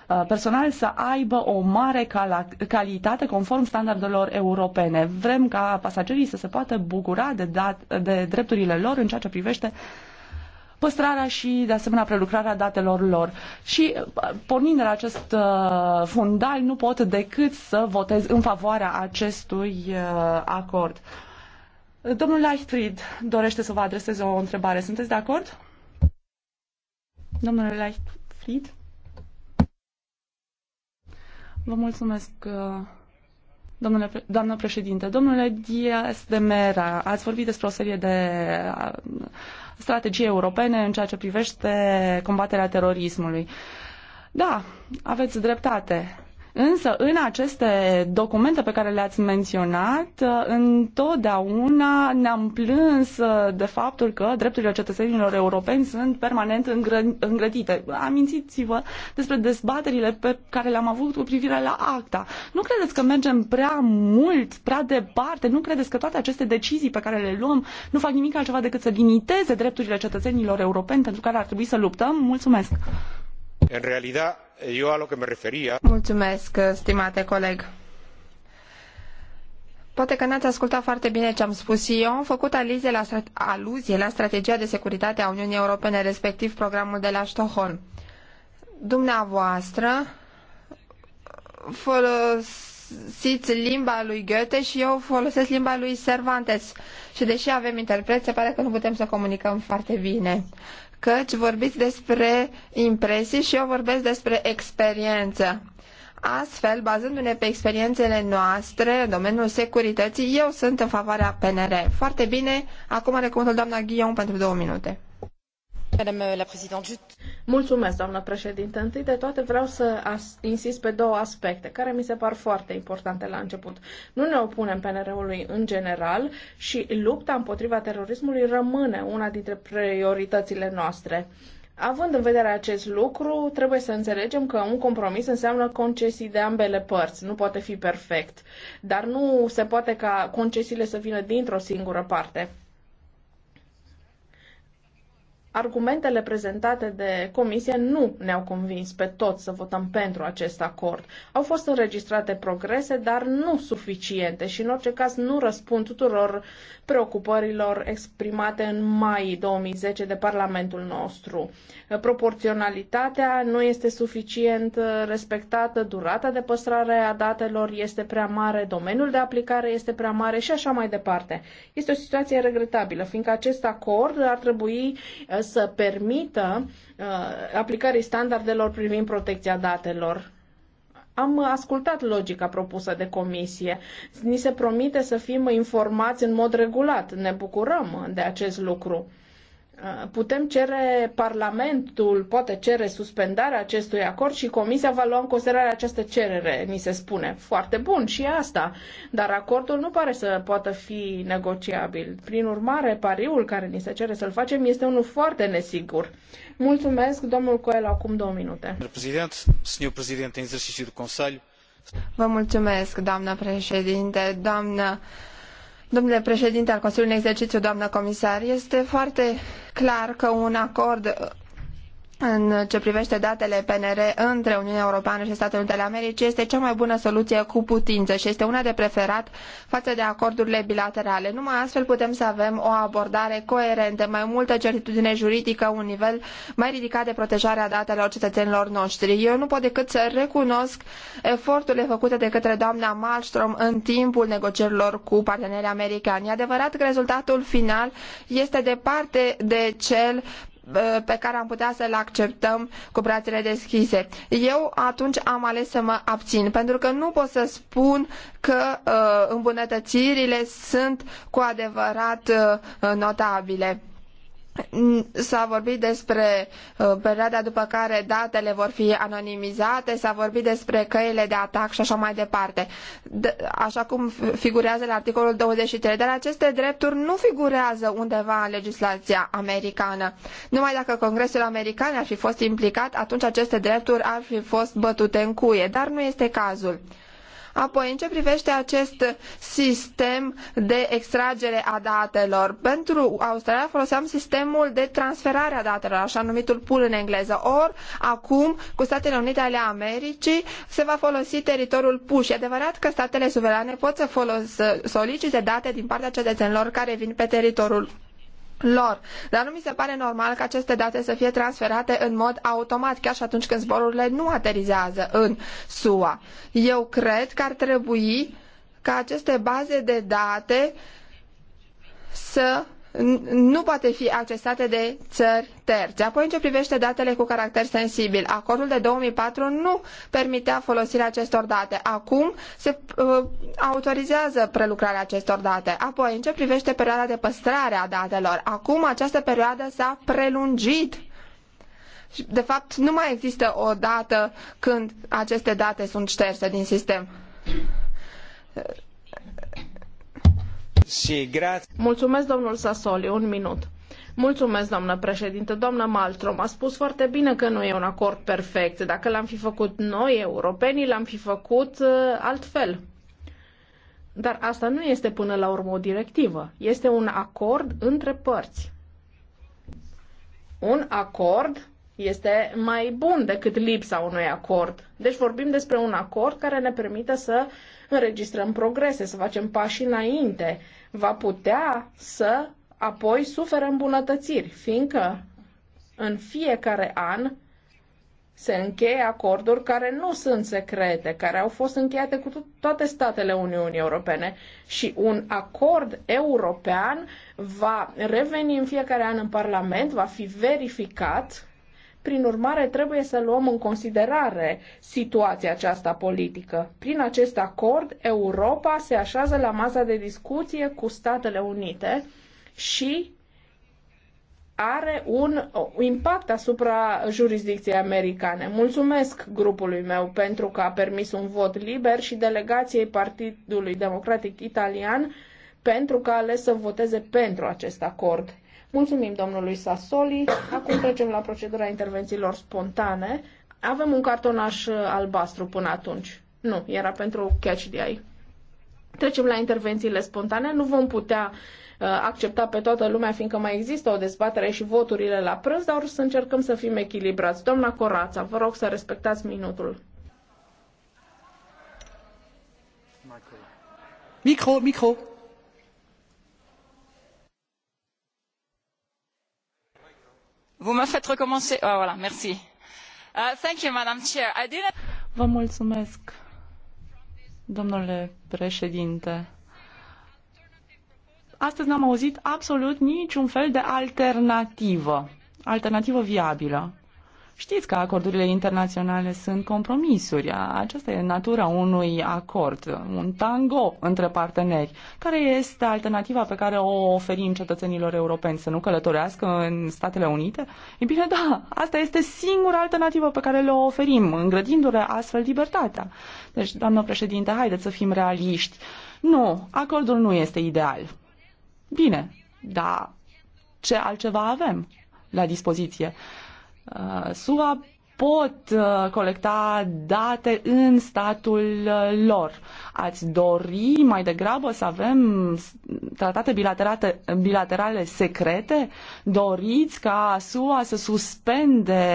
uh, personal să aibă o mare calitate conform standardelor europene. Vrem ca pasagerii să se poată bucura de, dat, de drepturile lor în ceea ce privește uh, păstrarea și, de asemenea, prelucrarea datelor lor. Și, pornind de la acest uh, fundal, nu pot decât să votez în favoarea acestui uh, acord. Domnul Leichtfried dorește să vă adreseze o întrebare. Sunteți de acord? Domnule Leichtfried? Vă mulțumesc, uh, domnule, doamnă președinte. Domnule Diaz de Mera, ați vorbit despre o serie de strategiei europene în ceea ce privește combaterea terorismului. Da, aveți dreptate. Însă, în aceste documente pe care le-ați menționat, uh, întotdeauna ne-am plâns uh, de faptul că drepturile cetățenilor europeni sunt permanent îngrădite. Amintiți-vă despre dezbaterile pe care le-am avut cu privire la acta. Nu credeți că mergem prea mult, prea departe? Nu credeți că toate aceste decizii pe care le luăm nu fac nimic altceva decât să limiteze drepturile cetățenilor europeni pentru care ar trebui să luptăm? Mulțumesc! În realidad, eh, yo a lo que me refería... Mulțumesc, eh, stimate coleg. Poate că n-ați ascultat foarte bine ce am spus eu. Am făcut alizie la, aluzie la strategia de securitate a Uniunii Europene, respectiv programul de la Stockholm. Dumneavoastră eh, folosiți limba lui Goethe și eu folosesc limba lui Cervantes. Și deși avem interpret, se pare că nu putem să comunicăm foarte bine căci vorbiți despre impresii și eu vorbesc despre experiență. Astfel, bazându-ne pe experiențele noastre în domeniul securității, eu sunt în favoarea PNR. Foarte bine, acum recomandă doamna Ghion pentru două minute. Mulțumesc, doamnă președintă. Întâi de toate vreau să insist pe două aspecte care mi se par foarte importante la început. Nu ne opunem PNR-ului în general și lupta împotriva terorismului rămâne una dintre prioritățile noastre. Având în vedere acest lucru, trebuie să înțelegem că un compromis înseamnă concesii de ambele părți. Nu poate fi perfect, dar nu se poate ca concesiile să vină dintr-o singură parte argumentele prezentate de comisie nu ne-au convins pe toți să votăm pentru acest acord. Au fost înregistrate progrese, dar nu suficiente și în orice caz nu răspund tuturor preocupărilor exprimate în mai 2010 de Parlamentul nostru. Proporționalitatea nu este suficient respectată, durata de păstrare a datelor este prea mare, domeniul de aplicare este prea mare și așa mai departe. Este o situație regretabilă, fiindcă acest acord ar trebui uh, să permită uh, aplicării standardelor privind protecția datelor. Am ascultat logica propusă de comisie. Ni se promite să fim informați în mod regulat. Ne bucurăm de acest lucru putem cere, Parlamentul poate cere suspendarea acestui acord și Comisia va lua în considerare această cerere, ni se spune. Foarte bun și asta, dar acordul nu pare să poată fi negociabil. Prin urmare, pariul care ni se cere să-l facem este unul foarte nesigur. Mulțumesc, domnul Coelho, acum două minute. Vă mulțumesc, doamnă președinte, doamnă Domnule președinte al Consiliului în exercițiu, doamnă comisar, este foarte clar că un acord în ce privește datele PNR între Uniunea Europeană și Statele Unite ale Americii este cea mai bună soluție cu putință și este una de preferat față de acordurile bilaterale. Numai astfel putem să avem o abordare coerentă, mai multă certitudine juridică, un nivel mai ridicat de protejare a datelor cetățenilor noștri. Eu nu pot decât să recunosc eforturile făcute de către doamna Malmström în timpul negocierilor cu partenerii americani. E adevărat că rezultatul final este departe de cel Eh, pe care am putea să-l acceptăm cu brațele deschise. Eu atunci am ales să mă abțin, pentru că nu pot să spun că uh, îmbunătățirile sunt cu adevărat eh, notabile. S-a vorbit despre uh, perioada după care datele vor fi anonimizate, s-a vorbit despre căile de atac și așa mai departe, așa cum figurează la articolul 23, dar aceste drepturi nu figurează undeva în legislația americană. Numai dacă Congresul American ar fi fost implicat, atunci aceste drepturi ar fi fost bătute în cuie, dar nu este cazul. Apoi, în ce privește acest sistem de extragere a datelor, pentru Australia foloseam sistemul de transferare a datelor, așa numitul pool în engleză. Or, acum, cu Statele Unite ale Americii, se va folosi teritoriul push. E adevărat că statele suverane pot să, folos- solicite date din partea cetățenilor care vin pe teritoriul lor. Dar nu mi se pare normal ca aceste date să fie transferate în mod automat, chiar și atunci când zborurile nu aterizează în SUA. Eu cred că ar trebui ca aceste baze de date să nu poate fi accesate de țări terțe. Apoi, în ce privește datele cu caracter sensibil, acordul de 2004 nu permitea folosirea acestor date. Acum se uh, autorizează prelucrarea acestor date. Apoi, în ce privește perioada de păstrare a datelor, acum această perioadă s-a prelungit de fapt, nu mai există o dată când aceste date sunt șterse din sistem. Mulțumesc, domnul Sasoli, un minut. Mulțumesc, doamnă președinte. Doamnă Maltrom, a spus foarte bine că nu e un acord perfect. Dacă l-am fi făcut noi, europenii, l-am fi făcut uh, altfel. Dar asta nu este până la urmă o directivă. Este un acord între părți. Un acord este mai bun decât lipsa unui acord. Deci vorbim despre un acord care ne permite să înregistrăm progrese, să facem pași înainte, va putea să apoi suferă îmbunătățiri, fiindcă în fiecare an se încheie acorduri care nu sunt secrete, care au fost încheiate cu toate statele Uniunii Europene și un acord european va reveni în fiecare an în Parlament, va fi verificat prin urmare, trebuie să luăm în considerare situația aceasta politică. Prin acest acord, Europa se așează la masa de discuție cu Statele Unite și are un impact asupra jurisdicției americane. Mulțumesc grupului meu pentru că a permis un vot liber și delegației Partidului Democratic Italian pentru că a ales să voteze pentru acest acord. Mulțumim domnului Sassoli. Acum trecem la procedura intervențiilor spontane. Avem un cartonaș albastru până atunci. Nu, era pentru catch de ai. Trecem la intervențiile spontane. Nu vom putea uh, accepta pe toată lumea, fiindcă mai există o dezbatere și voturile la prânz, dar să încercăm să fim echilibrați. Doamna Corața, vă rog să respectați minutul. Micro, micro. Vous me faites ah, voilà, merci. Uh, thank you, Madam Chair. I didn't... Vă mulțumesc, domnule președinte. Astăzi n-am auzit absolut niciun fel de alternativă, alternativă viabilă. Știți că acordurile internaționale sunt compromisuri. Aceasta e natura unui acord, un tango între parteneri. Care este alternativa pe care o oferim cetățenilor europeni? Să nu călătorească în Statele Unite? E bine, da, asta este singura alternativă pe care le oferim, îngrădindu-le astfel libertatea. Deci, doamnă președinte, haideți să fim realiști. Nu, acordul nu este ideal. Bine, dar ce altceva avem la dispoziție? Uh, SUA pot uh, colecta date în statul uh, lor. Ați dori mai degrabă să avem tratate bilaterale, bilaterale secrete? Doriți ca SUA să suspende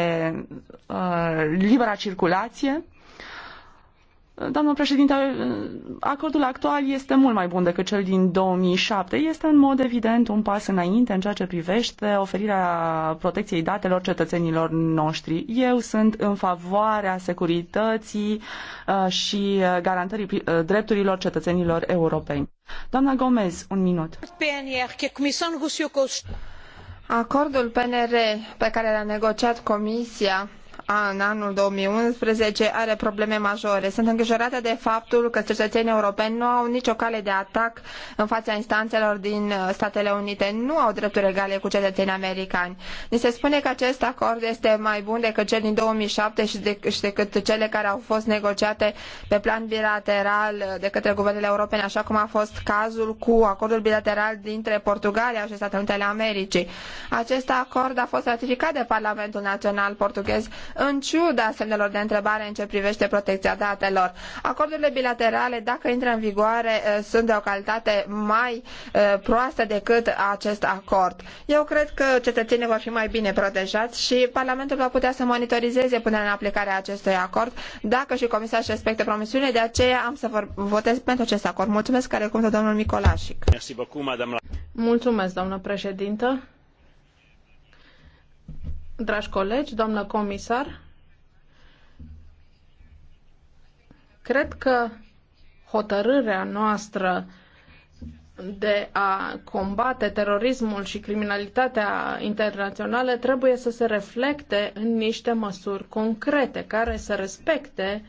uh, libera circulație? Doamnă președinte, acordul actual este mult mai bun decât cel din 2007. Este în mod evident un pas înainte în ceea ce privește oferirea protecției datelor cetățenilor noștri. Eu sunt în favoarea securității uh, și garantării uh, drepturilor cetățenilor europeni. Doamna Gomez, un minut. Acordul PNR pe care l-a negociat Comisia în anul 2011 are probleme majore. Sunt îngrijorată de faptul că cetățenii europeni nu au nicio cale de atac în fața instanțelor din uh, Statele Unite, nu au drepturi egale cu cetățenii americani. Ni se spune că acest acord este mai bun decât cel din 2007 și, de, și decât cele care au fost negociate pe plan bilateral uh, de către guvernele europene, așa cum a fost cazul cu acordul bilateral dintre Portugalia și Statele Unite ale Americii. Acest acord a fost ratificat de Parlamentul Național Portughez în ciuda semnelor de întrebare în ce privește protecția datelor. Acordurile bilaterale, dacă intră în vigoare, eh, sunt de o calitate mai eh, proastă decât acest acord. Eu cred că cetățenii vor fi mai bine protejați și Parlamentul va putea să monitorizeze punerea în aplicare a acestui acord dacă și Comisia își respectă promisiunile. De aceea am să votez pentru acest acord. Mulțumesc care cuvântul domnul Micolașic. Mulțumesc, doamnă președintă. Dragi colegi, doamnă comisar, cred că hotărârea noastră de a combate terorismul și criminalitatea internațională trebuie să se reflecte în niște măsuri concrete care să respecte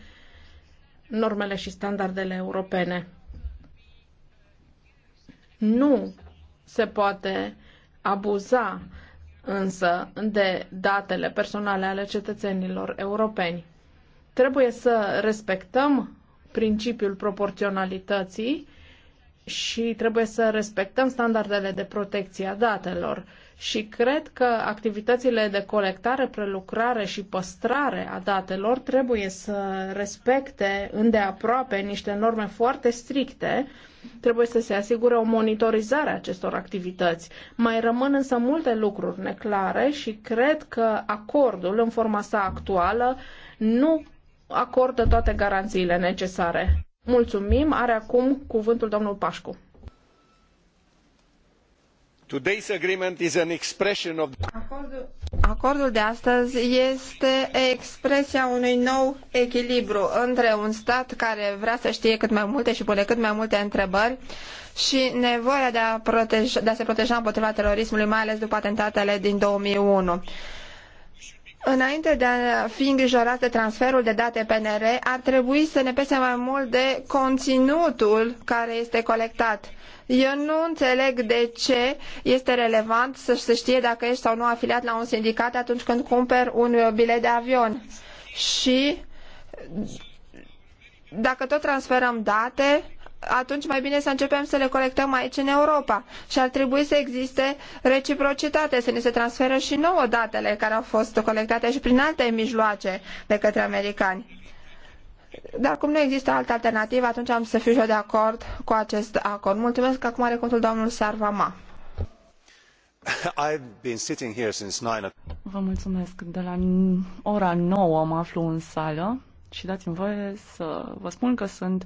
normele și standardele europene. Nu se poate abuza însă de datele personale ale cetățenilor europeni. Trebuie să respectăm principiul proporționalității și trebuie să respectăm standardele de protecție a datelor. Și cred că activitățile de colectare, prelucrare și păstrare a datelor trebuie să respecte îndeaproape niște norme foarte stricte. Trebuie să se asigure o monitorizare a acestor activități. Mai rămân însă multe lucruri neclare și cred că acordul, în forma sa actuală, nu acordă toate garanțiile necesare Mulțumim. Are acum cuvântul domnul Pașcu. Today's agreement is an expression of... Acordul, acordul de astăzi este expresia unui nou echilibru între un stat care vrea să știe cât mai multe și pune cât mai multe întrebări și nevoia de a, proteja, de a se proteja împotriva terorismului, mai ales după atentatele din 2001. Înainte de a fi îngrijorat de transferul de date PNR, ar trebui să ne pese mai mult de conținutul care este colectat. Eu nu înțeleg de ce este relevant să se știe dacă ești sau nu afiliat la un sindicat atunci când cumperi un bilet de avion. Și dacă tot transferăm date, atunci mai bine să începem să le colectăm aici în Europa și ar trebui să existe reciprocitate, să ne se transferă și nouă datele care au fost colectate și prin alte mijloace de către americani. Dar cum nu există altă alternativă, atunci am să fiu și eu de acord cu acest acord. Mulțumesc că acum are contul domnul Sarvama. I've been sitting here since nine Vă mulțumesc. De la ora 9 mă aflu în sală și dați-mi voie să vă spun că sunt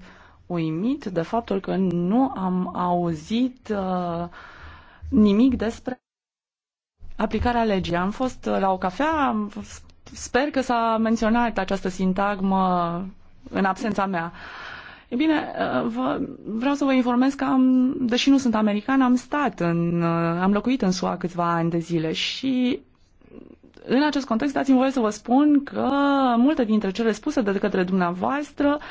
uimit de faptul că nu am auzit uh, nimic despre aplicarea legii. Am fost uh, la o cafea, sper că s-a menționat această sintagmă în absența mea. E bine, uh, vă, vreau să vă informez că am, deși nu sunt american, am stat în, am locuit în SUA câțiva ani de zile și în acest context dați-mi voie să vă spun că multe dintre cele spuse de către dumneavoastră uh,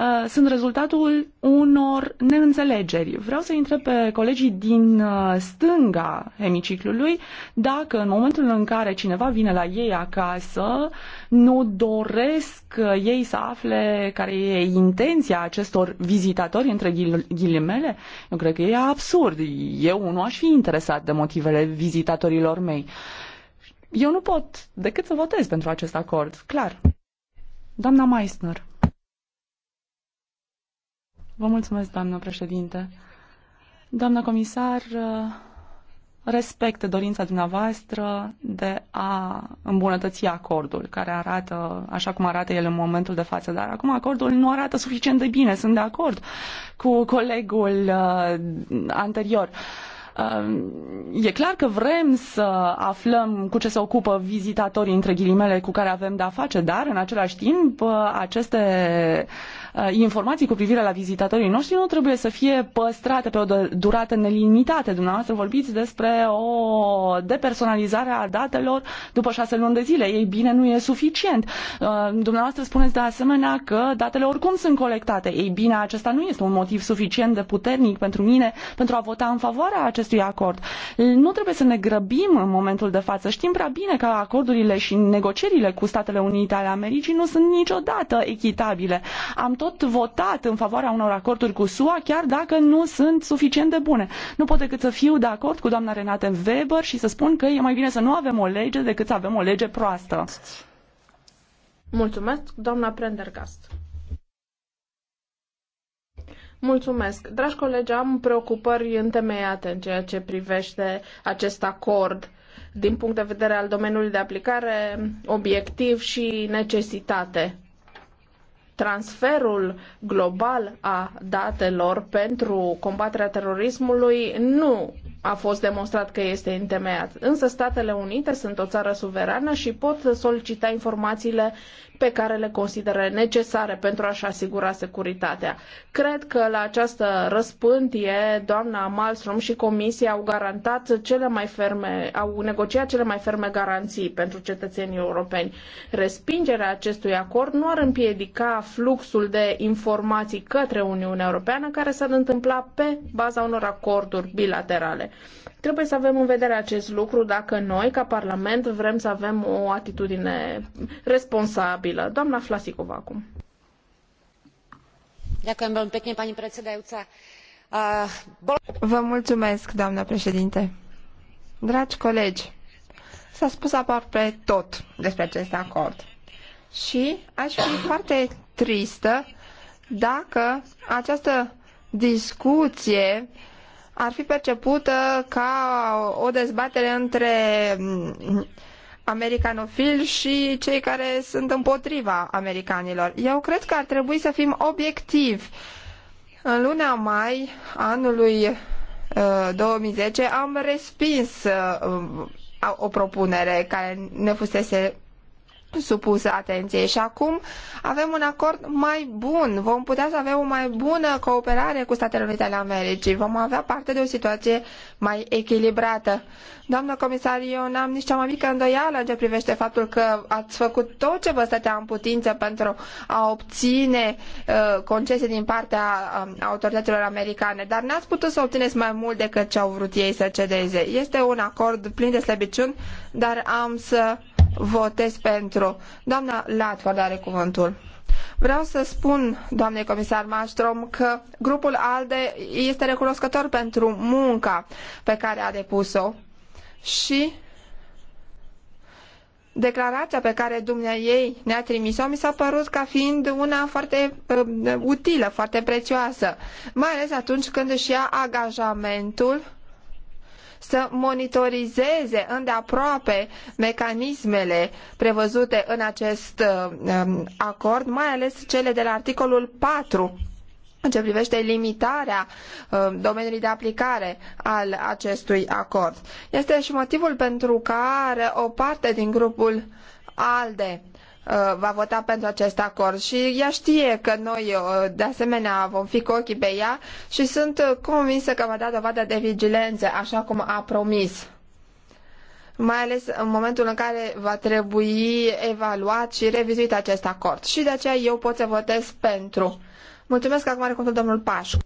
Uh, sunt rezultatul unor neînțelegeri. Vreau să întreb pe colegii din uh, stânga hemiciclului dacă în momentul în care cineva vine la ei acasă, nu doresc uh, ei să afle care e intenția acestor vizitatori, între ghilimele. Eu cred că e absurd. Eu nu aș fi interesat de motivele vizitatorilor mei. Eu nu pot decât să votez pentru acest acord, clar. Doamna Meissner. Vă mulțumesc, doamnă președinte. Doamnă comisar, respect dorința dumneavoastră de a îmbunătăți acordul, care arată așa cum arată el în momentul de față. Dar acum acordul nu arată suficient de bine. Sunt de acord cu colegul uh, anterior. Ehm, e clar că vrem să aflăm cu ce se ocupă vizitatorii, între ghilimele, cu care avem de-a face, dar, în același timp, ă, aceste ă, informații cu privire la vizitatorii noștri nu trebuie să fie păstrate pe o durată nelimitată. Dumneavoastră vorbiți despre o depersonalizare a datelor după șase luni de zile. Ei bine, nu e suficient. Ă, dumneavoastră spuneți de asemenea că datele oricum sunt colectate. Ei bine, acesta nu este un motiv suficient de puternic pentru mine pentru a vota în favoarea acestui acestui acord. Nu trebuie să ne grăbim în momentul de față. Știm prea bine că acordurile și negocierile cu Statele Unite ale Americii nu sunt niciodată echitabile. Am tot votat în favoarea unor acorduri cu SUA, chiar dacă nu sunt suficient de bune. Nu pot decât să fiu de acord cu doamna Renate Weber și să spun că e mai bine să nu avem o lege decât să avem o lege proastă. Mulțumesc, doamna Prendergast. Mulțumesc. Dragi colegi, am preocupări întemeiate în ceea ce privește acest acord din punct de vedere al domeniului de aplicare, obiectiv și necesitate. Transferul global a datelor pentru combaterea terorismului nu a fost demonstrat că este întemeiat. Însă Statele Unite sunt o țară suverană și pot solicita informațiile pe care le consideră necesare pentru a-și asigura securitatea. Cred că la această răspântie, doamna Malmström și Comisia au garantat cele mai ferme, au negociat cele mai ferme garanții pentru cetățenii europeni. Respingerea acestui acord nu ar împiedica fluxul de informații către Uniunea Europeană care s-ar întâmpla pe baza unor acorduri bilaterale. Trebuie să avem în vedere acest lucru dacă noi, ca Parlament, vrem să avem o atitudine responsabilă. Doamna Flasicova acum. Vă mulțumesc, doamnă președinte. Dragi colegi, s-a spus aproape tot despre acest acord. Și aș fi foarte tristă dacă această discuție ar fi percepută ca o dezbatere între mm, americanofili și cei care sunt împotriva americanilor. Eu cred că ar trebui să fim obiectivi. În luna mai anului 2010 uh, am respins uh, o propunere care ne fusese supusă atenție și acum avem un acord mai bun, vom putea să avem o mai bună cooperare cu Statele Unite ale Americii, vom avea parte de o situație mai echilibrată. Doamnă comisar, eu n-am nici cea mai mică îndoială ce privește faptul că ați făcut tot ce vă stătea în putință pentru a obține uh, concesii din partea uh, autorităților americane, dar n-ați putut să obțineți mai mult decât ce au vrut ei să cedeze. Este un acord plin de slăbiciuni, dar am să votez pentru. Doamna Latford are cuvântul. Vreau să spun, doamnei comisar Maștrom, că grupul ALDE este recunoscător pentru munca pe care a depus-o și declarația pe care ei ne-a trimis-o mi s-a părut ca fiind una foarte uh, utilă, foarte prețioasă, mai ales atunci când își ia angajamentul să monitorizeze îndeaproape mecanismele prevăzute în acest um, acord, mai ales cele de la articolul 4 în ce privește limitarea um, domeniului de aplicare al acestui acord. Este și motivul pentru care o parte din grupul ALDE Uh, va vota pentru acest acord și ea știe că noi uh, de asemenea vom fi cu ochii pe ea și sunt convinsă că va da dovadă de vigilență, așa cum a promis mai ales în momentul în care va trebui evaluat și revizuit acest acord. Și de aceea eu pot să votez pentru. Mulțumesc acum are cuvântul domnul Pașcu.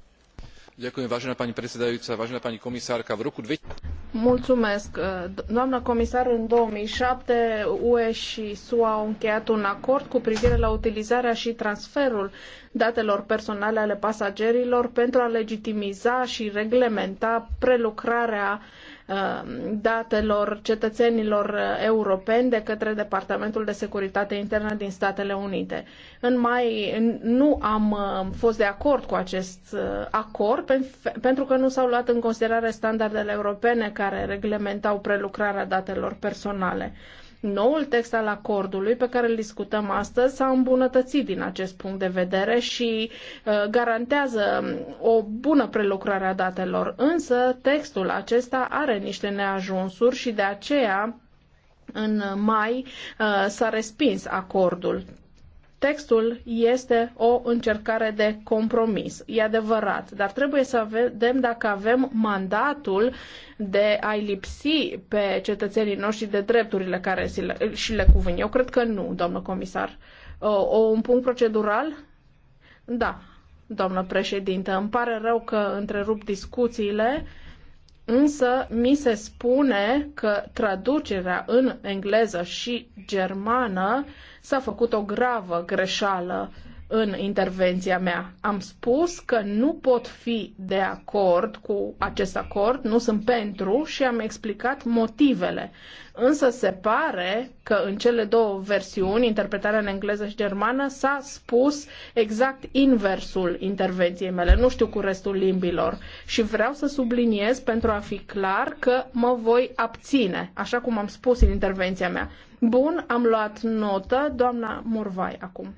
Mulțumesc. Uh, doamnă comisar, în șapte UE și SUA au încheiat un acord cu privire la utilizarea și transferul datelor personale ale pasagerilor pentru a legitimiza și reglementa prelucrarea uh, Uh, datelor cetățenilor europeni de către Departamentul de Securitate Internă din Statele Unite. În mai nu am uh, fost de acord cu acest uh, acord pentru că nu s-au luat în considerare standardele europene care reglementau prelucrarea datelor personale. Noul text al acordului pe care îl discutăm astăzi s-a îmbunătățit din acest punct de vedere și uh, garantează o bună prelucrare a datelor, însă textul acesta are niște neajunsuri și de aceea în mai uh, s-a respins acordul. Textul este o încercare de compromis, e adevărat, dar trebuie să vedem dacă avem mandatul de a-i lipsi pe cetățenii noștri de drepturile care și le cuvin. Eu cred că nu, doamnă comisar. O, un punct procedural? Da, doamnă președintă. Îmi pare rău că întrerup discuțiile Însă mi se spune că traducerea în engleză și germană s-a făcut o gravă greșeală în intervenția mea. Am spus că nu pot fi de acord cu acest acord, nu sunt pentru și am explicat motivele. Însă se pare că în cele două versiuni, interpretarea în engleză și germană, s-a spus exact inversul intervenției mele, nu știu cu restul limbilor. Și vreau să subliniez pentru a fi clar că mă voi abține, așa cum am spus în intervenția mea. Bun, am luat notă, doamna Murvai, acum.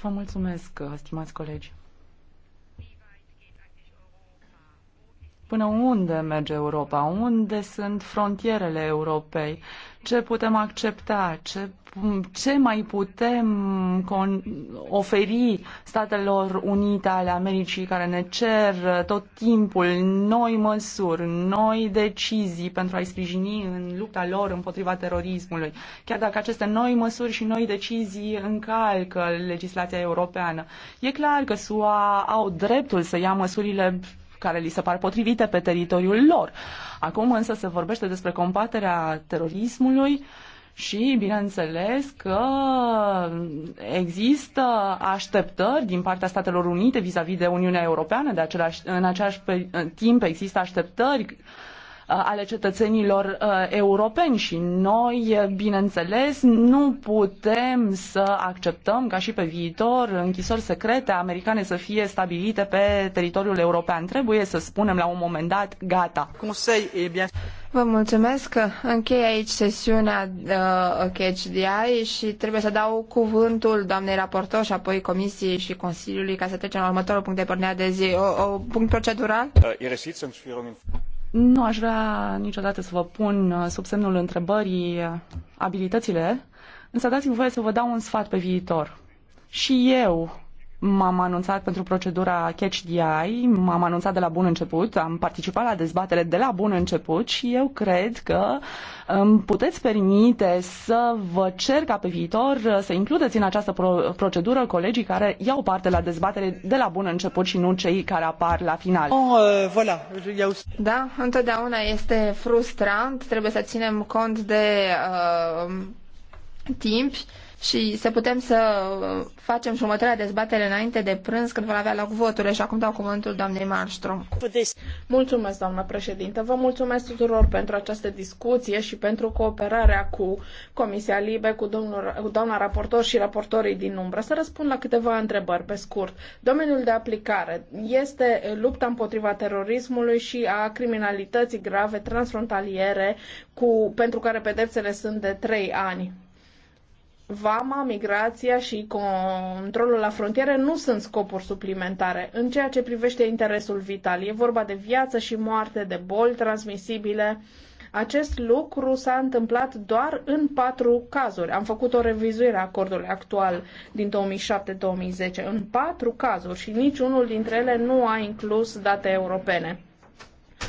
Vă mulțumesc, stimați colegi. Până unde merge Europa? Unde sunt frontierele Europei? Ce putem accepta? Ce, ce mai putem oferi Statelor Unite ale Americii care ne cer tot timpul noi măsuri, noi decizii pentru a-i sprijini în lupta lor împotriva terorismului? Chiar dacă aceste noi măsuri și noi decizii încalcă legislația europeană. E clar că SUA au dreptul să ia măsurile care li se par potrivite pe teritoriul lor. Acum însă se vorbește despre combaterea terorismului și, bineînțeles, că există așteptări din partea Statelor Unite vis-a-vis -vis de Uniunea Europeană, de același, în același timp există așteptări Uh, ale cetățenilor uh, europeni și noi, uh, bineînțeles, nu putem să acceptăm ca și pe viitor închisori secrete americane să fie stabilite pe teritoriul european. Trebuie să spunem la un moment dat, gata. Vă mulțumesc. Închei aici sesiunea uh, CHDI și trebuie să dau cuvântul doamnei raportor și apoi Comisiei și Consiliului ca să trecem la următorul punct de pornire de zi. O, o punct procedural? Uh, nu aș vrea niciodată să vă pun uh, sub semnul întrebării uh, abilitățile, însă dați-mi voie să vă dau un sfat pe viitor. Și eu M-am anunțat pentru procedura Catch the Eye, m-am anunțat de la bun început, am participat la dezbatere de la bun început și eu cred că îmi puteți permite să vă cer ca pe viitor să includeți în această pro- procedură colegii care iau parte la dezbatere de la bun început și nu cei care apar la final. Oh, voilà. Da, întotdeauna este frustrant, trebuie să ținem cont de uh, timp și să putem să facem și următoarea dezbatere înainte de prânz când vor avea loc voturile și acum dau cuvântul doamnei Marstrom. Mulțumesc, doamnă președintă. Vă mulțumesc tuturor pentru această discuție și pentru cooperarea cu Comisia Libe, cu, domnul, cu doamna raportor și raportorii din umbră. Să răspund la câteva întrebări pe scurt. Domeniul de aplicare este lupta împotriva terorismului și a criminalității grave transfrontaliere cu, pentru care pedepsele sunt de trei ani vama, migrația și controlul la frontiere nu sunt scopuri suplimentare. În ceea ce privește interesul vital, e vorba de viață și moarte, de boli transmisibile. Acest lucru s-a întâmplat doar în patru cazuri. Am făcut o revizuire a acordului actual din 2007-2010 în patru cazuri și niciunul dintre ele nu a inclus date europene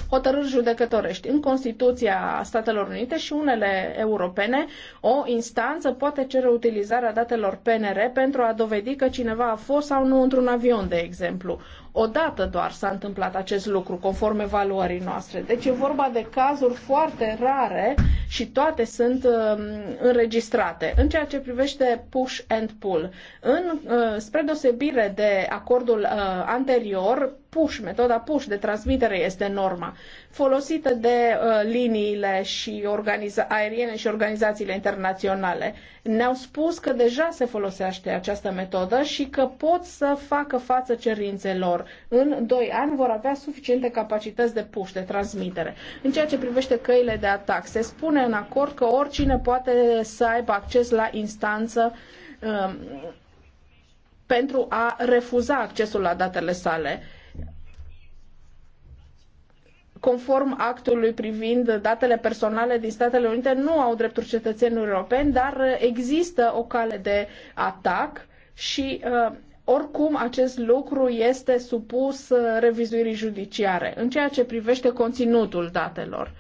hotărâri judecătorești. În Constituția Statelor Unite și unele europene, o instanță poate cere utilizarea datelor PNR pentru a dovedi că cineva a fost sau nu într-un avion, de exemplu. Odată doar s-a întâmplat acest lucru, conform evaluării noastre. Deci e vorba de cazuri foarte rare și toate sunt uh, înregistrate. În ceea ce privește push and pull, în, uh, spre deosebire de acordul uh, anterior, push, metoda push de transmitere este norma folosită de uh, liniile și organiza- aeriene și organizațiile internaționale. Ne-au spus că deja se folosește această metodă și că pot să facă față cerințelor. În 2 ani vor avea suficiente capacități de puș, de transmitere. În ceea ce privește căile de atac, se spune în acord că oricine poate să aibă acces la instanță uh, pentru a refuza accesul la datele sale conform actului privind datele personale din Statele Unite, nu au drepturi cetățenii europeni, dar uh, există o cale de atac și uh, oricum acest lucru este supus uh, revizuirii judiciare în ceea ce privește conținutul datelor.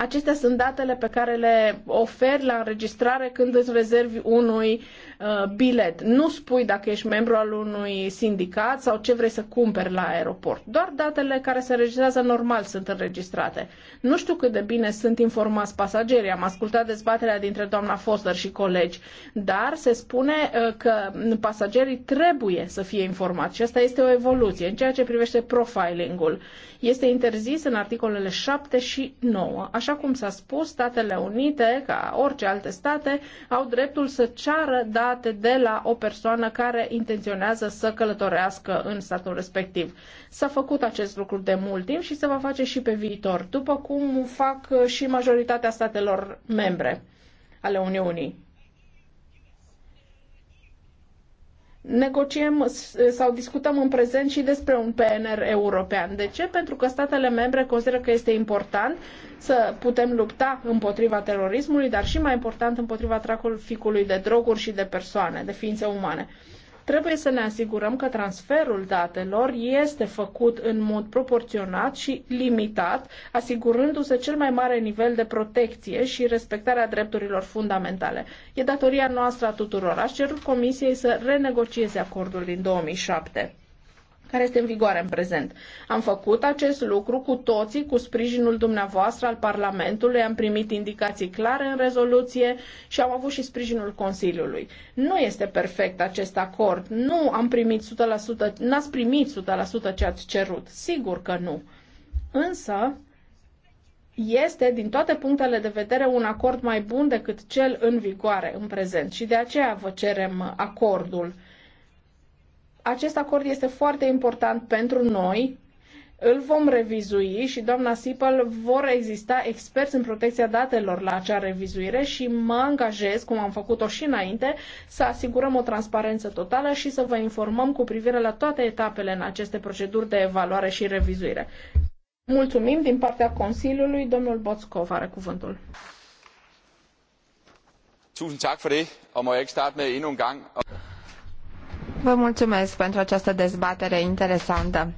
Acestea sunt datele pe care le oferi la înregistrare când îți rezervi unui uh, bilet. Nu spui dacă ești membru al unui sindicat sau ce vrei să cumperi la aeroport. Doar datele care se înregistrează normal sunt înregistrate. Nu știu cât de bine sunt informați pasagerii. Am ascultat dezbaterea dintre doamna Foster și colegi, dar se spune uh, că pasagerii trebuie să fie informați și asta este o evoluție în ceea ce privește profiling-ul este interzis în articolele 7 și 9. Așa cum s-a spus, Statele Unite, ca orice alte state, au dreptul să ceară date de la o persoană care intenționează să călătorească în statul respectiv. S-a făcut acest lucru de mult timp și se va face și pe viitor, după cum fac și majoritatea statelor membre ale Uniunii. negociem sau discutăm în prezent și despre un PNR european. De ce? Pentru că statele membre consideră că este important să putem lupta împotriva terorismului, dar și mai important împotriva traficului de droguri și de persoane, de ființe umane. Trebuie să ne asigurăm că transferul datelor este făcut în mod proporționat și limitat, asigurându-se cel mai mare nivel de protecție și respectarea drepturilor fundamentale. E datoria noastră a tuturor. Aș cerut Comisiei să renegocieze acordul din 2007 care este în vigoare în prezent. Am făcut acest lucru cu toții, cu sprijinul dumneavoastră al Parlamentului, am primit indicații clare în rezoluție și am avut și sprijinul Consiliului. Nu este perfect acest acord, nu am primit 100%, n-ați primit 100% ce ați cerut, sigur că nu. Însă, este, din toate punctele de vedere, un acord mai bun decât cel în vigoare în prezent și de aceea vă cerem acordul acest acord este foarte important pentru noi. Îl vom revizui și doamna Sipăl vor exista experți în protecția datelor la acea revizuire și mă angajez, cum am făcut-o și înainte, să asigurăm o transparență totală și să vă informăm cu privire la toate etapele în aceste proceduri de evaluare și revizuire. Mulțumim din partea Consiliului. Domnul Boțcov are cuvântul. Tusind tak for det, og må jeg ikke starte med endnu en gang Vă mulțumesc pentru această dezbatere interesantă.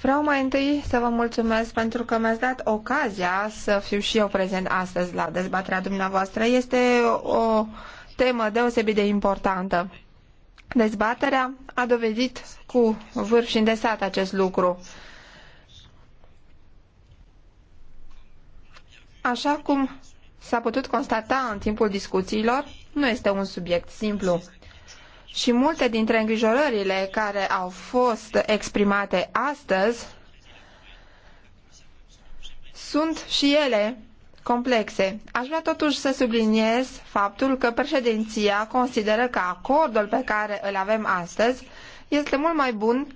Vreau mai întâi să vă mulțumesc pentru că mi-ați dat ocazia să fiu și eu prezent astăzi la dezbaterea dumneavoastră. Este o temă deosebit de importantă. Dezbaterea a dovedit cu vârf și îndesat acest lucru. Așa cum s-a putut constata în timpul discuțiilor, nu este un subiect simplu. Și multe dintre îngrijorările care au fost exprimate astăzi sunt și ele complexe. Aș vrea totuși să subliniez faptul că președinția consideră că acordul pe care îl avem astăzi este mult mai bun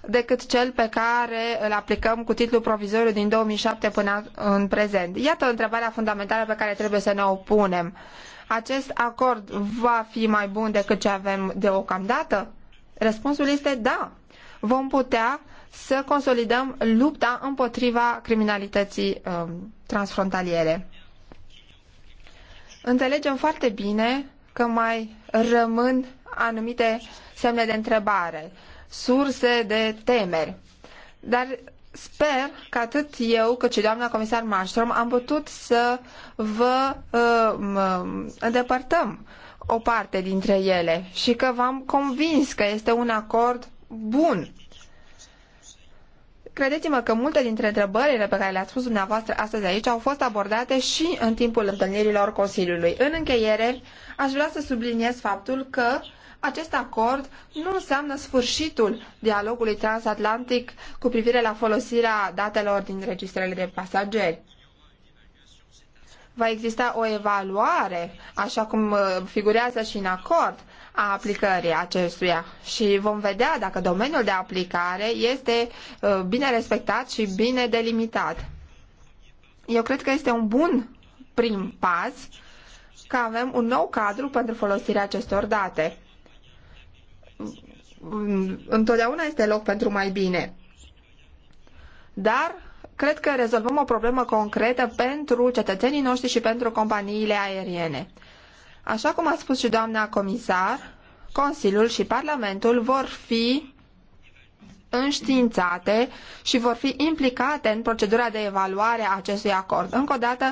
decât cel pe care îl aplicăm cu titlul provizoriu din 2007 până în prezent. Iată întrebarea fundamentală pe care trebuie să ne o punem acest acord va fi mai bun decât ce avem deocamdată? Răspunsul este da. Vom putea să consolidăm lupta împotriva criminalității um, transfrontaliere. Înțelegem foarte bine că mai rămân anumite semne de întrebare, surse de temeri. Dar Sper că atât eu cât și doamna comisar Maștrom am putut să vă uh, îndepărtăm o parte dintre ele și că v-am convins că este un acord bun. Credeți-mă că multe dintre întrebările pe care le-ați spus dumneavoastră astăzi aici au fost abordate și în timpul întâlnirilor Consiliului. În încheiere, aș vrea să subliniez faptul că uh, acest acord nu înseamnă sfârșitul dialogului transatlantic cu privire la folosirea datelor din registrele de pasageri. Va exista o evaluare, așa cum uh, figurează și în acord, a aplicării acestuia și vom vedea dacă domeniul de aplicare este uh, bine respectat și bine delimitat. Eu cred că este un bun prim pas că avem un nou cadru pentru folosirea acestor date întotdeauna este loc pentru mai bine. Dar cred că rezolvăm o problemă concretă pentru cetățenii noștri și pentru companiile aeriene. Așa cum a spus și doamna comisar, Consiliul și Parlamentul vor fi înștiințate și vor fi implicate în procedura de evaluare a acestui acord. Încă o dată,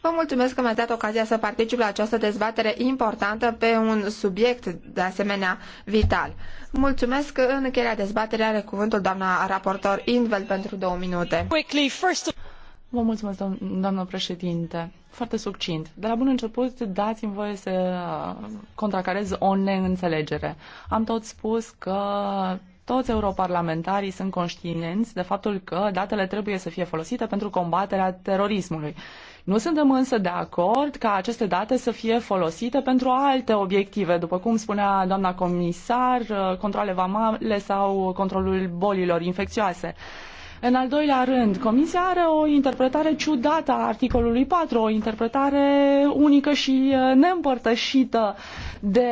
vă mulțumesc că mi-ați dat ocazia să particip la această dezbatere importantă pe un subiect de asemenea vital. Mulțumesc că în încheierea dezbaterii are cuvântul doamna raportor Invel pentru două minute. Vă mulțumesc, doamnă președinte. Foarte succint. De la bun început, dați-mi voie să contracarez o neînțelegere. Am tot spus că toți europarlamentarii sunt conștienți de faptul că datele trebuie să fie folosite pentru combaterea terorismului. Nu suntem însă de acord ca aceste date să fie folosite pentru alte obiective, după cum spunea doamna comisar, controle vamale sau controlul bolilor infecțioase. În al doilea rând, Comisia are o interpretare ciudată a articolului 4, o interpretare unică și uh, neîmpărtășită de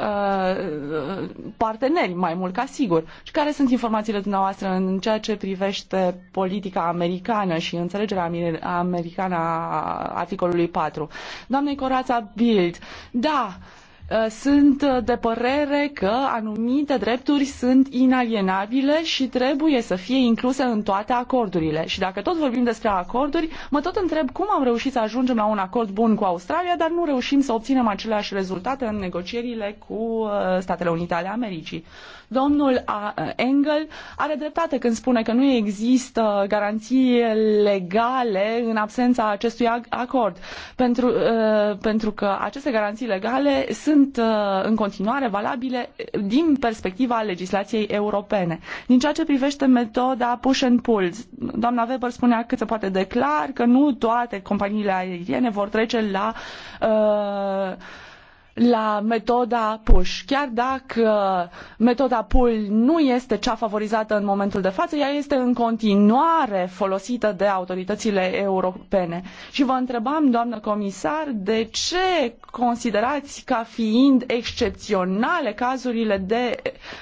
uh, parteneri, mai mult ca sigur. Și care sunt informațiile dumneavoastră în ceea ce privește politica americană și înțelegerea americană a articolului 4? Doamnei Corața Bild, da, Uh, sunt uh, de părere că anumite drepturi sunt inalienabile și trebuie să fie incluse în toate acordurile. Și dacă tot vorbim despre acorduri, mă tot întreb cum am reușit să ajungem la un acord bun cu Australia, dar nu reușim să obținem aceleași rezultate în negocierile cu uh, Statele Unite ale Americii. Domnul Engel are dreptate când spune că nu există garanții legale în absența acestui acord, pentru, pentru că aceste garanții legale sunt sunt uh, în continuare valabile uh, din perspectiva legislației europene. Din ceea ce privește metoda push and pull, doamna Weber spunea cât se poate declar că nu toate companiile aeriene vor trece la uh, la metoda push. Chiar dacă uh, metoda pull nu este cea favorizată în momentul de față, ea este în continuare folosită de autoritățile europene. Și vă întrebam, doamnă comisar, de ce considerați ca fiind excepționale cazurile de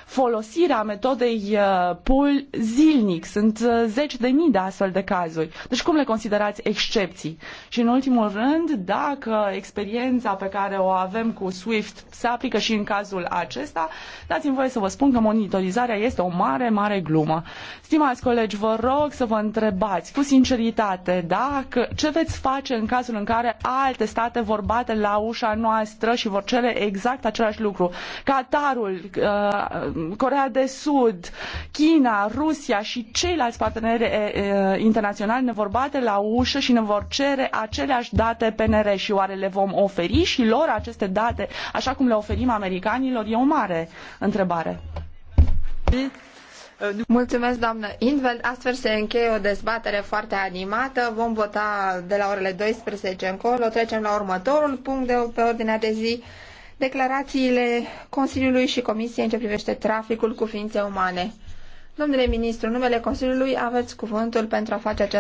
folosire a metodei uh, pull zilnic? Sunt uh, zeci de mii de astfel de cazuri. Deci cum le considerați excepții? Și în ultimul rând, dacă experiența pe care o avem cu SWIFT se aplică și în cazul acesta, dați-mi voie să vă spun că monitorizarea este o mare, mare glumă. Stimați colegi, vă rog să vă întrebați cu sinceritate dacă ce veți face în cazul în care alte state vor bate la ușa noastră și vor cere exact același lucru. Qatarul, uh, Coreea de Sud, China, Rusia și ceilalți parteneri internaționali ne vor bate la ușă și ne vor cere aceleași date PNR și oare le vom oferi și lor aceste date așa cum le oferim americanilor? E o mare întrebare. Mulțumesc, doamnă Inveld. Astfel se încheie o dezbatere foarte animată. Vom vota de la orele 12 încolo. Trecem la următorul punct de pe ordinea de zi. Declarațiile Consiliului și Comisiei în ce privește traficul cu ființe umane. Domnule ministru, în numele Consiliului aveți cuvântul pentru a face această